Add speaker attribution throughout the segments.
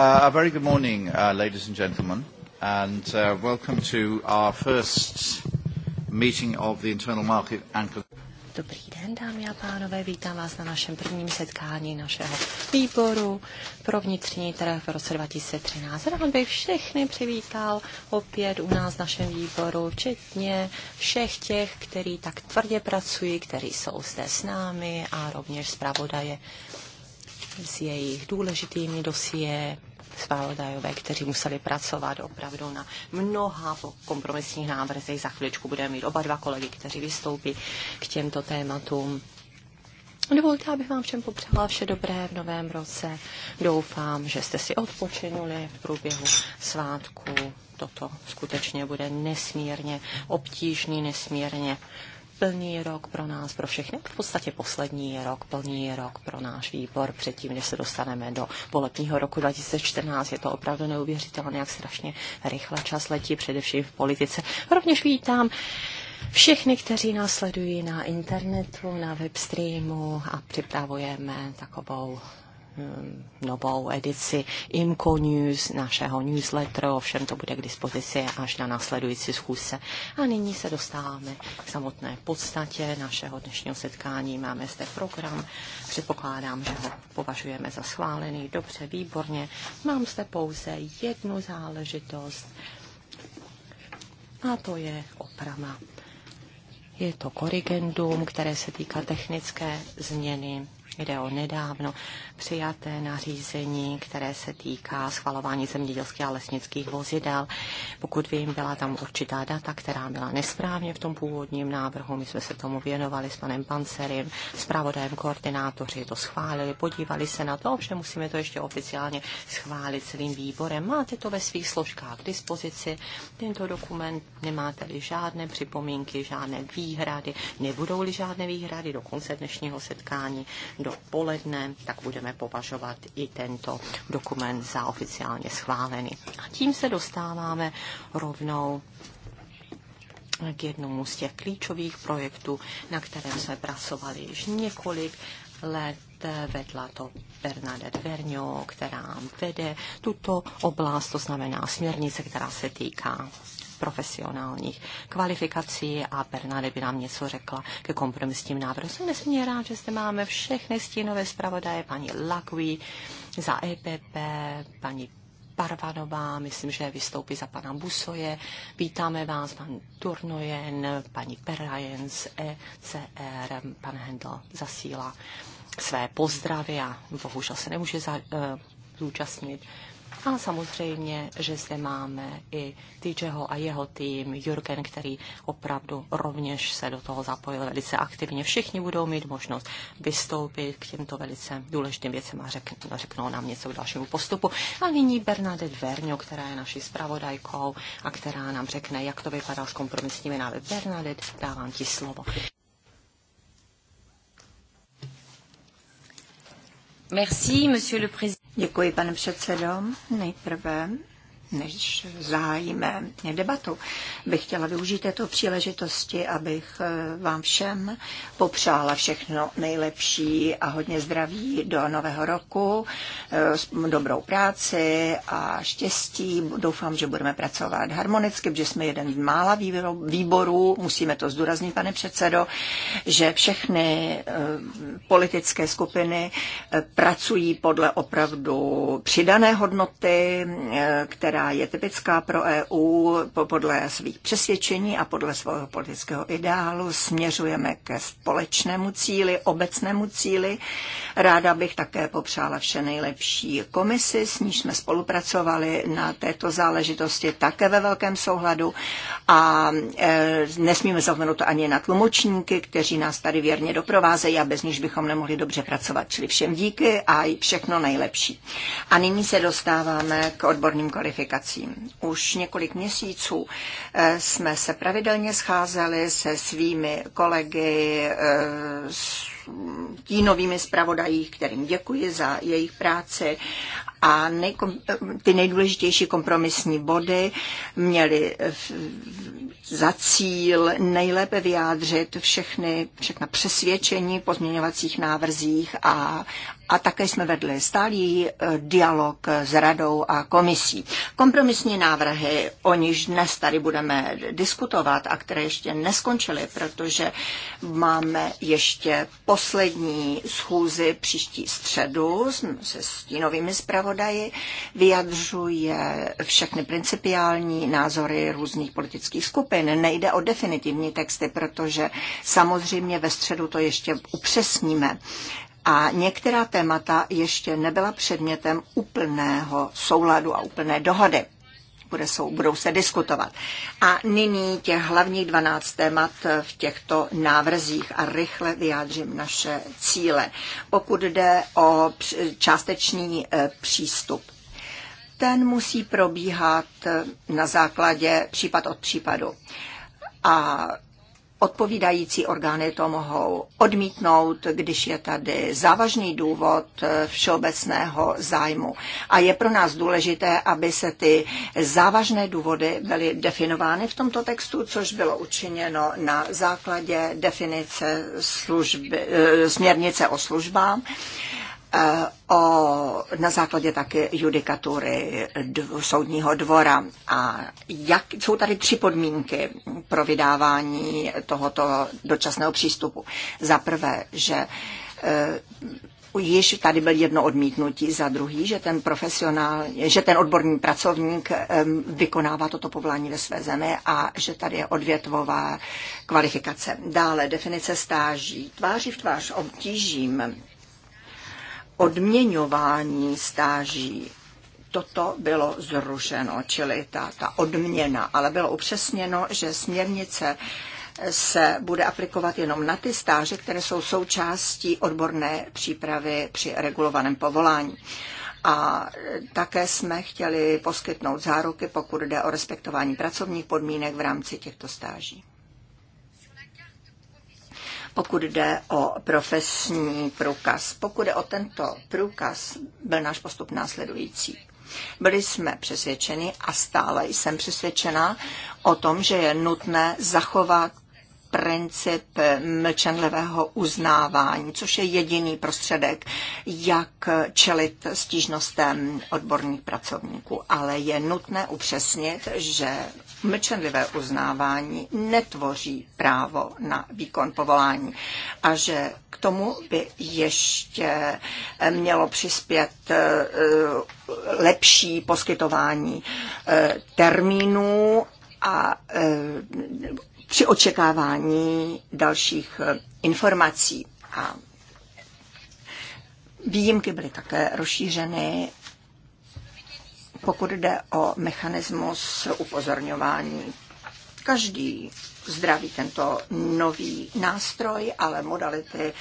Speaker 1: Uh, a very good morning, uh, ladies and
Speaker 2: gentlemen, and uh, welcome to our first meeting of the Internal Market and Dobrý
Speaker 3: den, dámy a pánové, vítám vás na našem prvním setkání našeho výboru pro vnitřní trh v roce 2013. Rád bych všechny přivítal opět u nás v našem výboru, včetně všech těch, kteří tak tvrdě pracují, kteří jsou zde s námi a rovněž zpravodaje s jejich důležitými dosie zpravodajové, kteří museli pracovat opravdu na mnoha kompromisních návrzech. Za chviličku budeme mít oba dva kolegy, kteří vystoupí k těmto tématům. Dovolte, abych vám všem popřála vše dobré v novém roce. Doufám, že jste si odpočinuli v průběhu svátku. Toto skutečně bude nesmírně obtížný, nesmírně plný rok pro nás, pro všechny, v podstatě poslední rok, plný rok pro náš výbor, předtím, než se dostaneme do volebního roku 2014. Je to opravdu neuvěřitelné, jak strašně rychle čas letí, především v politice. Rovněž vítám všechny, kteří nás sledují na internetu, na webstreamu a připravujeme takovou Eh, novou edici IMCO News, našeho newsletteru, ovšem to bude k dispozici až na následující schůzce. A nyní se dostáváme k samotné podstatě našeho dnešního setkání. Máme zde program, předpokládám, že ho považujeme za schválený. Dobře, výborně. Mám zde pouze jednu záležitost a to je oprava. Je to korrigendum, které se týká technické změny. Jde o nedávno přijaté nařízení, které se týká schvalování zemědělských a lesnických vozidel. Pokud vím, byla tam určitá data, která byla nesprávně v tom původním návrhu. My jsme se tomu věnovali s panem Pancerem, s pravodajem koordinátoři to schválili, podívali se na to, ovšem musíme to ještě oficiálně schválit celým výborem. Máte to ve svých složkách k dispozici. Tento dokument nemáte-li žádné připomínky, žádné výhrady, nebudou-li žádné výhrady do konce dnešního setkání do poledne, tak budeme budeme považovat i tento dokument za oficiálně schválený. A tím se dostáváme rovnou k jednomu z těch klíčových projektů, na kterém jsme pracovali již několik let vedla to Bernadette Vernio, která vede tuto oblast, to znamená směrnice, která se týká profesionálních kvalifikací a Bernáde by nám něco řekla ke kompromisním návrhu. Jsem nesmírně rád, že zde máme všechny stínové zpravodaje, paní Lakví za EPP, paní Parvanová, myslím, že vystoupí za pana Busoje. Vítáme vás, pan Turnojen, paní Perajen z ECR, pan Hendl zasílá své pozdravy a bohužel se nemůže za, uh, zúčastnit. A samozřejmě, že zde máme i Tyčeho a jeho tým, Jurgen, který opravdu rovněž se do toho zapojil velice aktivně. Všichni budou mít možnost vystoupit k těmto velice důležitým věcem a řeknou nám něco k dalšímu postupu. A nyní Bernadette Verňo, která je naší zpravodajkou a která nám řekne, jak to vypadá s kompromisními návy. Bernadette, dávám ti
Speaker 1: slovo. Merci, monsieur le président. Děkuji, pane předsedo. Nejprve než zahájíme debatu, bych chtěla využít této příležitosti, abych eh, vám všem popřála všechno nejlepší a hodně zdraví do nového roku, eh, dobrou práci a štěstí. Doufám, že budeme pracovat harmonicky, protože jsme jeden z mála výborů, musíme to zdůraznit, pane předsedo, že všechny eh, politické skupiny pracují podle opravdu přidané hodnoty, která která je typická pro EU podle svých přesvědčení a podle svého politického ideálu. Směřujeme ke společnému cíli, obecnému cíli. Ráda bych také popřála vše nejlepší komisi, s níž jsme spolupracovali na této záležitosti také ve velkém souhladu a e, nesmíme zapomenout ani na tlumočníky, kteří nás tady věrně doprovázejí a bez níž bychom nemohli dobře pracovat. Čili všem díky a i všechno nejlepší. A nyní se dostáváme k odborným kvalifikacím komunikacím. Už několik měsíců eh, jsme se pravidelně scházeli se svými kolegy, eh, s tínovými zpravodají, kterým děkuji za jejich práci. A nejkom, eh, ty nejdůležitější kompromisní body měly za cíl nejlépe vyjádřit všechny, všechna přesvědčení pozměňovacích návrzích a a také jsme vedli stálý eh, dialog s radou a komisí. Kompromisní návrhy, o níž dnes tady budeme diskutovat a které ještě neskončily, protože máme ještě poslední schůzi příští středu se stínovými zpravodaji, vyjadřuje všechny principiální názory různých politických skupin. Nejde o definitivní texty, protože samozřejmě ve středu to ještě upřesníme a některá témata ještě nebyla předmětem úplného souladu a úplné dohody. Bude sou, budou se diskutovat. A nyní těch hlavních 12 témat v těchto návrzích a rychle vyjádřím naše cíle. Pokud jde o částečný e, přístup ten musí probíhat e, na základě případ od případu. A odpovídající orgány to mohou odmítnout, když je tady závažný důvod eh, všeobecného zájmu. A je pro nás důležité, aby se ty závažné důvody byly definovány v tomto textu, což bylo učiněno na základě definice služby, eh, směrnice o službách Eh, o, na základě také judikatury dv, soudního dvora. A jak, jsou tady tři podmínky pro vydávání tohoto dočasného přístupu. Za prvé, že e, již tady byl jedno odmítnutí, za druhý, že ten profesionál, že ten odborný pracovník eh, vykonává toto povolání ve své zemi a že tady je odvětvová kvalifikace. Dále definice stáží. Tváří v tvář obtížím odměňování stáží toto bylo zrušeno, čili ta, ta odměna, ale bylo upřesněno, že směrnice se bude aplikovat jenom na ty stáže, které jsou součástí odborné přípravy při regulovaném povolání. A také jsme chtěli poskytnout záruky, pokud jde o respektování pracovních podmínek v rámci těchto stáží pokud jde o profesní průkaz. Pokud jde o tento průkaz, byl náš postup následující. Byli jsme přesvědčeni a stále jsem přesvědčena o tom, že je nutné zachovat princip mlčenlivého uznávání, což je jediný prostředek, jak čelit stížnostem odborných pracovníků. Ale je nutné upřesnit, že mlčenlivé uznávání netvoří právo na výkon povolání a že k tomu by ještě mělo přispět eh, lepší poskytování eh, termínů a eh, při očekávání dalších eh, informací. A výjimky byly také rozšířeny, pokud jde o mechanismus upozorňování. Každý zdraví tento nový nástroj, ale modality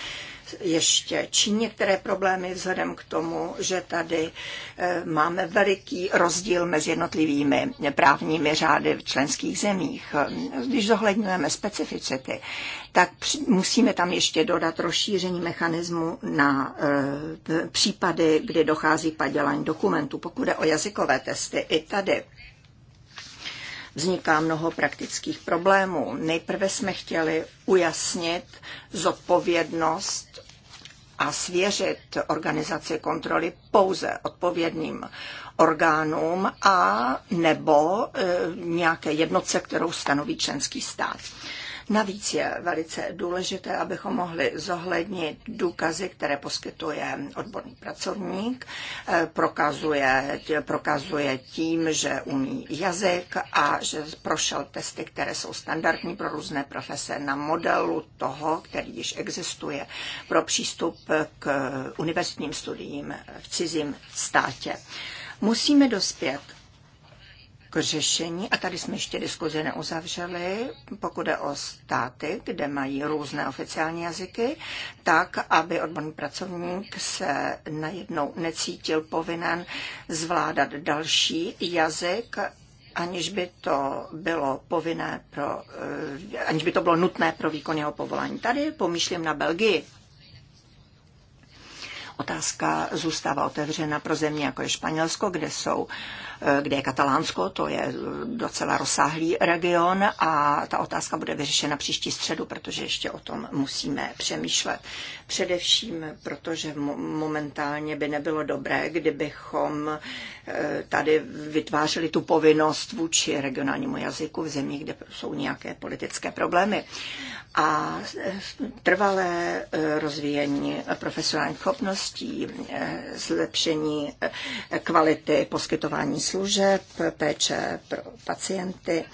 Speaker 1: ještě či některé problémy vzhledem k tomu, že tady eh, máme veliký rozdíl mezi jednotlivými právními řády v členských zemích. Když zohledňujeme specificity, tak musíme tam ještě dodat rozšíření mechanismu na eh, případy, kdy dochází padělání dokumentů. Pokud je o jazykové testy, i tady vzniká mnoho praktických problémů. Nejprve jsme chtěli ujasnit zodpovědnost a svěřit organizaci kontroly pouze odpovědným orgánům a nebo e, nějaké jednotce, kterou stanoví členský stát. Navíc je velice důležité, abychom mohli zohlednit důkazy, které poskytuje odborný pracovník, eh, prokazuje, prokazuje tím, že umí jazyk a že prošel testy, které jsou standardní pro různé profese na modelu toho, který již existuje pro přístup k univerzitním studiím v cizím státě. Musíme dospět k řešení, a tady jsme ještě diskuzi neuzavřeli, pokud je o státy, kde mají různé oficiální jazyky, tak, aby odborný pracovník se najednou necítil povinen zvládat další jazyk, aniž by to bylo povinné pro, eh, aniž by to bylo nutné pro výkon jeho povolání. Tady pomýšlím na Belgii. Otázka zůstává otevřena pro země, jako je Španělsko, kde, jsou, eh, kde je Katalánsko, to je eh, docela rozsáhlý region a ta otázka bude vyřešena příští středu, protože ještě o tom musíme přemýšlet. Především, protože momentálně by nebylo dobré, kdybychom eh, tady vytvářeli tu povinnost vůči regionálnímu jazyku v zemích, kde jsou nějaké politické problémy a trvalé eh, rozvíjení profesionálních schopností, eh, zlepšení eh, kvality poskytování služeb, péče pro pacienty.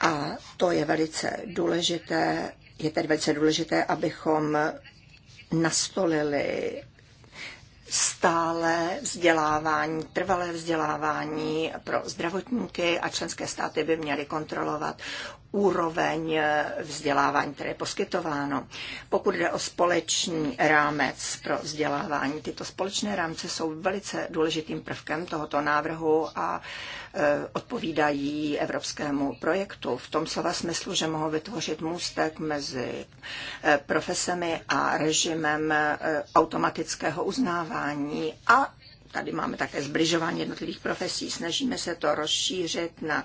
Speaker 1: A to je velice důležité, je tedy velice důležité, abychom nastolili stále vzdělávání, trvalé vzdělávání pro zdravotníky a členské státy by měly kontrolovat úroveň eh, vzdělávání, které je poskytováno. Pokud jde o společný rámec pro vzdělávání, tyto společné rámce jsou velice důležitým prvkem tohoto návrhu a eh, odpovídají evropskému projektu. V tom slova smyslu, že mohou vytvořit můstek mezi eh, profesemi a režimem automatického uznávání a tady máme také zbližování jednotlivých profesí. Snažíme se to rozšířit na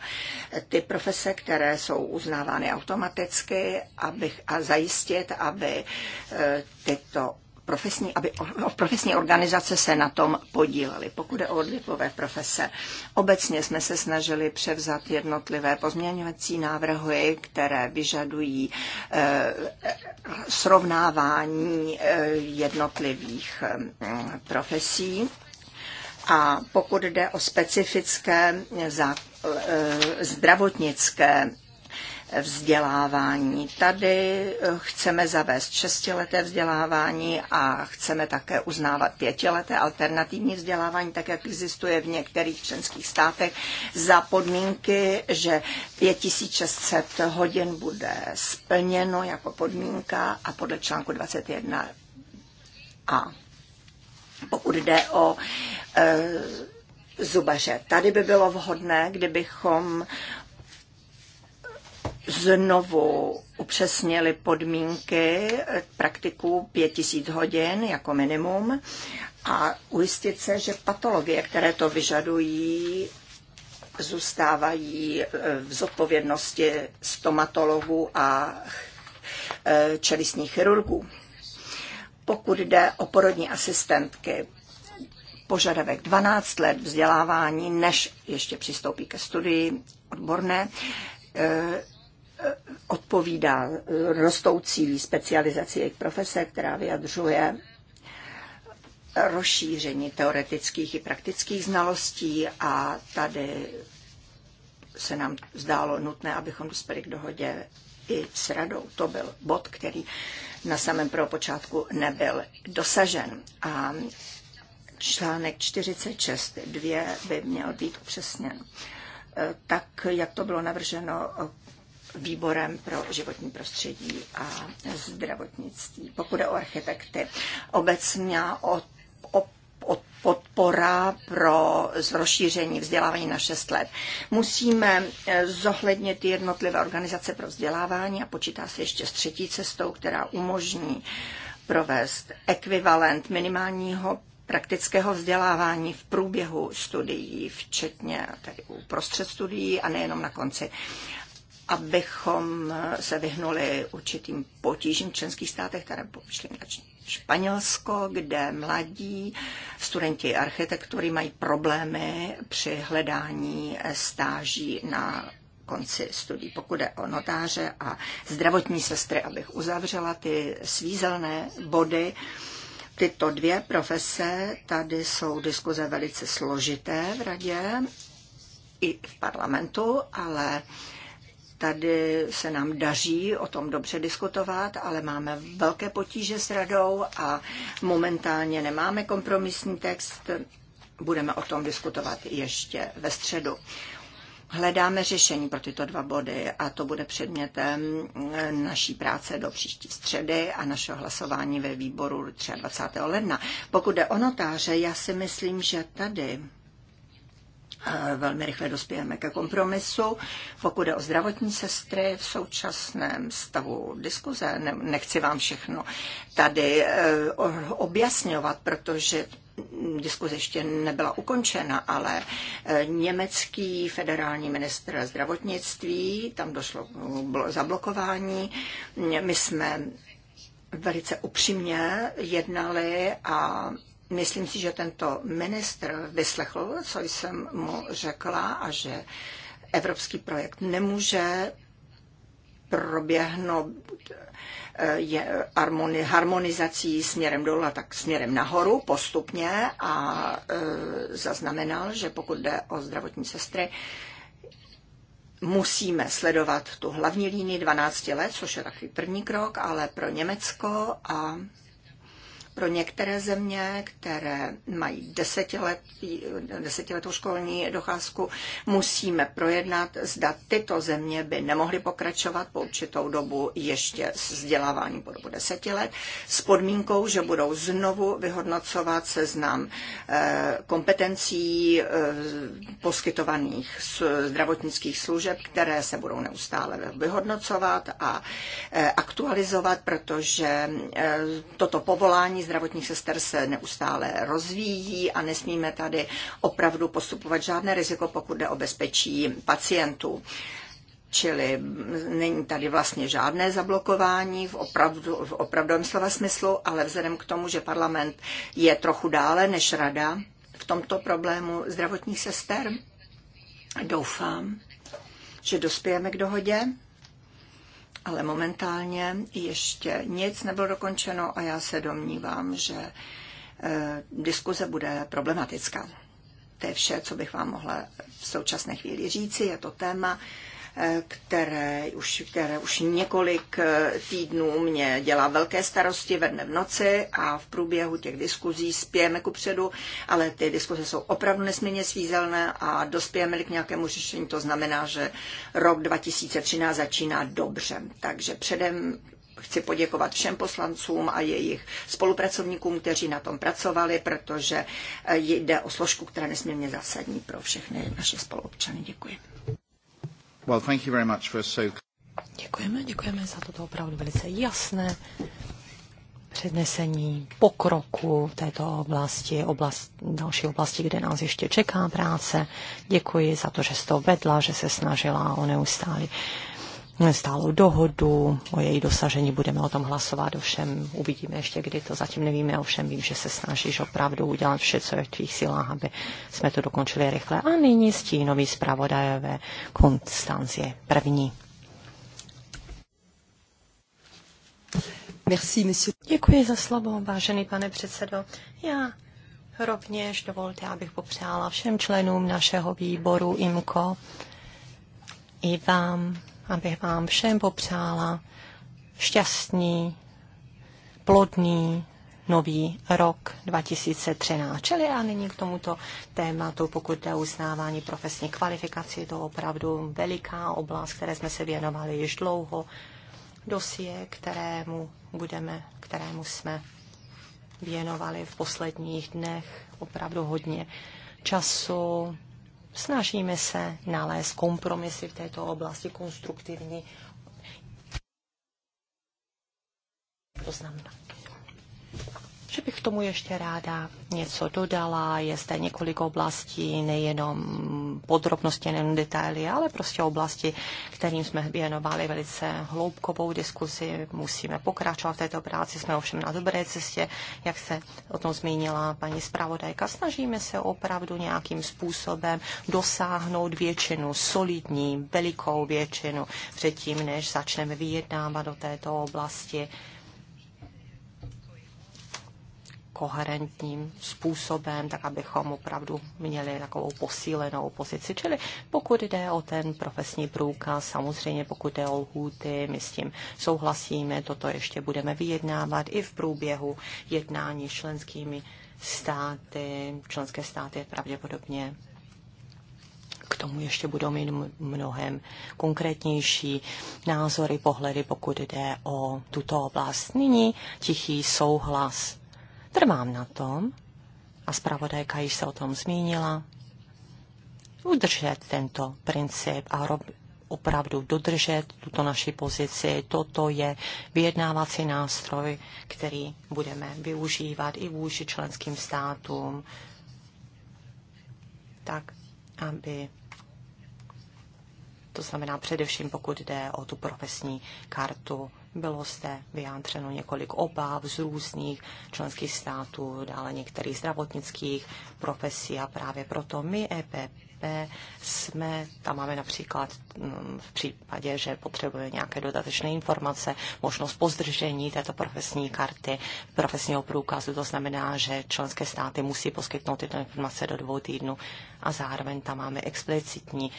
Speaker 1: ty profese, které jsou uznávány automaticky abych, a zajistit, aby e, tyto profesní, aby profesní organizace se na tom podílely. Pokud je o odlivové profese, obecně jsme se snažili převzat jednotlivé pozměňovací návrhy, které vyžadují e, srovnávání e, jednotlivých profesí a pokud jde o specifické eh, zdravotnické vzdělávání. Tady chceme zavést šestileté vzdělávání a chceme také uznávat pětileté alternativní vzdělávání, tak jak existuje v některých členských státech, za podmínky, že 5600 hodin bude splněno jako podmínka a podle článku 21a pokud jde o e, zubaře. Tady by bylo vhodné, kdybychom znovu upřesnili podmínky praktiků 5000 hodin jako minimum a ujistit se, že patologie, které to vyžadují, zůstávají e, v zodpovědnosti stomatologů a e, čelistních chirurgů pokud jde o porodní asistentky. Požadavek 12 let vzdělávání, než ještě přistoupí ke studii odborné, eh, eh, odpovídá rostoucí specializaci jejich profese, která vyjadřuje rozšíření teoretických i praktických znalostí a tady se nám zdálo nutné, abychom dospěli k dohodě i s radou. To byl bod, který na samém prvopočátku nebyl dosažen. A článek 46.2 by měl být upřesněn e, tak, jak to bylo navrženo výborem pro životní prostředí a zdravotnictví. Pokud je o architekty, obec měla podpora pro rozšíření vzdělávání na 6 let. Musíme eh, zohlednit jednotlivé organizace pro vzdělávání a počítá se ještě s třetí cestou, která umožní provést ekvivalent minimálního praktického vzdělávání v průběhu studií, včetně tedy uprostřed studií a nejenom na konci abychom eh, se vyhnuli určitým potížím v členských státech, které šly Španělsko, kde mladí studenti architektury mají problémy při hledání stáží na konci studií. Pokud je o notáře a zdravotní sestry, abych uzavřela ty svízelné body, tyto dvě profese, tady jsou diskuze velice složité v radě i v parlamentu, ale uh, Tady se nám daří o tom dobře diskutovat, ale máme velké potíže s radou a momentálně nemáme kompromisní text. Budeme o tom diskutovat ještě ve středu. Hledáme řešení pro tyto dva body a to bude předmětem naší práce do příští středy a našeho hlasování ve výboru 23. ledna. Pokud jde o notáře, já si myslím, že tady velmi rychle dospějeme ke kompromisu. Pokud jde o zdravotní sestry v současném stavu diskuze, ne, nechci vám všechno tady eh, objasňovat, protože diskuze ještě nebyla ukončena, ale eh, německý federální ministr zdravotnictví, tam došlo k zablokování. My jsme velice upřímně jednali a myslím si, že tento ministr vyslechl, co jsem mu řekla a že evropský projekt nemůže proběhnout eh, je harmonizací směrem dolů a tak směrem nahoru postupně a eh, zaznamenal, že pokud jde o zdravotní sestry, musíme sledovat tu hlavní línii 12 let, což je takový první krok, ale pro Německo a pro některé země, které mají desetiletí, desetiletou školní docházku, musíme projednat, zda tyto země by nemohly pokračovat po určitou dobu ještě s vzděláváním po dobu deseti let, s podmínkou, že budou znovu vyhodnocovat seznam eh, kompetencí eh, poskytovaných zdravotnických služeb, které se budou neustále vyhodnocovat a eh, aktualizovat, protože toto povolání zdravotních sester se neustále rozvíjí a nesmíme tady opravdu postupovat žádné riziko, pokud jde o bezpečí pacientů. Čili není tady vlastně žádné zablokování v, opravdu, v opravdovém slova smyslu, ale vzhledem k tomu, že parlament je trochu dále než rada v tomto problému zdravotních sester, doufám, že dospějeme k dohodě ale momentálně ještě nic nebylo dokončeno a já se domnívám, že eh, diskuze bude problematická. To je vše, co bych vám mohla v současné chvíli říci. Je to téma, které už, které už několik eh, týdnů mě dělá velké starosti ve dne v noci a v průběhu těch diskuzí spějeme ku předu, ale ty diskuze jsou opravdu nesmírně svízelné a dospějeme k nějakému řešení. To znamená, že rok 2013 začíná dobře. Takže předem chci poděkovat všem poslancům a jejich spolupracovníkům, kteří na tom pracovali, protože jde o složku, která je nesmírně zásadní pro všechny naše spoluobčany. Děkuji. Děkujeme, děkujeme za toto opravdu velice jasné
Speaker 3: přednesení pokroku této oblasti, oblast, další oblasti, kde nás ještě čeká práce. Děkuji za to, že jste to vedla, že se snažila o neustálý stálou dohodu, o její dosažení budeme o tom hlasovat, ovšem uvidíme ještě, kdy to zatím nevíme, ovšem vím, že se snažíš opravdu udělat vše, co je v tvých silách, aby jsme to dokončili rychle. A nyní stínový zpravodajové Konstancie první. Merci, monsieur. Děkuji za slovo, vážený pane předsedo. Já rovněž dovolte, abych popřála všem členům našeho výboru IMCO i vám abych vám všem popřála šťastný, plodný nový rok 2013. Čili a nyní k tomuto tématu, pokud jde uznávání profesní kvalifikaci, to opravdu veliká oblast, které jsme se věnovali již dlouho, dosie, kterému, budeme, kterému jsme věnovali v posledních dnech opravdu hodně času, Snažíme se nalézt kompromisy v této oblasti konstruktivní. To znamená že bych k tomu ještě ráda něco dodala. Je zde několik oblastí, nejenom podrobnosti, nejenom detaily, ale prostě oblasti, kterým jsme věnovali velice hloubkovou diskusi. Musíme pokračovat v této práci, jsme ovšem na dobré cestě, jak se o tom zmínila paní zpravodajka. Snažíme se opravdu nějakým způsobem dosáhnout většinu, solidní, velikou většinu, předtím, než začneme vyjednávat do této oblasti koherentním způsobem, tak abychom opravdu měli takovou posílenou pozici. Čili pokud jde o ten profesní průkaz, samozřejmě pokud jde o lhůty, my s tím souhlasíme, toto ještě budeme vyjednávat i v průběhu jednání s členskými státy. Členské státy pravděpodobně k tomu ještě budou mít mnohem konkrétnější názory, pohledy, pokud jde o tuto oblast. Nyní tichý souhlas Trvám na tom, a zpravodajka již se o tom zmínila, udržet tento princip a rob, opravdu dodržet tuto naši pozici. Toto je vyjednávací nástroj, který budeme využívat i vůči členským státům, tak aby to znamená především, pokud jde o tu profesní kartu bylo zde vyjádřeno několik obav z různých členských států, dále některých zdravotnických profesí a právě proto my EPP jsme, tam máme například mm, v případě, že potřebuje nějaké dodatečné informace, možnost pozdržení této profesní karty, profesního průkazu, to znamená, že členské státy musí poskytnout tyto informace do dvou týdnů a zároveň tam máme explicitní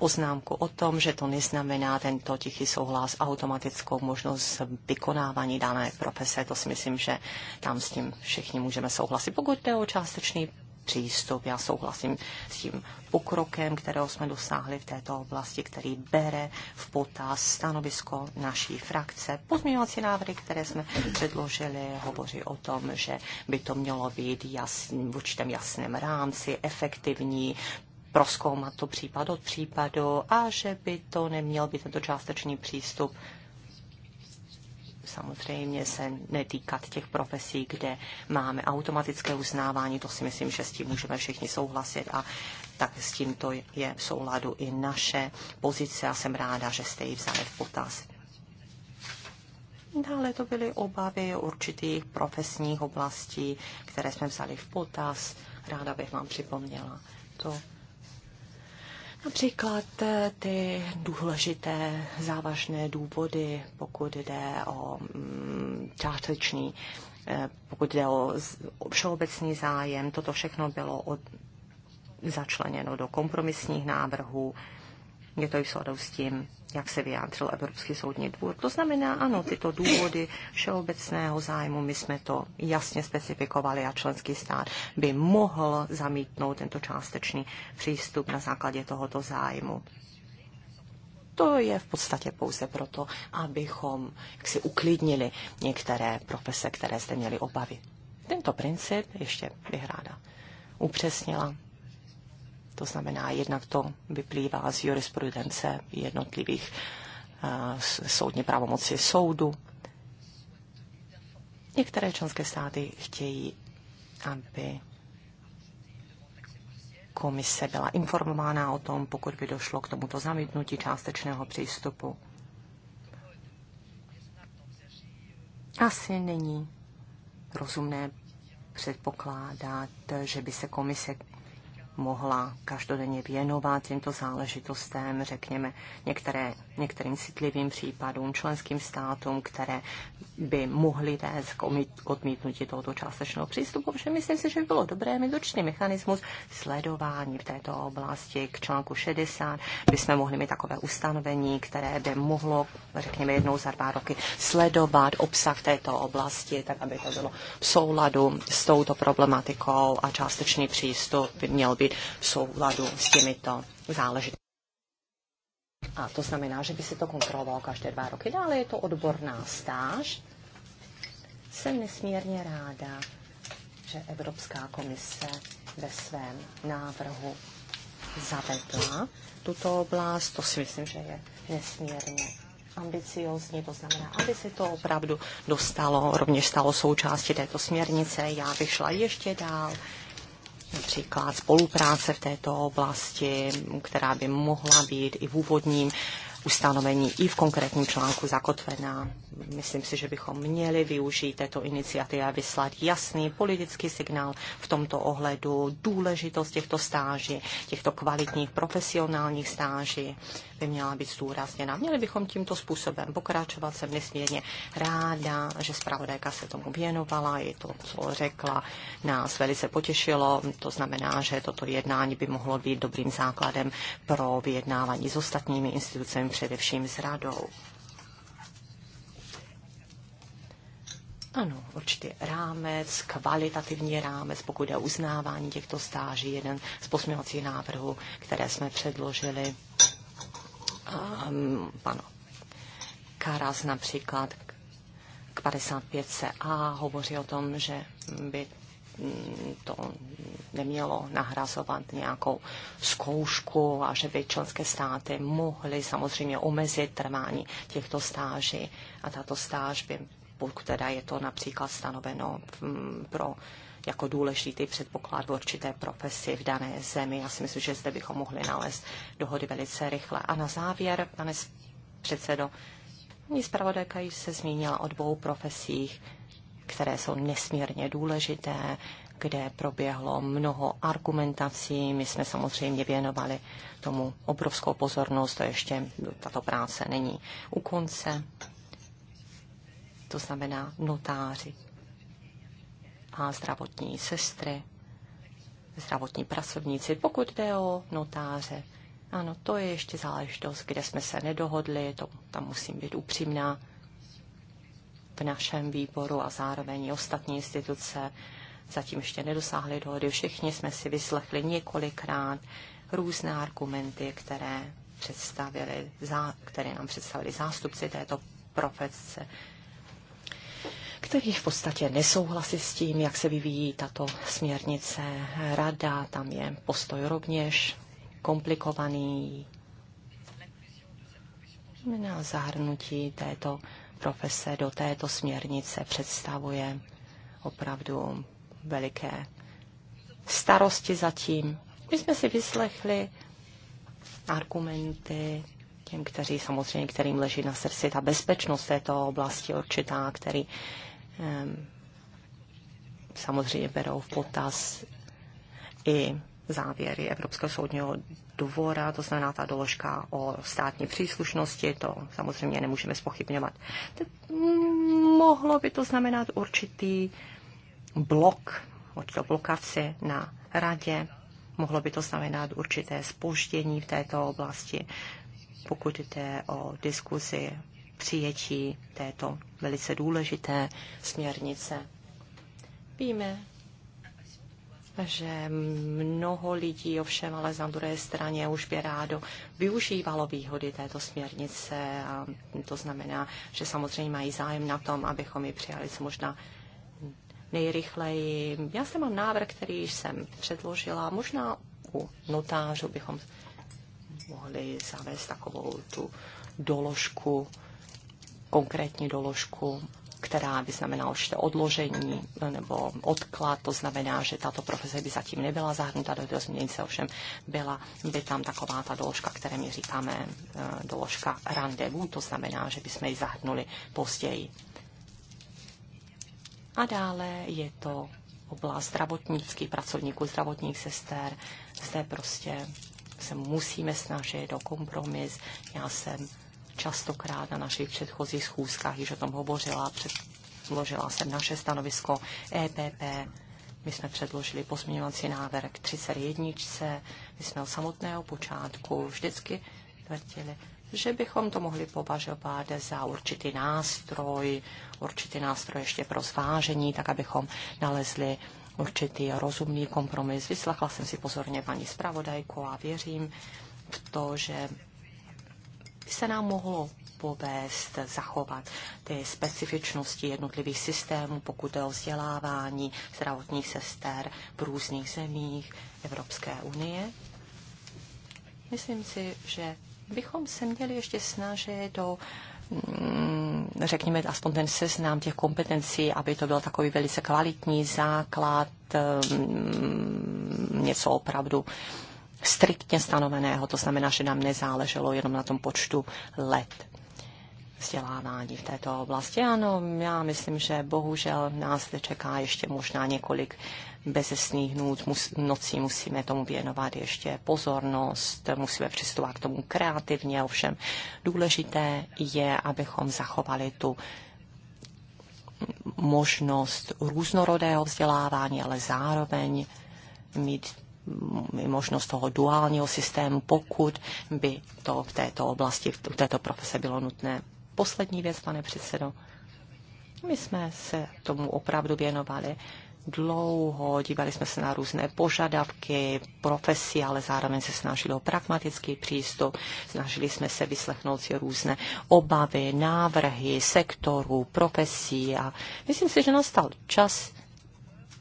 Speaker 3: poznámku o tom, že to neznamená tento tichý souhlas automatickou možnost vykonávání dané profese. To si myslím, že tam s tím všichni můžeme souhlasit. Pokud jde o částečný přístup. Já souhlasím s tím pokrokem, kterého jsme dosáhli v této oblasti, který bere v potaz stanovisko naší frakce. Pozměňovací návrhy, které jsme předložili, hovoří o tom, že by to mělo být jasný, v určitém jasném rámci, efektivní, proskoumat to případ od případu a že by to neměl být tento částečný přístup samozřejmě se netýkat těch profesí, kde máme automatické uznávání, to si myslím, že s tím můžeme všichni souhlasit a tak s tímto je v souladu i naše pozice a jsem ráda, že jste ji vzali v potaz. Dále to byly obavy určitých profesních oblastí, které jsme vzali v potaz. Ráda bych vám připomněla to, Například eh, ty důležité závažné důvody, pokud jde o mm, částečný, eh, pokud jde o všeobecný zájem, toto všechno bylo od, začleněno do kompromisních návrhů. Je to i v s tím, jak se vyjádřil Evropský soudní dvůr. To znamená, ano, tyto důvody všeobecného zájmu, my jsme to jasně specifikovali a členský stát by mohl zamítnout tento částečný přístup na základě tohoto zájmu to je v podstatě pouze proto, abychom si uklidnili některé profese, které jste měli obavy. Tento princip ještě bych ráda upřesnila. To znamená, jednak to vyplývá z jurisprudence jednotlivých eh, soudní pravomoci soudu. Některé členské státy chtějí, aby komise byla informována o tom, pokud by došlo k tomuto zamítnutí částečného přístupu. Asi není rozumné předpokládat, že by se komise mohla každodenně věnovat těmto záležitostem, řekněme, některé, některým citlivým případům, členským státům, které by mohly vést k odmítnutí tohoto částečného přístupu. Protože myslím si, že by bylo dobré mít určitý mechanismus sledování v této oblasti k článku 60, by jsme mohli mít takové ustanovení, které by mohlo, řekněme, jednou za dva roky sledovat obsah této oblasti, tak aby to bylo v souladu s touto problematikou a částečný přístup by měl být být v souladu s těmito záležitostmi. A to znamená, že by se to kontrolovalo každé dva roky. Dále je to odborná stáž. Jsem nesmírně ráda, že Evropská komise ve svém návrhu zavedla tuto oblast. To si myslím, že je nesmírně ambiciozní, to znamená, aby se to opravdu dostalo, rovněž stalo součástí této směrnice. Já bych šla ještě dál například spolupráce v této oblasti, která by mohla být i v úvodním ustanovení i v konkrétním článku zakotvená. Myslím si, že bychom měli využít této iniciativy a vyslat jasný politický signál v tomto ohledu, důležitost těchto stáží, těchto kvalitních profesionálních stáží by měla být zdůrazněna. Měli bychom tímto způsobem pokračovat. Jsem nesmírně ráda, že zpravodajka se tomu věnovala. I to, co řekla, nás velice potěšilo. To znamená, že toto jednání by mohlo být dobrým základem pro vyjednávání s ostatními institucemi, především s radou. Ano, určitě rámec, kvalitativní rámec, pokud je uznávání těchto stáží, jeden z posměvacích návrhů, které jsme předložili um, ehm, panu Karas například k 55a hovoří o tom, že by mm, to nemělo nahrazovat nějakou zkoušku a že by členské státy mohly samozřejmě omezit trvání těchto stáží a tato stáž by, pokud teda je to například stanoveno mm, pro jako důležitý předpoklad v určité profesi v dané zemi. Já si myslím, že zde bychom mohli nalézt dohody velice rychle. A na závěr, pane předsedo, paní zpravodajka již se zmínila o dvou profesích, které jsou nesmírně důležité, kde proběhlo mnoho argumentací. My jsme samozřejmě věnovali tomu obrovskou pozornost, to ještě tato práce není u konce. To znamená notáři, a zdravotní sestry, zdravotní pracovníci, pokud jde o notáře. Ano, to je ještě záležitost, kde jsme se nedohodli, to, tam musím být upřímná v našem výboru a zároveň ostatní instituce zatím ještě nedosáhly dohody. Všichni jsme si vyslechli několikrát různé argumenty, které, představili, které nám představili zástupci této profese který v podstatě nesouhlasí s tím, jak se vyvíjí tato směrnice rada. Tam je postoj rovněž komplikovaný na zahrnutí této profese do této směrnice představuje opravdu veliké starosti zatím. My jsme si vyslechli argumenty těm, kteří samozřejmě, kterým leží na srdci ta bezpečnost této oblasti určitá, který Ehm, samozřejmě berou v potaz i závěry Evropského soudního dvora, to znamená ta doložka o státní příslušnosti, to samozřejmě nemůžeme spochybňovat. Mohlo by to znamenat určitý blok, určitou blokaci na radě, mohlo by to znamenat určité spoždění v této oblasti, pokud jde o diskuzi přijetí této velice důležité směrnice. Víme, že mnoho lidí, ovšem ale na druhé straně už by rádo využívalo výhody této směrnice a to znamená, že samozřejmě mají zájem na tom, abychom ji přijali co možná nejrychleji. Já jsem mám návrh, který jsem předložila. Možná u notářů bychom mohli zavést takovou tu doložku konkrétní doložku, která by znamenala určité odložení nebo odklad. To znamená, že tato profese by zatím nebyla zahrnuta do této změnice, ovšem byla by tam taková ta doložka, které my říkáme eh, doložka randevu, to znamená, že bychom ji zahrnuli později. A dále je to oblast zdravotnických pracovníků, zdravotních sester. Zde prostě se musíme snažit o kompromis. Já jsem častokrát na našich předchozích schůzkách již o tom hovořila, předložila jsem naše stanovisko EPP, my jsme předložili pozměňovací návrh 31. My jsme od samotného počátku vždycky tvrdili, že bychom to mohli považovat za určitý nástroj, určitý nástroj ještě pro zvážení, tak abychom nalezli určitý rozumný kompromis. Vyslechla jsem si pozorně paní zpravodajku a věřím v to, že by se nám mohlo povést zachovat ty specifičnosti jednotlivých systémů, pokud je o vzdělávání zdravotních sester v různých zemích Evropské unie. Myslím si, že bychom se měli ještě snažit do mm, řekněme, aspoň ten seznam těch kompetencí, aby to byl takový velice kvalitní základ, mm, něco opravdu striktně stanoveného, to znamená, že nám nezáleželo jenom na tom počtu let vzdělávání v této oblasti. Ano, já myslím, že bohužel nás zde čeká ještě možná několik bezesných mus, nocí. Musíme tomu věnovat ještě pozornost, musíme přistupovat k tomu kreativně, ovšem důležité je, abychom zachovali tu možnost různorodého vzdělávání, ale zároveň mít možnost toho duálního systému, pokud by to v této oblasti, v této profese bylo nutné. Poslední věc, pane předsedo. My jsme se tomu opravdu věnovali dlouho, dívali jsme se na různé požadavky, profesi, ale zároveň se snažili o pragmatický přístup, snažili jsme se vyslechnout si různé obavy, návrhy sektorů, profesí a myslím si, že nastal čas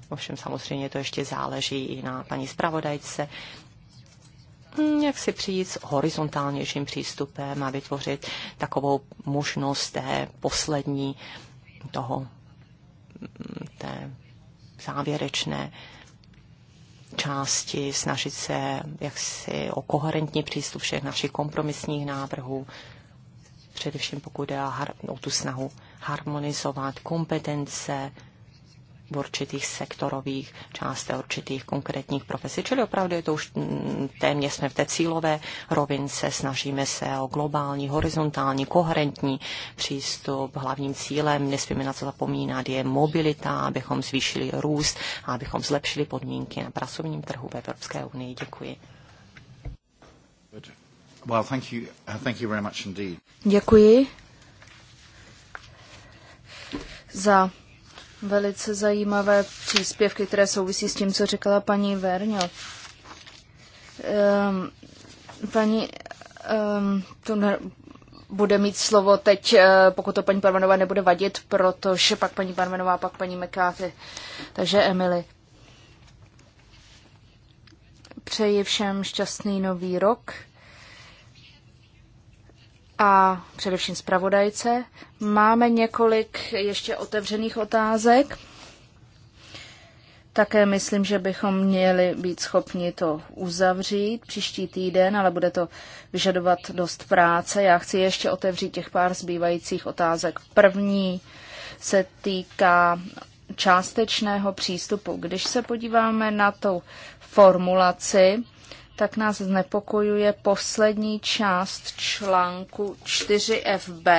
Speaker 3: Ovšem samozřejmě to ještě záleží i na paní zpravodajce, jak si přijít s horizontálnějším přístupem a vytvořit takovou možnost té poslední toho té závěrečné části, snažit se jaksi o koherentní přístup všech našich kompromisních návrhů, především pokud jde o tu snahu harmonizovat kompetence, v určitých sektorových částech, určitých konkrétních profesí. Čili opravdu je to už mm, téměř jsme v té cílové rovince, snažíme se o globální, horizontální, koherentní přístup. Hlavním cílem, nesmíme na co zapomínat, je mobilita, abychom zvýšili růst a abychom zlepšili podmínky na pracovním trhu v Evropské unii. Děkuji.
Speaker 1: Well, thank you.
Speaker 2: Thank you very much indeed. Děkuji za velice zajímavé příspěvky, které souvisí s tím, co říkala paní Verňo. Um, paní um, ehm, to ne, bude mít slovo teď, eh, pokud to paní Parmenová nebude vadit, protože pak paní Parmenová, pak paní McCarthy. Takže Emily. Přeji všem šťastný nový rok a především zpravodajce. Máme několik ještě otevřených otázek. Také myslím, že bychom měli být schopni to uzavřít příští týden, ale bude to vyžadovat dost práce. Já chci ještě otevřít těch pár zbývajících otázek. První se týká částečného přístupu. Když se podíváme na tu formulaci, tak nás znepokojuje poslední část článku 4FB.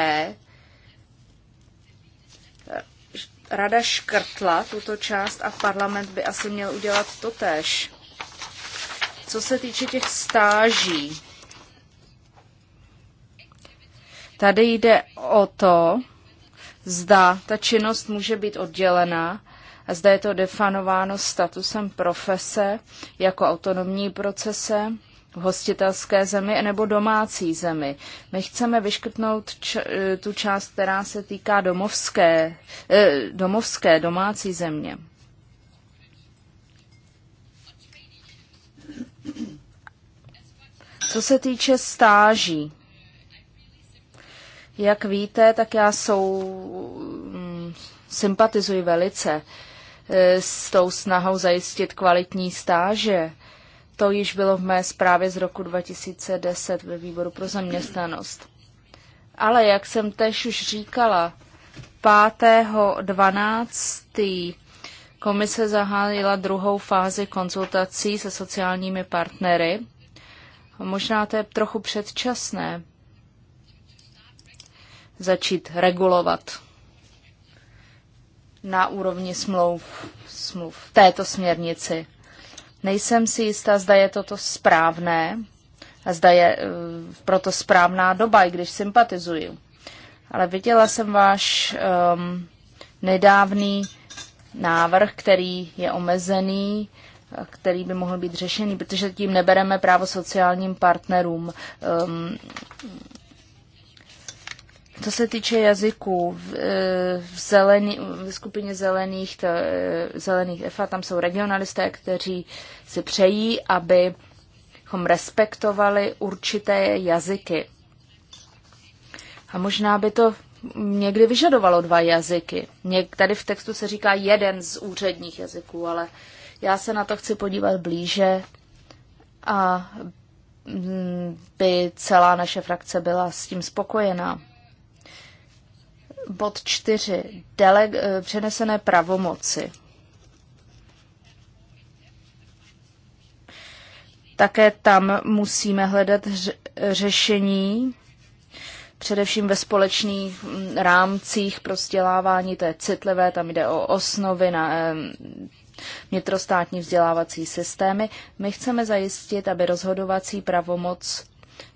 Speaker 2: Rada škrtla tuto část a parlament by asi měl udělat to tež. Co se týče těch stáží, tady jde o to, zda ta činnost může být oddělená. Zde je to definováno statusem profese jako autonomní procese v hostitelské zemi nebo domácí zemi. My chceme vyškrtnout e, tu část, která se týká domovské, e, domovské domácí země. Co se týče stáží, jak víte, tak já sou, mm, sympatizuji velice E, s tou snahou zajistit kvalitní stáže. To již bylo v mé zprávě z roku 2010 ve výboru pro zaměstnanost. Ale jak jsem tež už říkala, 5.12. komise zahájila druhou fázi konzultací se sociálními partnery. Možná to je trochu předčasné začít regulovat na úrovni smluv, smluv této směrnici. Nejsem si jistá, zda je toto správné a zda je uh, proto správná doba, i když sympatizuji. Ale viděla jsem váš um, nedávný návrh, který je omezený, který by mohl být řešený, protože tím nebereme právo sociálním partnerům um, co se týče jazyků, v, e, zelený, v skupině zelených, to, e, zelených EFA, tam jsou regionalisté, kteří si přejí, abychom respektovali určité jazyky. A možná by to někdy vyžadovalo dva jazyky. Něk, tady v textu se říká jeden z úředních jazyků, ale já se na to chci podívat blíže a mm, by celá naše frakce byla s tím spokojená. Bod čtyři Dele- eh, přenesené pravomoci. Také tam musíme hledat řešení, především ve společných mm, rámcích pro vzdělávání, to je citlivé, tam jde o osnovy na vnitrostátní vzdělávací systémy. My chceme zajistit, aby rozhodovací pravomoc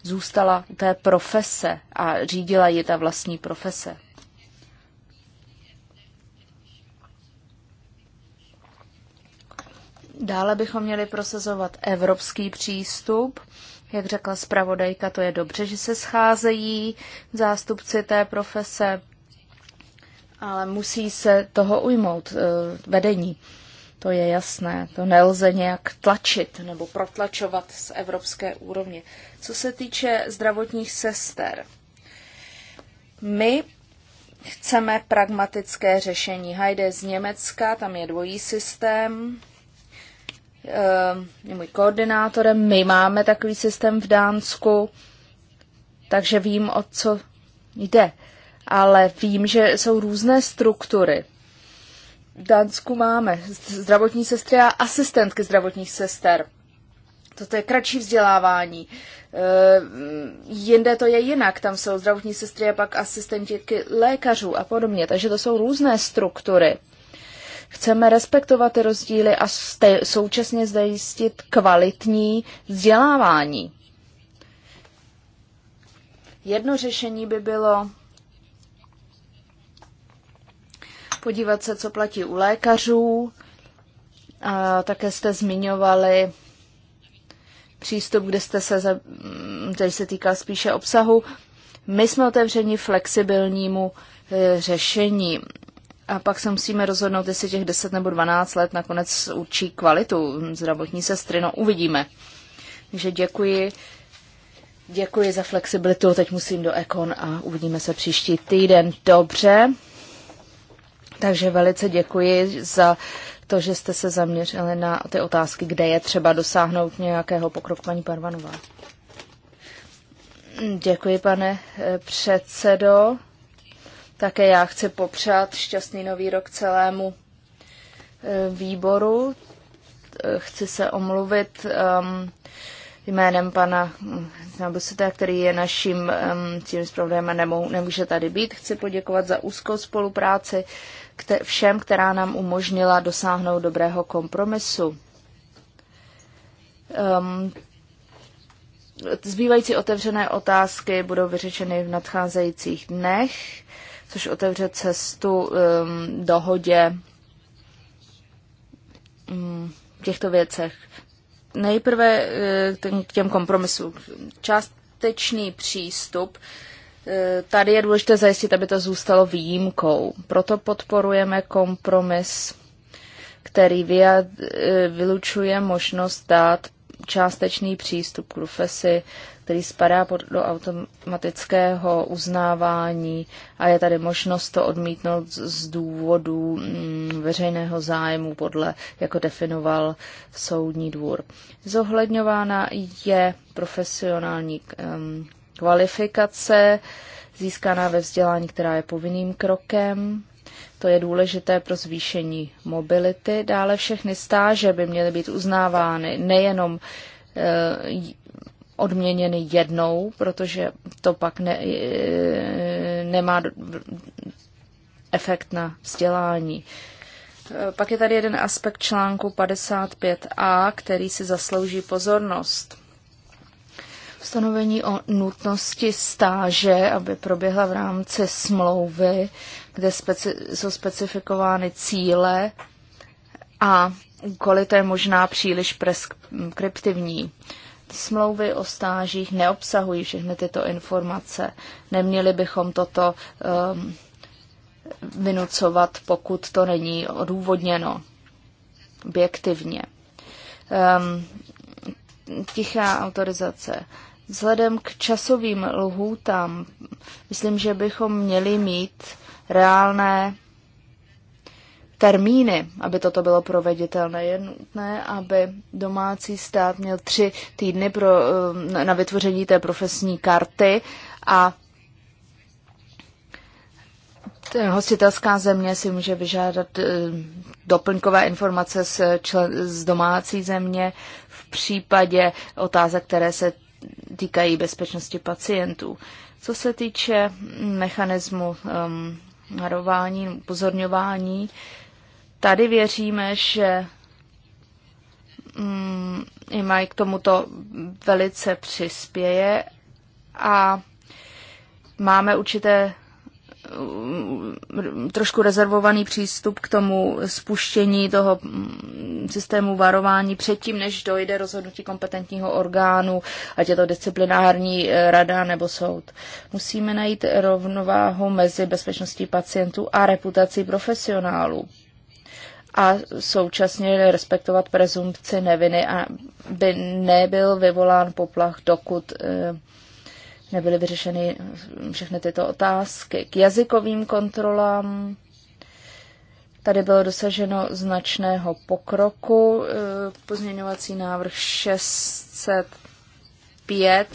Speaker 2: zůstala té profese a řídila ji ta vlastní profese. Dále bychom měli prosazovat evropský přístup. Jak řekla zpravodajka, to je dobře, že se scházejí zástupci té profese, ale musí se toho ujmout eh, vedení. To je jasné, to nelze nějak tlačit nebo protlačovat z evropské úrovně. Co se týče zdravotních sester, my chceme pragmatické řešení. Hajde z Německa, tam je dvojí systém, Eh, je můj koordinátorem. My máme takový systém v Dánsku, takže vím, o co jde. Ale vím, že jsou různé struktury. V Dánsku máme zdravotní sestry a asistentky zdravotních sester. To je kratší vzdělávání. Eh, jinde to je jinak. Tam jsou zdravotní sestry a pak asistentky lékařů a podobně. Takže to jsou různé struktury. Chceme respektovat ty rozdíly a současně zajistit kvalitní vzdělávání. Jedno řešení by bylo podívat se, co platí u lékařů. A také jste zmiňovali přístup, kde jste se, který se týká spíše obsahu. My jsme otevřeni flexibilnímu e, řešení. A pak se musíme rozhodnout, jestli těch 10 nebo 12 let nakonec určí kvalitu zdravotní sestry. No, uvidíme. Takže děkuji. Děkuji za flexibilitu. Teď musím do Ekon a uvidíme se příští týden. Dobře. Takže velice děkuji za to, že jste se zaměřili na ty otázky, kde je třeba dosáhnout nějakého pokroku, paní Parvanová. Děkuji, pane eh, předsedo. Také já chci popřát šťastný nový rok celému eh, výboru. Eh, chci se omluvit um, jménem pana Znabuseta, hm, který je naším um, tím zpravodajem a nemů, nemůže tady být. Chci poděkovat za úzkou spolupráci kte, všem, která nám umožnila dosáhnout dobrého kompromisu. Um, zbývající otevřené otázky budou vyřešeny v nadcházejících dnech což otevře cestu um, dohodě um, těchto věcech. Nejprve eh, k těm kompromisům. Částečný přístup. Eh, tady je důležité zajistit, aby to zůstalo výjimkou. Proto podporujeme kompromis, který eh, vylučuje možnost dát částečný přístup k profesi který spadá pod, do automatického uznávání a je tady možnost to odmítnout z, z důvodu mm, veřejného zájmu podle, jako definoval soudní dvůr. Zohledňována je profesionální mm, kvalifikace získaná ve vzdělání, která je povinným krokem. To je důležité pro zvýšení mobility. Dále všechny stáže by měly být uznávány nejenom eh, odměněny jednou, protože to pak ne, e, nemá efekt na vzdělání. E, pak je tady jeden aspekt článku 55a, který si zaslouží pozornost. Ustanovení o nutnosti stáže, aby proběhla v rámci smlouvy, kde speci- jsou specifikovány cíle a úkoly, to je možná příliš preskriptivní smlouvy o stážích neobsahují všechny tyto informace. Neměli bychom toto um, vynucovat, pokud to není odůvodněno objektivně. Um, tichá autorizace. Vzhledem k časovým lhůtám, myslím, že bychom měli mít reálné termíny, aby toto bylo proveditelné. Je nutné, aby domácí stát měl tři týdny pro, eh, na vytvoření té profesní karty a hostitelská země si může vyžádat eh, doplňkové informace z, člen, z domácí země v případě otázek, které se týkají bezpečnosti pacientů. Co se týče mechanismu um, ehm, harování, upozorňování, uh, Tady věříme, že mm, i Mike k tomuto velice přispěje a máme určité mm, trošku rezervovaný přístup k tomu spuštění toho mm, systému varování předtím, než dojde rozhodnutí kompetentního orgánu, ať je to disciplinární eh, rada nebo soud. Musíme najít rovnováhu mezi bezpečností pacientů a reputací profesionálů a současně respektovat prezumpci neviny a by nebyl vyvolán poplach, dokud eh, nebyly vyřešeny všechny tyto otázky. K jazykovým kontrolám tady bylo dosaženo značného pokroku. Eh, pozměňovací návrh 605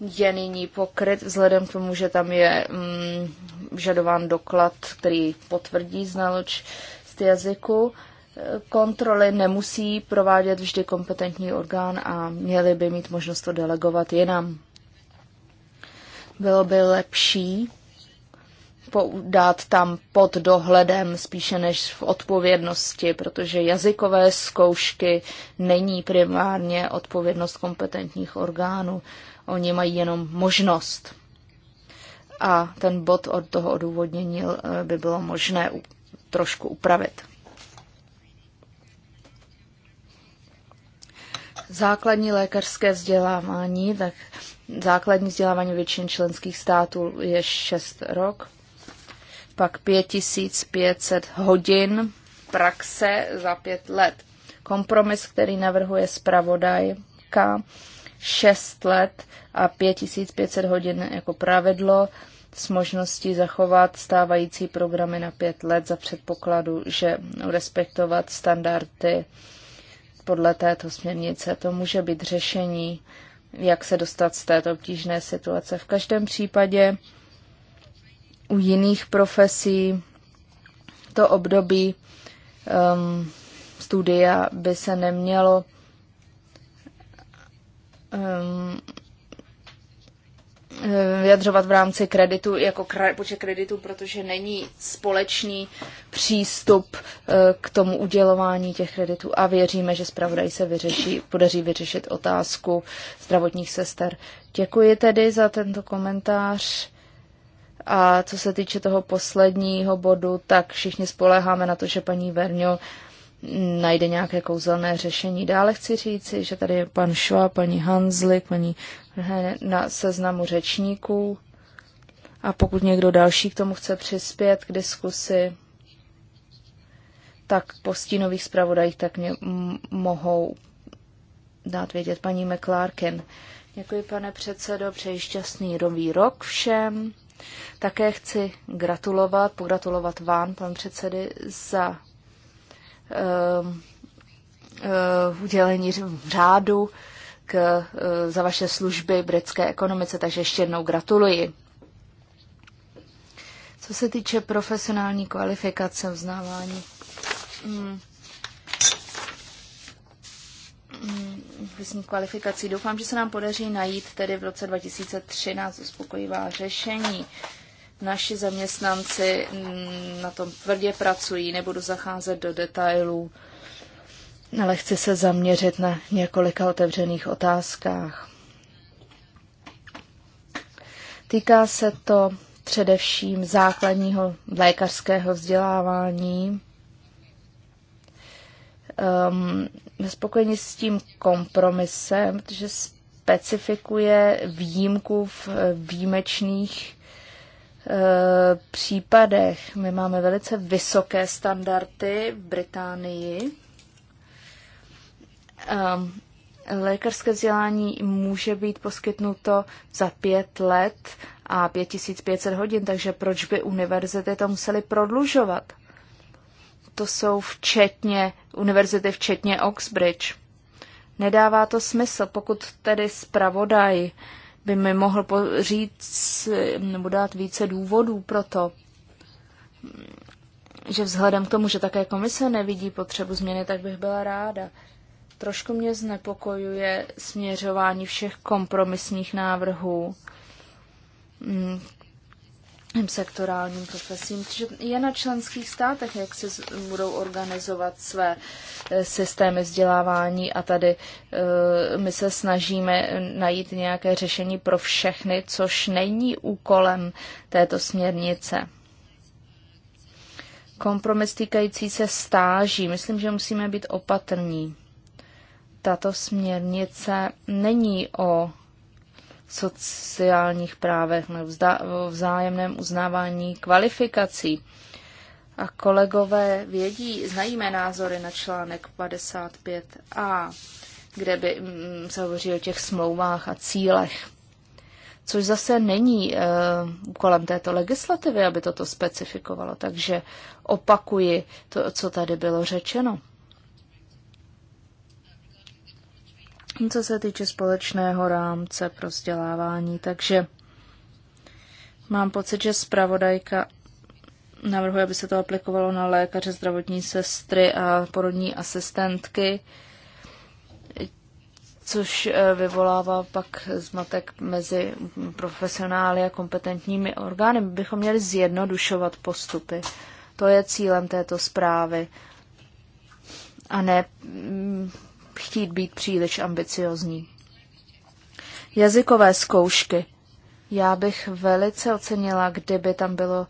Speaker 2: je nyní pokryt, vzhledem k tomu, že tam je mm, doklad, který potvrdí znaloč, znalost jazyku. Eh, kontroly nemusí provádět vždy kompetentní orgán a měli by mít možnost to delegovat jinam. Bylo by lepší dát tam pod dohledem spíše než v odpovědnosti, protože jazykové zkoušky není primárně odpovědnost kompetentních orgánů. Oni mají jenom možnost. A ten bod od toho odůvodnění eh, by bylo možné trošku upravit. Základní lékařské vzdělávání, tak základní vzdělávání většin členských států je 6 rok, pak 5500 hodin praxe za 5 let. Kompromis, který navrhuje zpravodajka, 6 let a 5500 hodin jako pravidlo, s možností zachovat stávající programy na pět let za předpokladu, že respektovat standardy podle této směrnice. To může být řešení, jak se dostat z této obtížné situace. V každém případě u jiných profesí to období um, studia by se nemělo um, Eh, vyjadřovat v rámci kreditu jako počet kreditů, protože není společný přístup eh, k tomu udělování těch kreditů a věříme, že zpravodaj se vyřeší, podaří vyřešit otázku zdravotních sester. Děkuji tedy za tento komentář. A co se týče toho posledního bodu, tak všichni spoleháme na to, že paní Verňo najde nějaké kouzelné řešení. Dále chci říci, že tady je pan Šva, paní Hanzlik, paní na seznamu řečníků. A pokud někdo další k tomu chce přispět k diskusi, tak po stínových zpravodajích tak mě mohou dát vědět paní McClarkin. Děkuji, pane předsedo, přeji šťastný nový rok všem. Také chci gratulovat, pogratulovat vám, pan předsedy, za Eh, eh, udělení řádu k, eh, za vaše služby britské ekonomice, takže ještě jednou gratuluji. Co se týče profesionální kvalifikace, vznávání, hmm. Hmm, kvalifikací, doufám, že se nám podaří najít tedy v roce 2013 uspokojivá řešení. Uh, Naši zaměstnanci mm, na tom tvrdě pracují, nebudu zacházet do detailů, ale chci se zaměřit na několika otevřených otázkách. Týká se to především základního lékařského vzdělávání. Um, spokojení s tím kompromisem, protože specifikuje výjimku v eh, výjimečných Eh, případech. My máme velice vysoké standardy v Británii. Ehm, lékařské vzdělání může být poskytnuto za pět let a 5500 hodin, takže proč by univerzity to musely prodlužovat? To jsou včetně univerzity, včetně Oxbridge. Nedává to smysl, pokud tedy zpravodaj uh, by mi mohl říct nebo dát více důvodů pro to, že vzhledem k tomu, že také komise nevidí potřebu změny, tak bych byla ráda. Trošku mě znepokojuje směřování všech kompromisních návrhů mm, sektorálním profesím. Takže je na členských státech, jak se budou organizovat své eh, systémy vzdělávání a tady eh, my se snažíme najít nějaké řešení pro všechny, což není úkolem této směrnice. Kompromis týkající se stáží. Myslím, že musíme být opatrní. Tato směrnice není o sociálních právech, nebo o vzájemném uznávání kvalifikací. A kolegové vědí, znají mé názory na článek 55a, kde by mm, se hovoří o těch smlouvách a cílech. Což zase není eh, úkolem uh, této legislativy, aby toto specifikovalo. Takže opakuji to, co tady bylo řečeno. co se týče společného rámce pro vzdělávání, takže mám pocit, že zpravodajka navrhuje, aby se to aplikovalo na lékaře, zdravotní sestry a porodní asistentky, což eh, vyvolává pak zmatek mezi profesionály a kompetentními orgány. Bychom měli zjednodušovat postupy. To je cílem této zprávy. A ne mm, chtít být příliš ambiciozní. Jazykové zkoušky. Já bych velice ocenila, kdyby tam bylo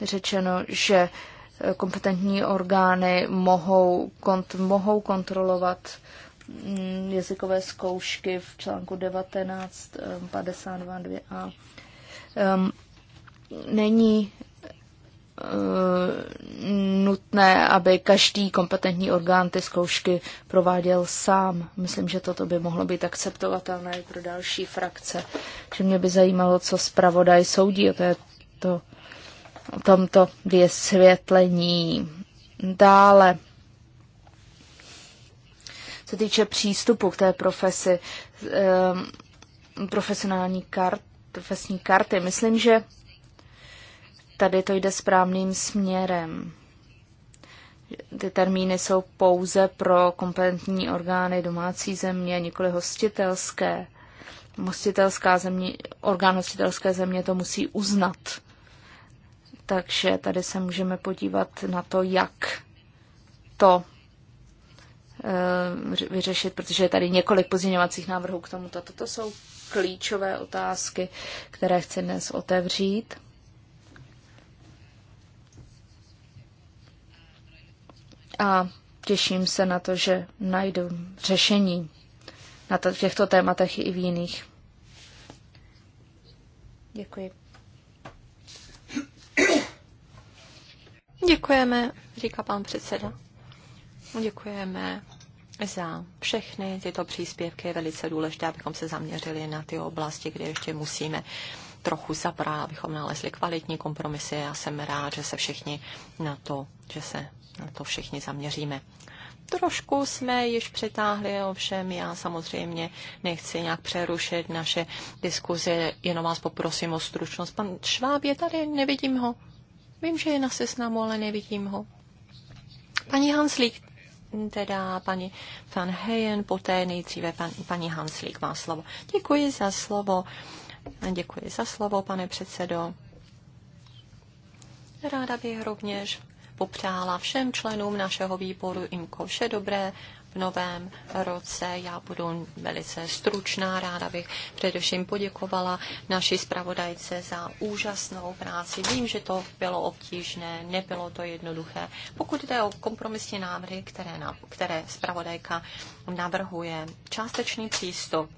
Speaker 2: řečeno, že eh, kompetentní orgány mohou, kont, mohou kontrolovat mm, jazykové zkoušky v článku 1952 eh, a Um, není Eh, nutné, aby každý kompetentní orgán ty zkoušky prováděl sám. Myslím, že toto by mohlo být akceptovatelné i pro další frakce. Takže mě by zajímalo, co zpravodaj soudí o, této, o tomto vysvětlení. Dále, co týče přístupu k té profesi, eh, profesionální kart, profesní karty, myslím, že tady to jde správným směrem. Ty termíny jsou pouze pro kompetentní orgány domácí země, nikoli hostitelské. Hostitelská země, orgán hostitelské země to musí uznat. Takže tady se můžeme podívat na to, jak to eh, vyřešit, protože je tady několik pozměňovacích návrhů k tomuto. Toto jsou klíčové otázky, které chci dnes otevřít. A těším se na to, že najdu řešení na těchto tématech i v jiných. Děkuji. Děkujeme,
Speaker 3: říká pan předseda. Děkujeme za všechny tyto příspěvky. Je velice důležité, abychom se zaměřili na ty oblasti, kde ještě musíme trochu zabrát, abychom nalezli kvalitní kompromisy. Já jsem rád, že se všichni na to, že se na to všichni zaměříme. Trošku jsme již přetáhli, ovšem já samozřejmě nechci nějak přerušit naše diskuze, jenom vás poprosím o stručnost. Pan Šváb je tady, nevidím ho. Vím, že je na seznamu, ale nevidím ho. Paní Hanslík, teda paní Van Heyen, poté nejdříve pan, paní Hanslík má slovo. Děkuji za slovo. Děkuji za slovo, pane předsedo. Ráda bych rovněž popřála všem členům našeho výboru IMKO vše dobré v novém roce. Já budu velice stručná, ráda bych především poděkovala naší zpravodajce za úžasnou práci. Vím, že to bylo obtížné, nebylo to jednoduché. Pokud jde o kompromisní návrhy, které, na, které zpravodajka navrhuje, částečný přístup,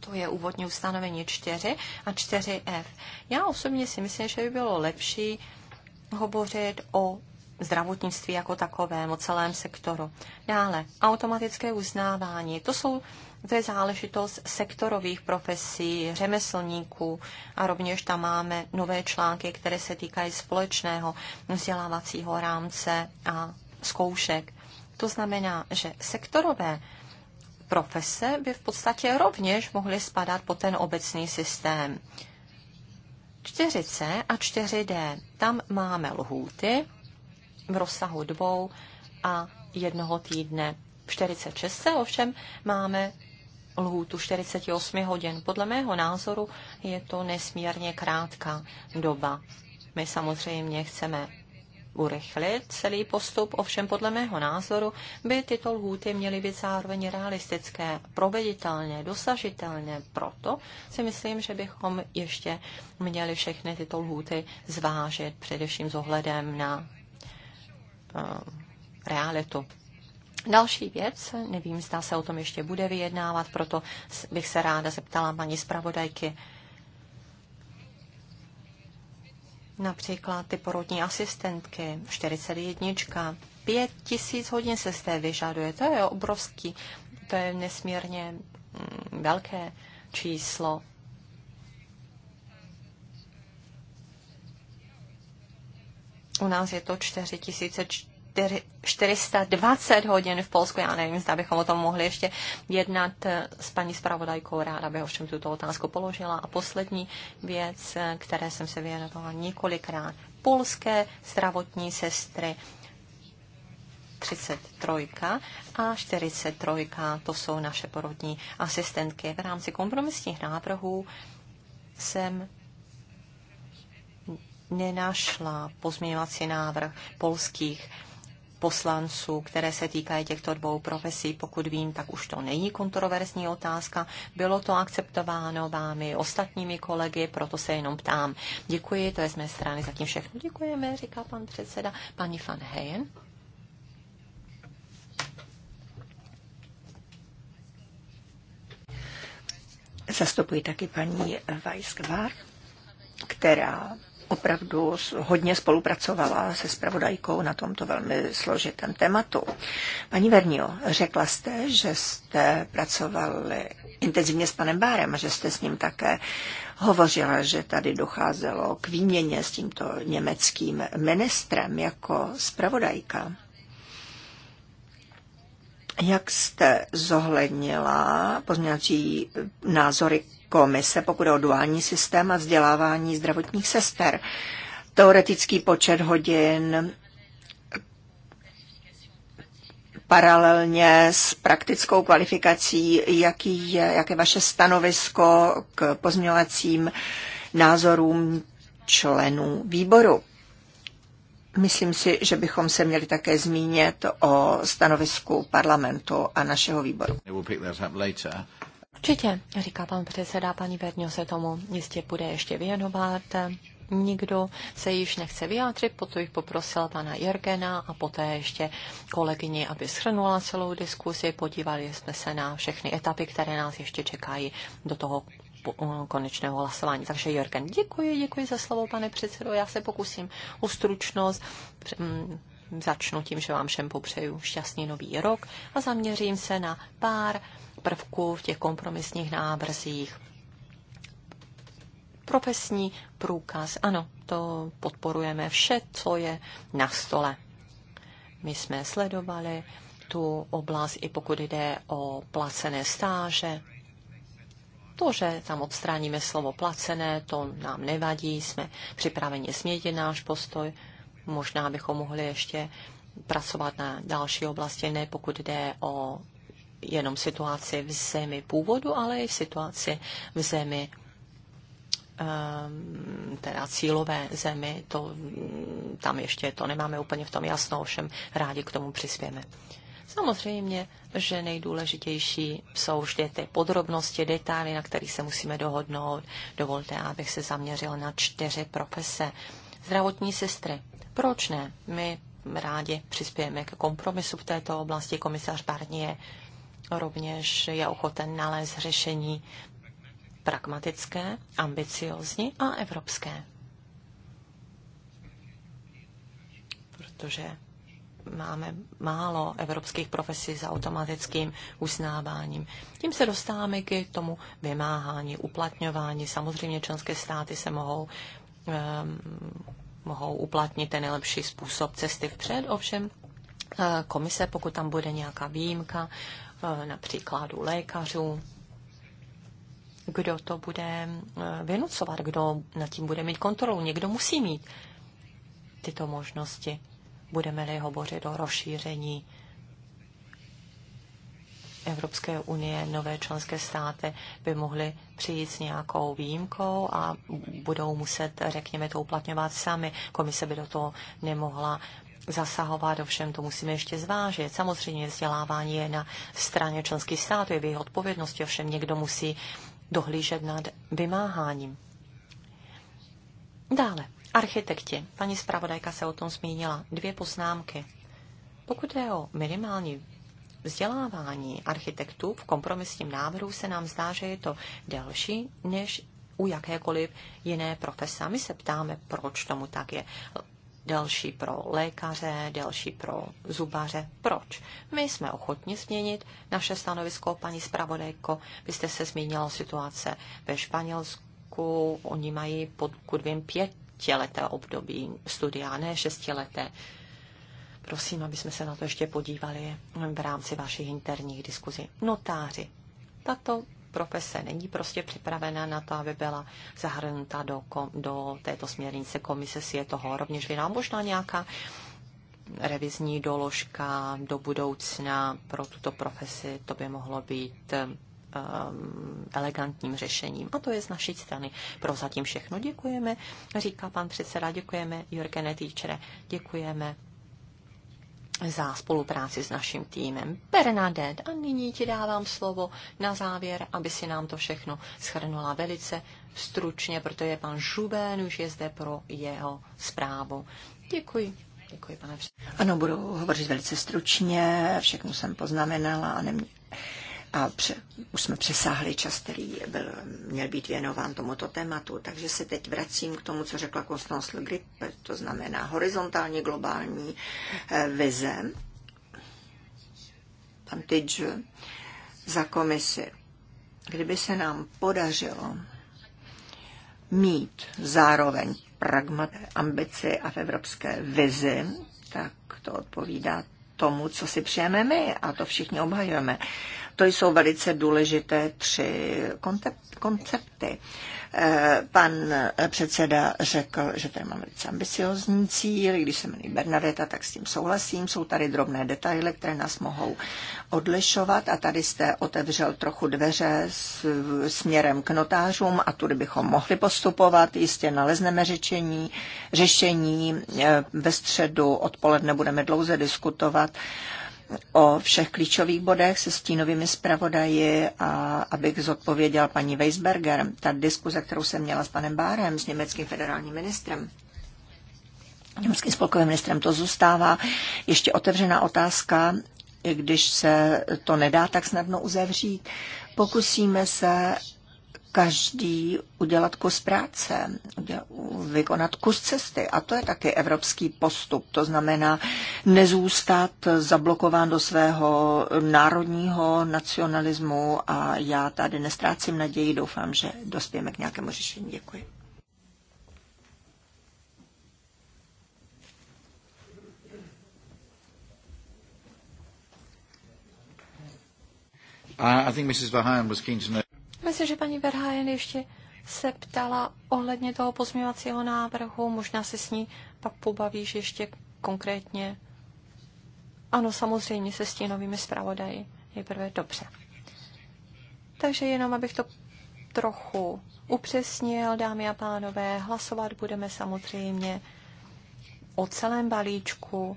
Speaker 3: to je úvodní ustanovení 4 a 4F. Já osobně si myslím, že by bylo lepší hovořit o zdravotnictví jako takovém, o celém sektoru. Dále, automatické uznávání. To, jsou, to je záležitost sektorových profesí, řemeslníků a rovněž tam máme nové články, které se týkají společného vzdělávacího rámce a zkoušek. To znamená, že sektorové profese by v podstatě rovněž mohly spadat po ten obecný systém. 4C a 4D. Tam máme lhůty v rozsahu dvou a jednoho týdne. V 46. ovšem máme lhůtu 48 hodin. Podle mého názoru je to nesmírně krátká doba. My samozřejmě chceme urychlit celý postup, ovšem podle mého názoru by tyto lhůty měly být zároveň realistické, proveditelné, dosažitelné. Proto si myslím, že bychom ještě měli všechny tyto lhůty zvážit, především s ohledem na uh, realitu. Další věc, nevím, zda se o tom ještě bude vyjednávat, proto bych se ráda zeptala paní zpravodajky, Například ty porodní asistentky, 41, 5 tisíc hodin se z té vyžaduje. To je obrovský, to je nesmírně mm, velké číslo. U nás je to 4400 420 hodin v Polsku. Já nevím, zda bychom o tom mohli ještě jednat s paní spravodajkou. Ráda bych ovšem tuto otázku položila. A poslední věc, které jsem se věnovala několikrát. Polské zdravotní sestry 33 a 43, to jsou naše porodní asistentky. V rámci kompromisních návrhů jsem nenašla pozměňovací návrh polských poslanců, které se týkají těchto dvou profesí. Pokud vím, tak už to není kontroverzní otázka. Bylo to akceptováno vámi, ostatními kolegy, proto se jenom ptám. Děkuji, to je z mé strany zatím všechno. Děkujeme, říká pan předseda. pani Van
Speaker 1: Heyen. Zastupuji taky paní Weisgvar, která opravdu hodně spolupracovala se spravodajkou na tomto velmi složitém tématu. Paní Vernio, řekla jste, že jste pracovali intenzivně s panem Bárem, že jste s ním také hovořila, že tady docházelo k výměně s tímto německým ministrem jako spravodajka. Jak jste zohlednila pozměňovací názory komise, pokud o duální systém a vzdělávání zdravotních sester. Teoretický počet hodin paralelně s praktickou kvalifikací, jaký je, jaké je vaše stanovisko k pozměňovacím názorům členů výboru. Myslím si, že bychom se měli také zmínit o stanovisku parlamentu a našeho výboru.
Speaker 3: Určitě, říká pan předseda, paní Verňo se tomu jistě bude ještě věnovat. Nikdo se již nechce vyjádřit, Potom jich poprosila pana Jergena a poté ještě kolegyni, aby shrnula celou diskusi. Podívali jsme se na všechny etapy, které nás ještě čekají do toho konečného hlasování. Takže Jorgen, děkuji, děkuji za slovo, pane předsedo. Já se pokusím o stručnost. Začnu tím, že vám všem popřeju šťastný nový rok a zaměřím se na pár prvků v těch kompromisních návrzích. Profesní průkaz, ano, to podporujeme vše, co je na stole. My jsme sledovali tu oblast, i pokud jde o placené stáže. To, že tam odstráníme slovo placené, to nám nevadí, jsme připraveni změnit náš postoj. Možná bychom mohli ještě pracovat na další oblasti, ne pokud jde o jenom situaci v zemi původu, ale i situaci v zemi ehm, teda cílové zemi, to, mm, tam ještě to nemáme úplně v tom jasno, ovšem rádi k tomu přispěme. Samozřejmě, že nejdůležitější jsou vždy ty podrobnosti, detaily, na kterých se musíme dohodnout. Dovolte, abych se zaměřil na čtyři profese. Zdravotní sestry. Proč ne? My rádi přispějeme k kompromisu v této oblasti. Komisař Barnier rovněž je ochoten nalézt řešení pragmatické, ambiciozní a evropské. Protože máme málo evropských profesí s automatickým usnáváním. Tím se dostáváme k tomu vymáhání, uplatňování. Samozřejmě členské státy se mohou, um, mohou uplatnit ten nejlepší způsob cesty vpřed, ovšem eh, Komise, pokud tam bude nějaká výjimka, Eh, na příkladu lékařů, kdo to bude eh, vynucovat, kdo nad tím bude mít kontrolu. Někdo musí mít tyto možnosti. Budeme-li hovořit o rozšíření Evropské unie, nové členské státy by mohly přijít s nějakou výjimkou a budou muset, řekněme, to uplatňovat sami. Komise by do toho nemohla zasahovat, ovšem to musíme ještě zvážit. Samozřejmě vzdělávání je na straně členských států, je v jejich odpovědnosti, ovšem někdo musí dohlížet nad vymáháním. Dále, architekti. Paní zpravodajka se o tom zmínila. Dvě poznámky. Pokud je o minimální vzdělávání architektů v kompromisním návrhu, se nám zdá, že je to delší než u jakékoliv jiné profese. A my se ptáme, proč tomu tak je další pro lékaře, další pro zubaře. Proč? My jsme ochotni změnit naše stanovisko, paní zpravodajko. Vy jste se zmínila situace ve Španělsku. Oni mají, pokud vím, pětileté období studia, ne šestileté. Prosím, aby jsme se na to ještě podívali v rámci vašich interních diskuzí. Notáři. Tato profese není prostě připravena na to, aby byla zahrnuta do, kom, do této směrnice. Komise si je toho rovněž věná. Možná nějaká revizní doložka do budoucna pro tuto profesi, to by mohlo být um, elegantním řešením. A to je z naší strany. Pro zatím všechno děkujeme, říká pan předseda, děkujeme Jurgene Týčere, děkujeme za spolupráci s naším týmem. Bernadette, a nyní ti dávám slovo na závěr, aby si nám to všechno schrnula velice stručně, protože pan Žubén už je zde pro jeho zprávu. Děkuji. Děkuji, pane předsedo.
Speaker 1: Ano, budu hovořit velice stručně, všechno jsem poznamenala a nemě a pře, už jsme přesáhli čas, který byl, měl být věnován tomuto tématu. Takže se teď vracím k tomu, co řekla Konstanz Le Grip, to znamená horizontální globální eh, vize. Pan Tidžu za komisi. Kdyby se nám podařilo mít zároveň pragmat, ambici a v evropské vizi, tak to odpovídá tomu, co si přejeme my a to všichni obhajujeme. To jsou velice důležité tři koncepty. Eh, pan eh, předseda řekl, že tady máme velice ambiciozní cíl, když se jmenuji Bernadeta, tak s tím souhlasím. Jsou tady drobné detaily, které nás mohou odlišovat a tady jste otevřel trochu dveře s, směrem k notářům a tudy bychom mohli postupovat. Jistě nalezneme řečení, řešení. Eh, ve středu odpoledne budeme dlouze diskutovat o všech klíčových bodech se stínovými zpravodaji a abych zodpověděl paní Weisberger. Ta diskuze, kterou jsem měla s panem Bárem, s německým federálním ministrem, německým spolkovým ministrem, to zůstává ještě otevřená otázka, když se to nedá tak snadno uzavřít. Pokusíme se každý udělat kus práce, vykonat kus cesty. A to je taky evropský postup. To znamená nezůstat zablokován do svého národního nacionalismu a já tady nestrácím naději, doufám, že dospějeme k nějakému řešení. Děkuji. Uh, I think Mrs. Vahan was keen to know.
Speaker 3: Myslím, že paní Verhajen ještě se ptala ohledně toho pozměňovacího návrhu. Možná se s ní pak pobavíš ještě konkrétně. Ano, samozřejmě se stínovými zpravodaji. Nejprve dobře. Takže jenom, abych to trochu upřesnil, dámy a pánové, hlasovat budeme samozřejmě o celém balíčku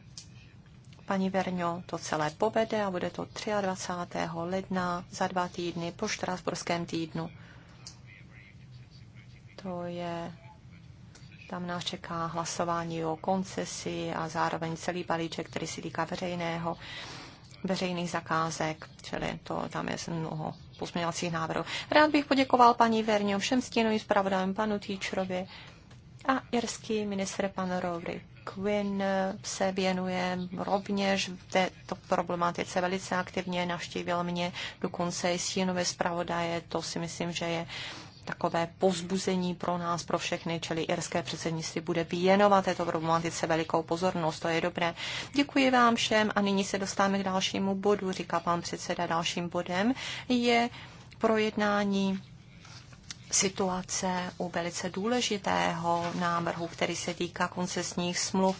Speaker 3: paní Verňo to celé povede a bude to 23. ledna za dva týdny po Štrasburském týdnu. To je, tam nás čeká hlasování o koncesi a zároveň celý balíček, který se týká veřejného, veřejných zakázek, čili to tam je mnoho pozměňovacích návrhů. Rád bych poděkoval paní Verňo, všem stínovým zpravodajům, panu Týčrovi a jerský minister pan Rovry Quinn se věnuje rovněž v této problematice velice aktivně, navštívil mě dokonce i stínové zpravodaje, to si myslím, že je takové pozbuzení pro nás, pro všechny, čili irské předsednictví bude věnovat této problematice velikou pozornost, to je dobré. Děkuji vám všem a nyní se dostáváme k dalšímu bodu, říká pan předseda. Dalším bodem je projednání situace u velice důležitého návrhu, který se týká koncesních smluv.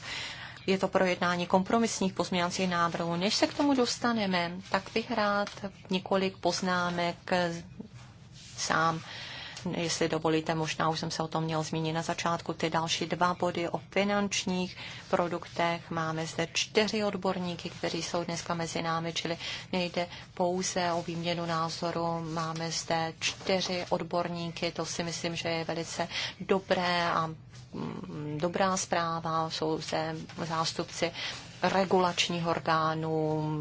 Speaker 3: Je to projednání kompromisních pozměňovacích návrhů. Než se k tomu dostaneme, tak bych rád několik poznámek sám jestli dovolíte, možná už jsem se o tom měl zmínit na začátku, ty další dva body o finančních produktech. Máme zde čtyři odborníky, kteří jsou dneska mezi námi, čili nejde pouze o výměnu názoru. Máme zde čtyři odborníky, to si myslím, že je velice dobré a mm, dobrá zpráva. Jsou zde zástupci regulačních orgánů,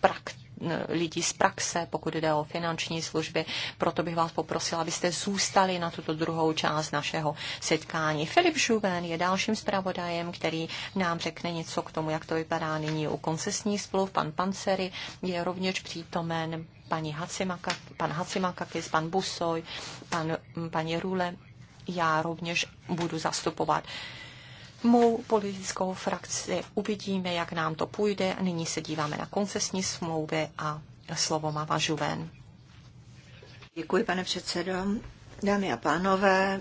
Speaker 3: praktiků, Eh, lidí z praxe, pokud jde o finanční služby. Proto bych vás poprosila, abyste zůstali na tuto druhou část našeho setkání. Filip Žuven je dalším zpravodajem, který nám řekne něco k tomu, jak to vypadá nyní u koncesní spluv. Pan Pancery je rovněž přítomen paní Hacimaka, pan Hacimakakis, pan Busoj, pan, paní Rule. Já rovněž budu zastupovat mou politickou frakci. Uvidíme, jak nám to půjde. nyní se díváme na koncesní smlouvy a slovo má Žuven.
Speaker 1: Děkuji, pane předsedo. Dámy a pánové,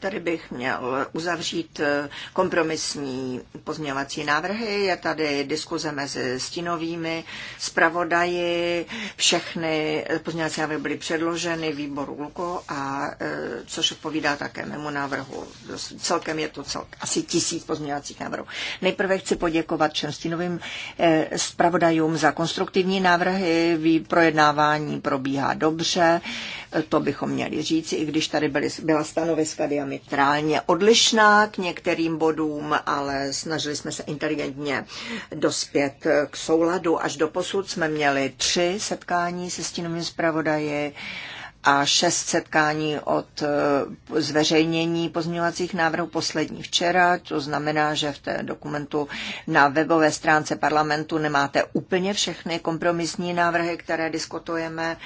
Speaker 1: Tady bych měl uzavřít eh, kompromisní pozměňovací návrhy. Je tady diskuze mezi stinovými zpravodaji. Všechny eh, pozměňovací návrhy byly předloženy výboru Luko, a, eh, což odpovídá také mému návrhu. Celkem je to celk, asi tisíc pozměňovacích návrhů. Nejprve chci poděkovat všem stinovým zpravodajům za konstruktivní návrhy. Projednávání probíhá dobře. To bychom měli říci, i když tady byly, byla stanoviska diametrálně odlišná k některým bodům, ale snažili jsme se inteligentně dospět k souladu. Až do posud jsme měli tři setkání se stínovými zpravodaji a šest setkání od eh, zveřejnění pozměňovacích návrhů poslední včera, to znamená, že v té dokumentu na webové stránce parlamentu nemáte úplně všechny kompromisní návrhy, které diskutujeme.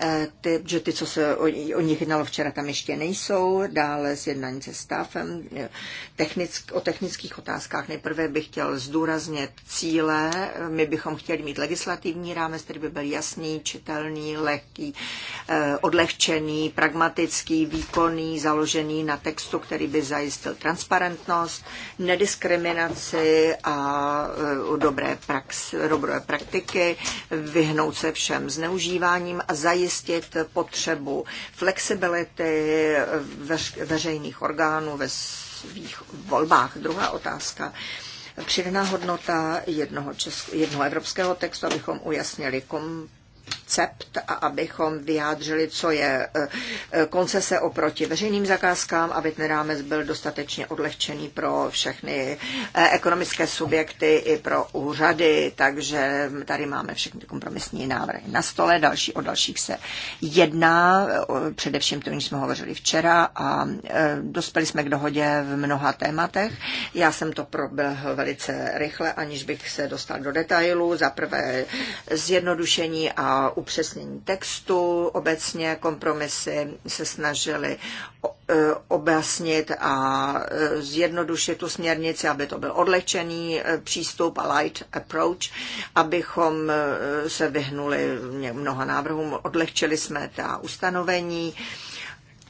Speaker 1: Eh, ty, že ty, co se o, o nich jednalo včera, tam ještě nejsou. Dále sjednání se stávem. Eh, technick, o technických otázkách nejprve bych chtěl zdůraznit cíle. Eh, my bychom chtěli mít legislativní rámec, který by byl jasný, čitelný, lehký, odlehčený, pragmatický, výkonný, založený na textu, který by zajistil transparentnost, nediskriminaci a dobré, prax, dobré praktiky, vyhnout se všem zneužíváním a zajistit zajistit potřebu flexibility veřejných orgánů ve svých volbách. Druhá otázka přidaná hodnota jednoho, česk- jednoho evropského textu, abychom ujasnili kom- koncept a abychom vyjádřili, co je eh, eh, koncese oproti veřejným zakázkám, aby ten rámec byl dostatečně odlehčený pro všechny eh, ekonomické subjekty i pro úřady, takže tady máme všechny kompromisní návrhy na stole, další o dalších se jedná, především to, jsme hovořili včera a dospěli jsme k dohodě v mnoha tématech. Já jsem to proběhl velice rychle, aniž bych se dostal do detailů. Za prvé zjednodušení a upřesnění textu. Obecně kompromisy se snažili e, objasnit a e, zjednodušit tu směrnici, aby to byl odlečený e, přístup a light approach, abychom se vyhnuli mnoha návrhům. Odlehčili jsme ta ustanovení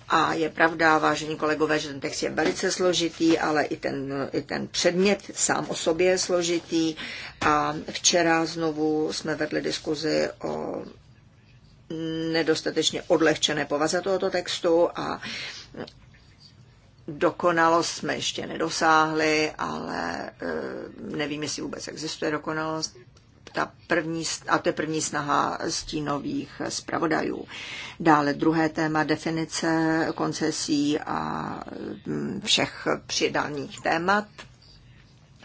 Speaker 1: a je pravda, vážení kolegové, že ten text je velice složitý, ale i ten, i ten předmět sám o sobě je složitý. A včera znovu jsme vedli diskuzi o nedostatečně odlehčené povaze tohoto textu a dokonalost jsme ještě nedosáhli, ale eh, nevím, jestli vůbec existuje dokonalost ta první, a to je první snaha stínových zpravodajů. Dále druhé téma definice koncesí a mm, všech přidaných témat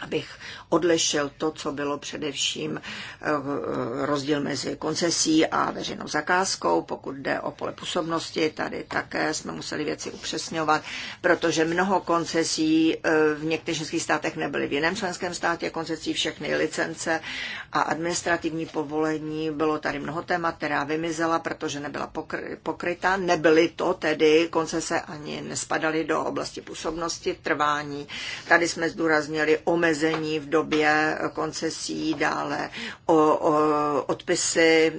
Speaker 1: abych odlešil to, co bylo především eh, rozdíl mezi koncesí a veřejnou zakázkou. Pokud jde o pole působnosti, tady také jsme museli věci upřesňovat, protože mnoho koncesí eh, v některých členských státech nebyly v jiném členském státě koncesí všechny licence a administrativní povolení. Bylo tady mnoho témat, která vymizela, protože nebyla pokryta. Nebyly to tedy koncese ani nespadaly do oblasti působnosti, trvání. Tady jsme zdůraznili omezení v do podobě koncesí, dále o, o odpisy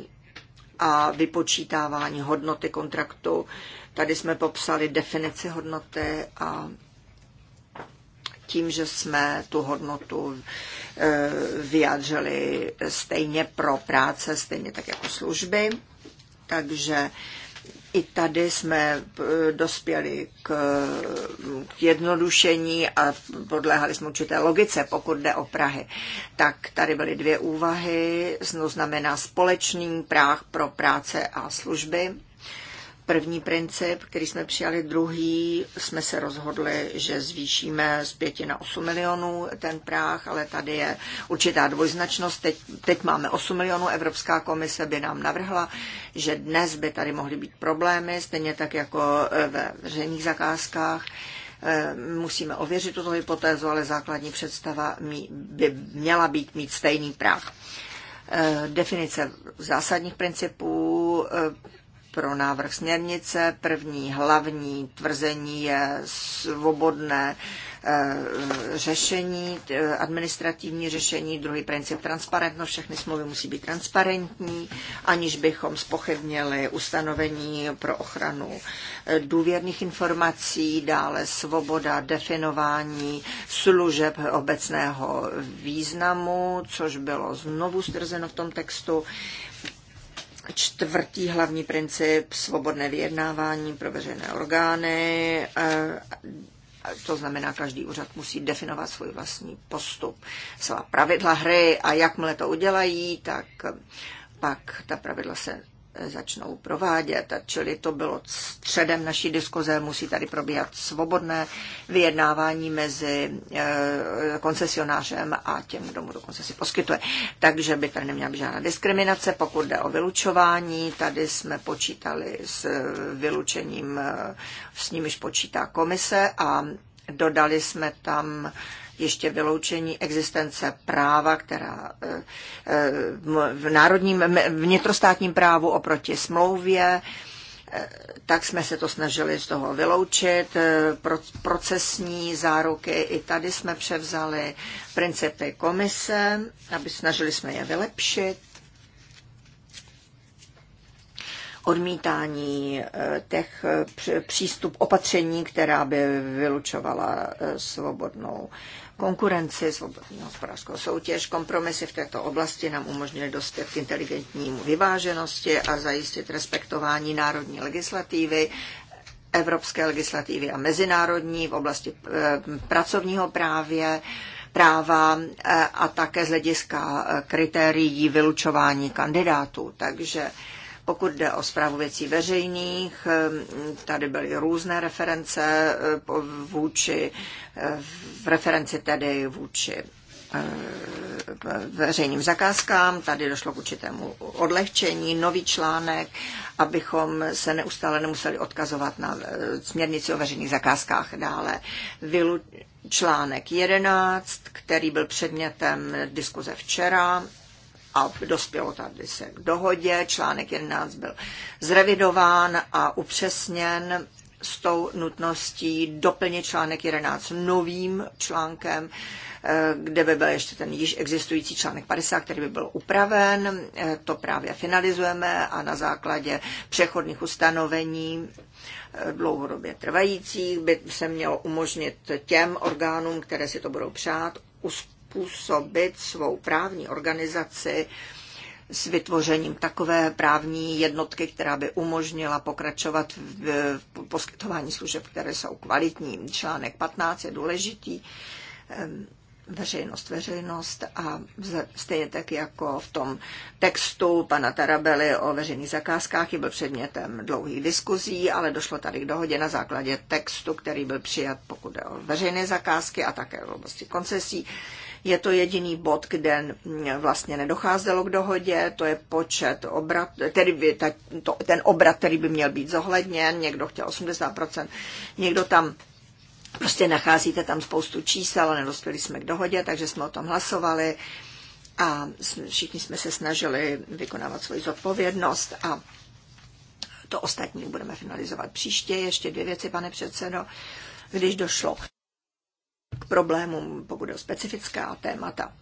Speaker 1: a vypočítávání hodnoty kontraktu. Tady jsme popsali definici hodnoty a tím, že jsme tu hodnotu e, vyjádřili stejně pro práce, stejně tak jako služby. Takže i tady jsme eh, dospěli eh, k jednodušení a podléhali jsme určité logice, pokud jde o Prahy. Tak tady byly dvě úvahy, znamená společný práh pro práce a služby první princip, který jsme přijali, druhý jsme se rozhodli, že zvýšíme z 5 na 8 milionů ten práh, ale tady je určitá dvojznačnost. Teď, teď máme 8 milionů, Evropská komise by nám navrhla, že dnes by tady mohly být problémy, stejně tak jako e, ve veřejných zakázkách. E, musíme ověřit tuto hypotézu, ale základní představa by měla být mít stejný práh e, definice zásadních principů, pro návrh směrnice. První hlavní tvrzení je svobodné eh, řešení, eh, administrativní řešení, druhý princip transparentnost, všechny smlouvy musí být transparentní, aniž bychom spochybnili ustanovení pro ochranu eh, důvěrných informací, dále svoboda definování služeb obecného významu, což bylo znovu strzeno v tom textu. Čtvrtý hlavní princip, svobodné vyjednávání pro veřejné orgány. Eh, to znamená, každý úřad musí definovat svůj vlastní postup, svá pravidla hry a jakmile to udělají, tak pak ta pravidla se začnou provádět. Čili to bylo středem naší diskuze. Musí tady probíhat svobodné vyjednávání mezi eh, koncesionářem a těm, kdo mu tu koncesi poskytuje. Takže by tady neměla být žádná diskriminace. Pokud jde o vylučování, tady jsme počítali s eh, vylučením, eh, s nimiž počítá komise a dodali jsme tam ještě vyloučení existence práva, která eh, eh, v národním vnitrostátním právu oproti smlouvě, eh, tak jsme se to snažili z toho vyloučit. Procesní záruky, i tady jsme převzali principy komise, aby snažili jsme je vylepšit. odmítání těch přístup opatření, která by vylučovala svobodnou konkurenci, svobodnou hospodářskou soutěž. Kompromisy v této oblasti nám umožnily dospět k inteligentnímu vyváženosti a zajistit respektování národní legislativy, evropské legislativy a mezinárodní v oblasti eh, pracovního právě, práva eh, a také z hlediska eh, kritérií vylučování kandidátů. Takže pokud jde o zprávu věcí veřejných, tady byly různé reference eh, vůči, eh, v referenci tedy vůči eh, veřejným zakázkám. Tady došlo k určitému odlehčení, nový článek, abychom se neustále nemuseli odkazovat na směrnici o veřejných zakázkách dále. Vylu článek 11, který byl předmětem diskuze včera a dospělo tady se k dohodě. Článek 11 byl zrevidován a upřesněn s tou nutností doplnit článek 11 novým článkem, eh, kde by byl ještě ten již existující článek 50, který by byl upraven. Eh, to právě finalizujeme a na základě přechodných ustanovení eh, dlouhodobě trvajících by se mělo umožnit těm orgánům, které si to budou přát, přizpůsobit svou právní organizaci s vytvořením takové právní jednotky, která by umožnila pokračovat v poskytování služeb, které jsou kvalitní. Článek 15 je důležitý. Ehm, veřejnost, veřejnost a stejně tak jako v tom textu pana Tarabely o veřejných zakázkách je byl předmětem dlouhých diskuzí, ale došlo tady k dohodě na základě textu, který byl přijat, pokud jde o veřejné zakázky a také v oblasti koncesí. Je to jediný bod, kde vlastně nedocházelo k dohodě, to je počet obrat, tedy by ta, to, ten obrat, který by měl být zohledněn, někdo chtěl 80%, někdo tam prostě nacházíte tam spoustu čísel a nedospěli jsme k dohodě, takže jsme o tom hlasovali a všichni jsme se snažili vykonávat svoji zodpovědnost a to ostatní budeme finalizovat příště. Ještě dvě věci, pane předsedo, když došlo k problémům, pokud je o specifická témata.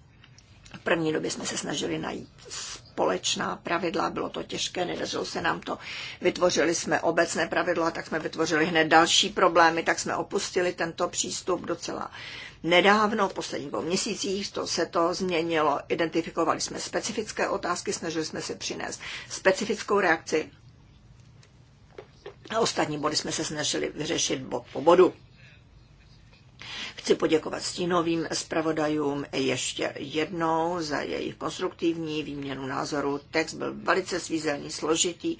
Speaker 1: V první době jsme se snažili najít společná pravidla, bylo to těžké, nedařilo se nám to. Vytvořili jsme obecné pravidla, tak jsme vytvořili hned další problémy, tak jsme opustili tento přístup docela nedávno, v posledních dvou měsících, to se to změnilo, identifikovali jsme specifické otázky, snažili jsme se přinést specifickou reakci a ostatní body jsme se snažili vyřešit bod po bodu. Chci poděkovat stínovým zpravodajům ještě jednou za jejich konstruktivní výměnu názoru. Text byl velice svízelný, složitý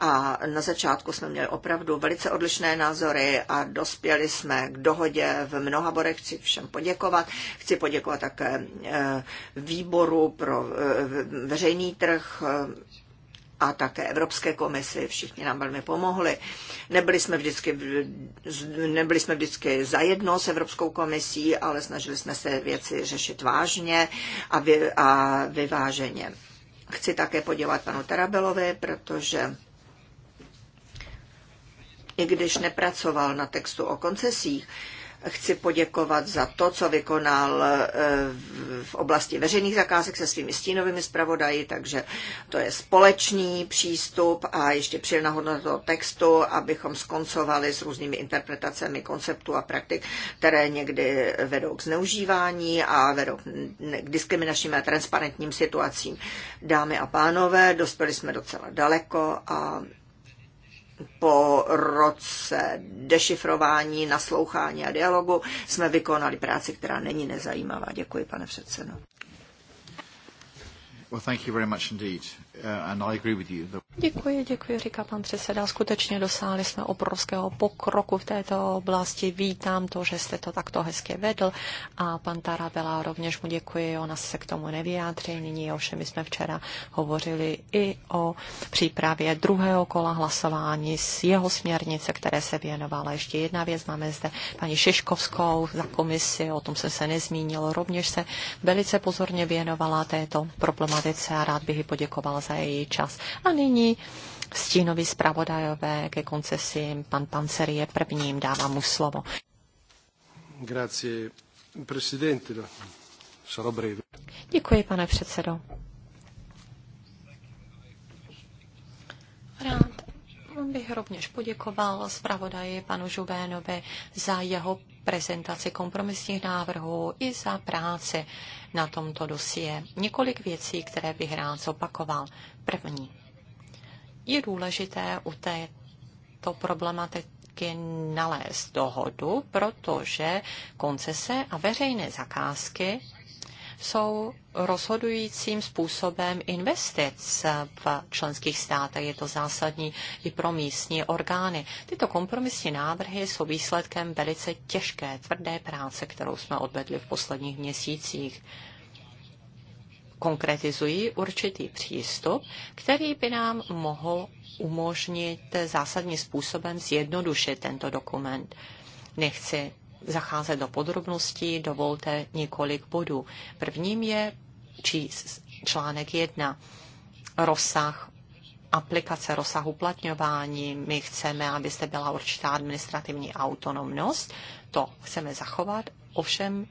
Speaker 1: a na začátku jsme měli opravdu velice odlišné názory a dospěli jsme k dohodě v mnoha bodech. Chci všem poděkovat. Chci poděkovat také eh, výboru pro eh, veřejný trh, a také Evropské komisi. Všichni nám velmi pomohli. Nebyli jsme vždycky, nebyli jsme vždycky zajedno s Evropskou komisí, ale snažili jsme se věci řešit vážně a, vy, a vyváženě. Chci také poděkovat panu Terabelovi, protože i když nepracoval na textu o koncesích, chci poděkovat za to, co vykonal eh, v oblasti veřejných zakázek se svými stínovými zpravodaji, takže to je společný přístup a ještě přilna hodnota toho textu, abychom skoncovali s různými interpretacemi konceptů a praktik, které někdy vedou k zneužívání a vedou k diskriminačním a transparentním situacím. Dámy a pánové, dospěli jsme docela daleko a po roce dešifrování, naslouchání a dialogu jsme vykonali práci, která není nezajímavá. Děkuji, pane předsedo.
Speaker 2: Well, thank you very much indeed. Uh,
Speaker 1: děkuji, děkuji,
Speaker 3: říká pan předseda. Skutečně dosáhli jsme obrovského pokroku v této oblasti. Vítám to, že jste to takto hezky vedl. A pan Tarabela rovněž mu děkuji, ona se k tomu nevyjádří. Nyní ovšem my jsme včera hovořili i o přípravě druhého kola hlasování z jeho směrnice, které se věnovala. Ještě jedna věc, máme zde paní Šiškovskou za komisi, o tom jsem se nezmínil. Rovněž se velice pozorně věnovala této problematice a rád bych ji poděkovala za její čas. A nyní stínový zpravodajové ke koncesím. Pan Panzer je prvním, dává mu slovo.
Speaker 2: Grazie, presidente. Sarò breve.
Speaker 3: Děkuji, pane předsedo. Rád bych rovněž poděkoval zpravodaji panu Žubénovi za jeho prezentaci kompromisních návrhů i za práci na tomto dosie. Několik věcí, které bych rád zopakoval. První. Je důležité u této problematiky nalézt dohodu, protože koncese a veřejné zakázky jsou rozhodujícím způsobem investic v členských státech. Je to zásadní i pro místní orgány. Tyto kompromisní návrhy jsou výsledkem velice těžké, tvrdé práce, kterou jsme odvedli v posledních měsících. Konkretizují určitý přístup, který by nám mohl umožnit zásadním způsobem zjednodušit tento dokument. Nechci zacházet do podrobností, dovolte několik bodů. Prvním je čís, článek 1. Rozsah aplikace, rozsah uplatňování. My chceme, aby byla určitá administrativní autonomnost. To chceme zachovat, ovšem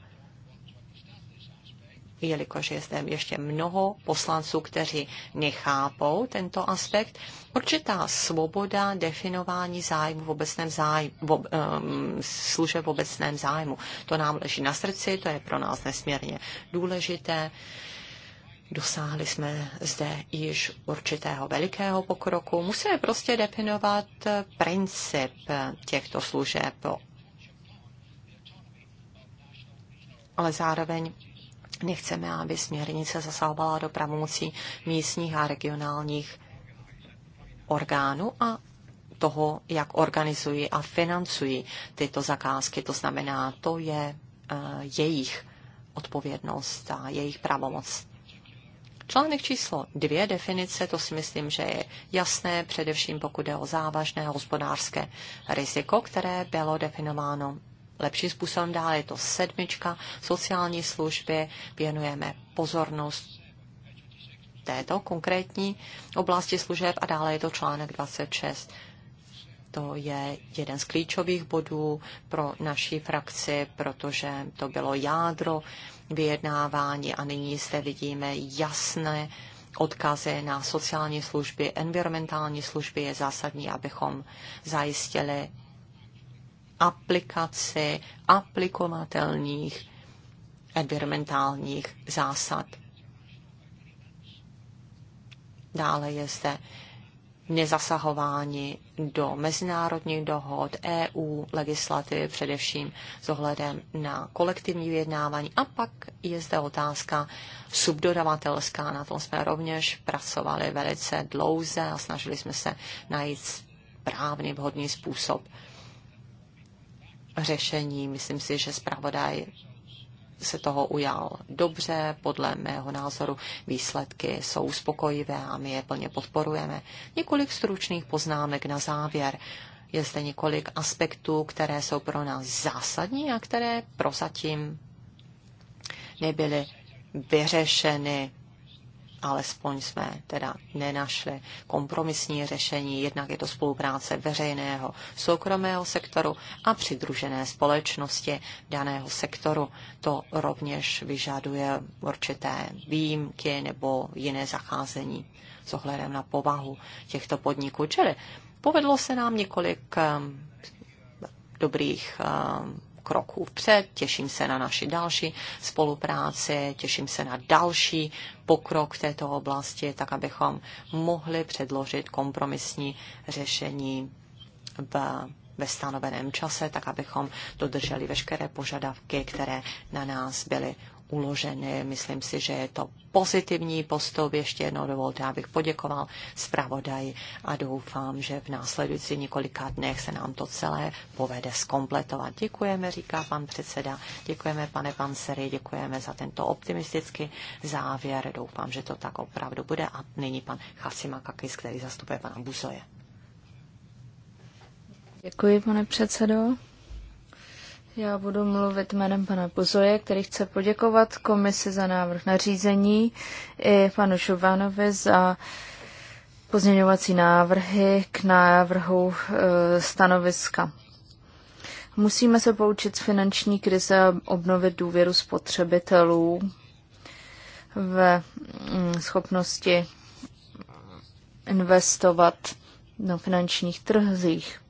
Speaker 3: jelikož je zde ještě mnoho poslanců, kteří nechápou tento aspekt, určitá svoboda definování zájmu v obecném zájmu, v, um, služeb v obecném zájmu. To nám leží na srdci, to je pro nás nesmírně důležité. Dosáhli jsme zde již určitého velikého pokroku. Musíme prostě definovat princip těchto služeb, ale zároveň Nechceme, aby směrnice zasahovala do pravomocí místních a regionálních orgánů a toho, jak organizují a financují tyto zakázky. To znamená, to je eh, jejich odpovědnost a jejich pravomoc. Článek číslo dvě definice, to si myslím, že je jasné, především pokud jde o závažné hospodářské riziko, které bylo definováno lepším způsobem. dál je to sedmička, sociální služby, věnujeme pozornost této konkrétní oblasti služeb a dále je to článek 26. To je jeden z klíčových bodů pro naší frakci, protože to bylo jádro vyjednávání a nyní zde vidíme jasné odkazy na sociální služby, environmentální služby je zásadní, abychom zajistili aplikaci aplikovatelných environmentálních zásad. Dále je zde nezasahování do mezinárodních dohod, EU, legislativy, především s ohledem na kolektivní vyjednávání. A pak je zde otázka subdodavatelská. Na tom jsme rovněž pracovali velice dlouze a snažili jsme se najít správný, vhodný způsob řešení. Myslím si, že zpravodaj se toho ujal dobře, podle mého názoru výsledky jsou uspokojivé a my je plně podporujeme. Několik stručných poznámek na závěr. Je zde několik aspektů, které jsou pro nás zásadní a které prozatím nebyly vyřešeny alespoň jsme teda nenašli kompromisní řešení, jednak je to spolupráce veřejného soukromého sektoru a přidružené společnosti daného sektoru. To rovněž vyžaduje určité výjimky nebo jiné zacházení s ohledem na povahu těchto podniků. Čili povedlo se nám několik um, dobrých um, kroků vpřed, těším se na naši další spolupráci, těším se na další pokrok v této oblasti, tak abychom mohli předložit kompromisní řešení v ve stanoveném čase, tak abychom dodrželi veškeré požadavky, které na nás byly uloženy. Myslím si, že je to pozitivní postup. Ještě jednou dovolte, abych poděkoval zpravodaji a doufám, že v následující několika dnech se nám to celé povede zkompletovat. Děkujeme, říká pan předseda, děkujeme pane Pansery, děkujeme za tento optimistický závěr. Doufám, že to tak opravdu bude. A nyní pan Chasima Kakis, který zastupuje pana Buzoje.
Speaker 2: Děkuji, pane předsedo. Já budu mluvit jménem pana Buzoje, který chce poděkovat komisi za návrh nařízení i panu Šubánovi za pozměňovací návrhy k návrhu e, stanoviska. Musíme se poučit z finanční krize a obnovit důvěru spotřebitelů ve mm, schopnosti investovat na finančních trzích.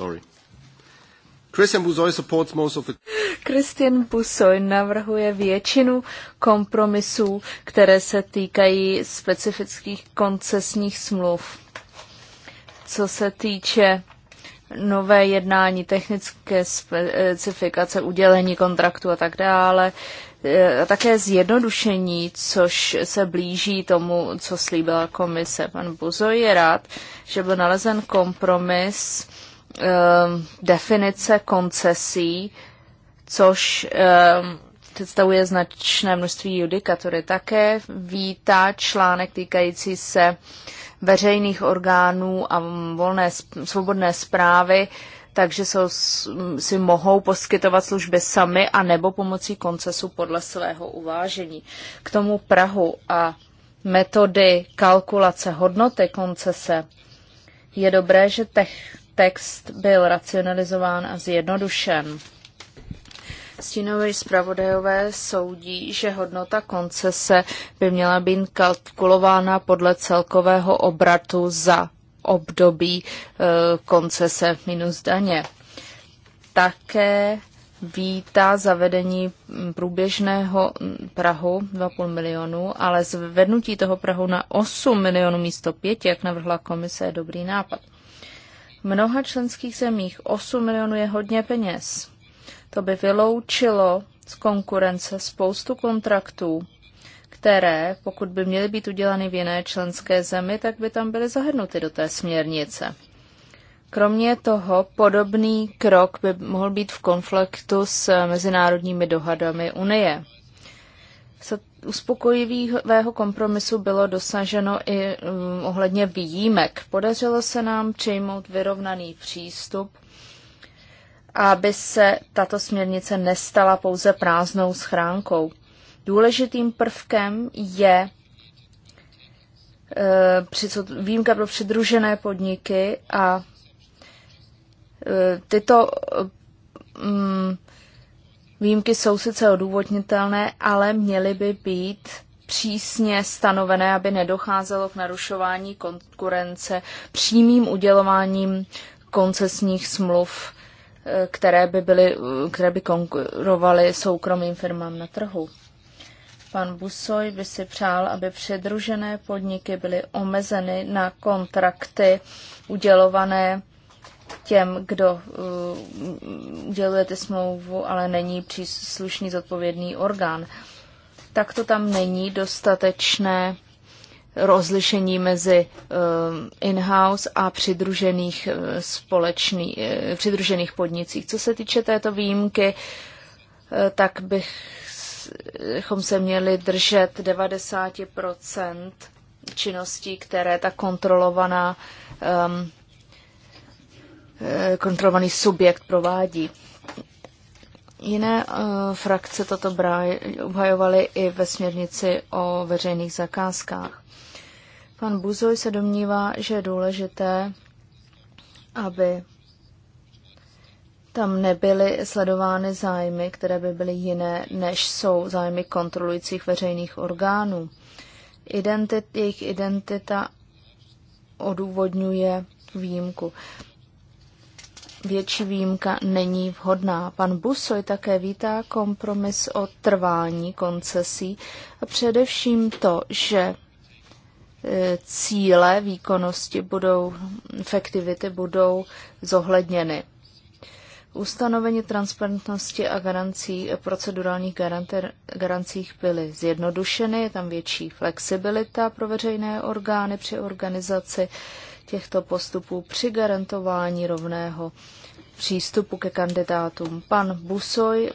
Speaker 1: Sorry. Christian Busoy supports most of
Speaker 2: Christian Busoy navrhuje většinu kompromisů, které se týkají specifických koncesních smluv. Co se týče nové jednání, technické specifikace, udělení kontraktu a tak dále, eh, a také zjednodušení, což se blíží tomu, co slíbila komise. Pan Buzoj je rád, že byl nalezen kompromis, Ehm, definice koncesí, což ehm, představuje značné množství judikatury. Také vítá článek týkající se veřejných orgánů a volné, svobodné zprávy, takže jsou, si mohou poskytovat služby sami a nebo pomocí koncesu podle svého uvážení. K tomu Prahu a metody kalkulace hodnoty koncese je dobré, že tech, text byl racionalizován a zjednodušen. Stínové zpravodajové soudí, že hodnota koncese by měla být kalkulována podle celkového obratu za období e, koncese minus daně. Také vítá zavedení průběžného Prahu 2,5 milionu, ale zvednutí toho Prahu na 8 milionů místo 5, jak navrhla komise, je dobrý nápad mnoha členských zemích 8 milionů je hodně peněz. To by vyloučilo z konkurence spoustu kontraktů, které, pokud by měly být udělany v jiné členské zemi, tak by tam byly zahrnuty do té směrnice. Kromě toho, podobný krok by mohl být v konfliktu s mezinárodními dohadami Unie uspokojivého kompromisu bylo dosaženo i um, ohledně výjimek. Podařilo se nám přijmout vyrovnaný přístup, aby se tato směrnice nestala pouze prázdnou schránkou. Důležitým prvkem je e, výjimka pro přidružené podniky a e, tyto mm, Výjimky jsou sice odůvodnitelné, ale měly by být přísně stanovené, aby nedocházelo k narušování konkurence přímým udělováním koncesních smluv, eh, které by, byly, eh, které by konkurovaly soukromým firmám na trhu. Pan Busoj by si přál, aby předružené podniky byly omezeny na kontrakty udělované těm, kdo uděluje uh, ty smlouvu, ale není příslušný zodpovědný orgán. Tak to tam není dostatečné rozlišení mezi um, in-house a přidružených, uh, společný, uh, přidružených podnicích. Co se týče této výjimky, tak bych bychom se měli držet 90 činností, které ta kontrolovaná um, Eh, kontrolovaný subjekt provádí. Jiné uh, frakce toto obhajovaly i ve směrnici o veřejných zakázkách. Pan Buzoj se domnívá, že je důležité, aby tam nebyly sledovány zájmy, které by byly jiné, než jsou zájmy kontrolujících veřejných orgánů. Identit, jejich identita odůvodňuje výjimku větší výjimka není vhodná. Pan Busoj také vítá kompromis o trvání koncesí a především to, že e, cíle výkonnosti budou, efektivity budou zohledněny. Ustanovení transparentnosti a garancí, e, procedurálních garanter, garancích byly zjednodušeny, je tam větší flexibilita pro veřejné orgány při organizaci Eh, těchto postupů při garantování rovného přístupu ke kandidátům. Pan Busoj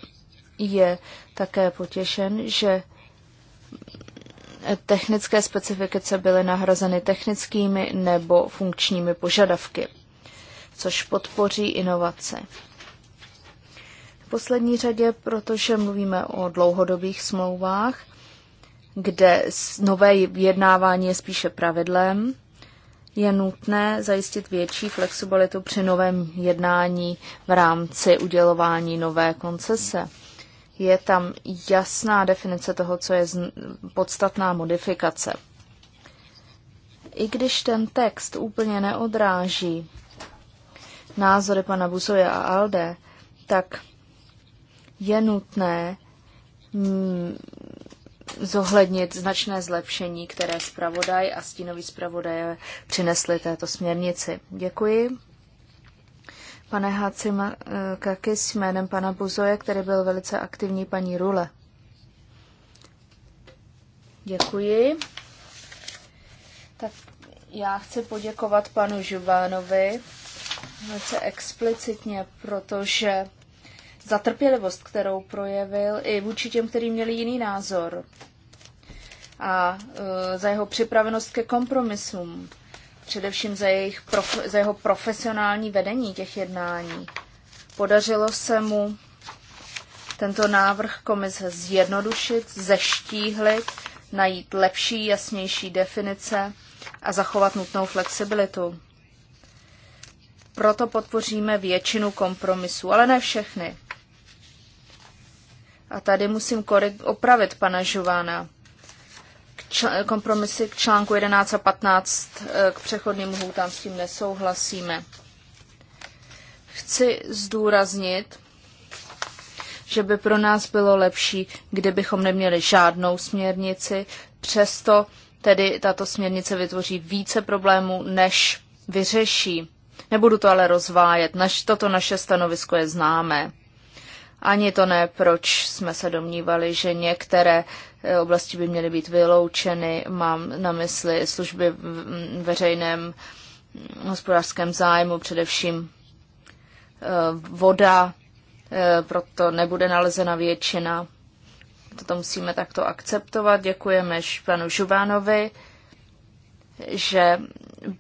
Speaker 2: je také potěšen, že technické specifikace byly nahrazeny technickými nebo funkčními požadavky, což podpoří inovace. V poslední řadě, protože mluvíme o dlouhodobých smlouvách, kde nové jednávání je spíše pravidlem, je nutné zajistit větší flexibilitu při novém jednání v rámci udělování nové koncese. Je tam jasná definice toho, co je podstatná modifikace. I když ten text úplně neodráží názory pana Busoje a Alde, tak je nutné zohlednit značné zlepšení, které zpravodaj a stínový zpravodaj přinesli této směrnici. Děkuji. Pane Hacim eh, Kakis jménem pana Buzoje, který byl velice aktivní paní Rule. Děkuji. Tak já chci poděkovat panu Žubánovi velice explicitně, protože za trpělivost, kterou projevil i vůči těm, kteří měli jiný názor a e, za jeho připravenost ke kompromisům, především za, jejich prof, za jeho profesionální vedení těch jednání. Podařilo se mu tento návrh komise zjednodušit, zeštíhlit, najít lepší, jasnější definice a zachovat nutnou flexibilitu. Proto podpoříme většinu kompromisů, ale ne všechny. A tady musím korek- opravit pana Žována. K čl- kompromisy k článku 11 a 15 eh, k přechodným hůtám s tím nesouhlasíme. Chci zdůraznit, že by pro nás bylo lepší, kdybychom neměli žádnou směrnici, přesto tedy tato směrnice vytvoří více problémů, než vyřeší. Nebudu to ale rozvájet, naš, toto naše stanovisko je známé. Ani to ne, proč jsme se domnívali, že některé eh, oblasti by měly být vyloučeny. Mám na mysli služby v veřejném hm, hospodářském zájmu, především eh, voda, eh, proto nebude nalezena většina. Toto musíme takto akceptovat. Děkujeme panu Žuvánovi, že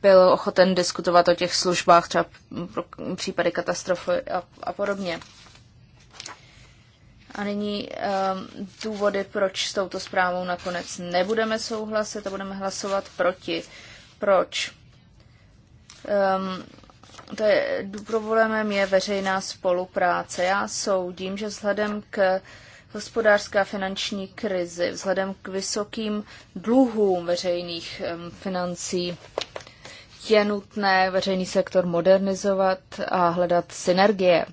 Speaker 2: byl ochoten diskutovat o těch službách, třeba případy katastrofy a, a podobně. A nyní um, důvody, proč s touto zprávou nakonec nebudeme souhlasit a budeme hlasovat proti. Proč? Um, to je, problémem je veřejná spolupráce. Já soudím, že vzhledem k hospodářské finanční krizi, vzhledem k vysokým dluhům veřejných um, financí, je nutné veřejný sektor modernizovat a hledat synergie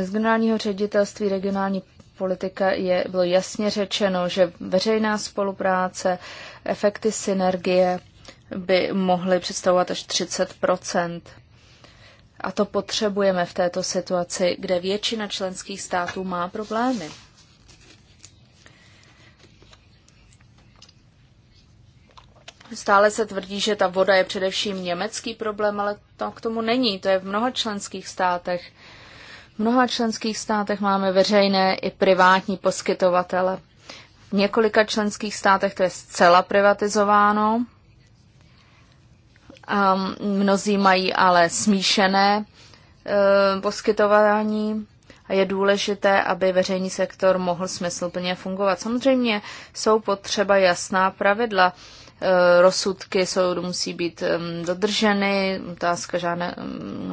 Speaker 2: z generálního ředitelství regionální politika je, bylo jasně řečeno, že veřejná spolupráce, efekty synergie by mohly představovat až 30 A to potřebujeme v této situaci, kde většina členských států má problémy. Stále se tvrdí, že ta voda je především německý problém, ale to k tomu není. To je v mnoha členských státech. V mnoha členských státech máme veřejné i privátní poskytovatele. V několika členských státech to je zcela privatizováno. A ehm, mnozí mají ale smíšené e, poskytování a je důležité, aby veřejný sektor mohl smysluplně fungovat. Samozřejmě jsou potřeba jasná pravidla. Ehm, rozsudky soudu musí být dodrženy, otázka žádného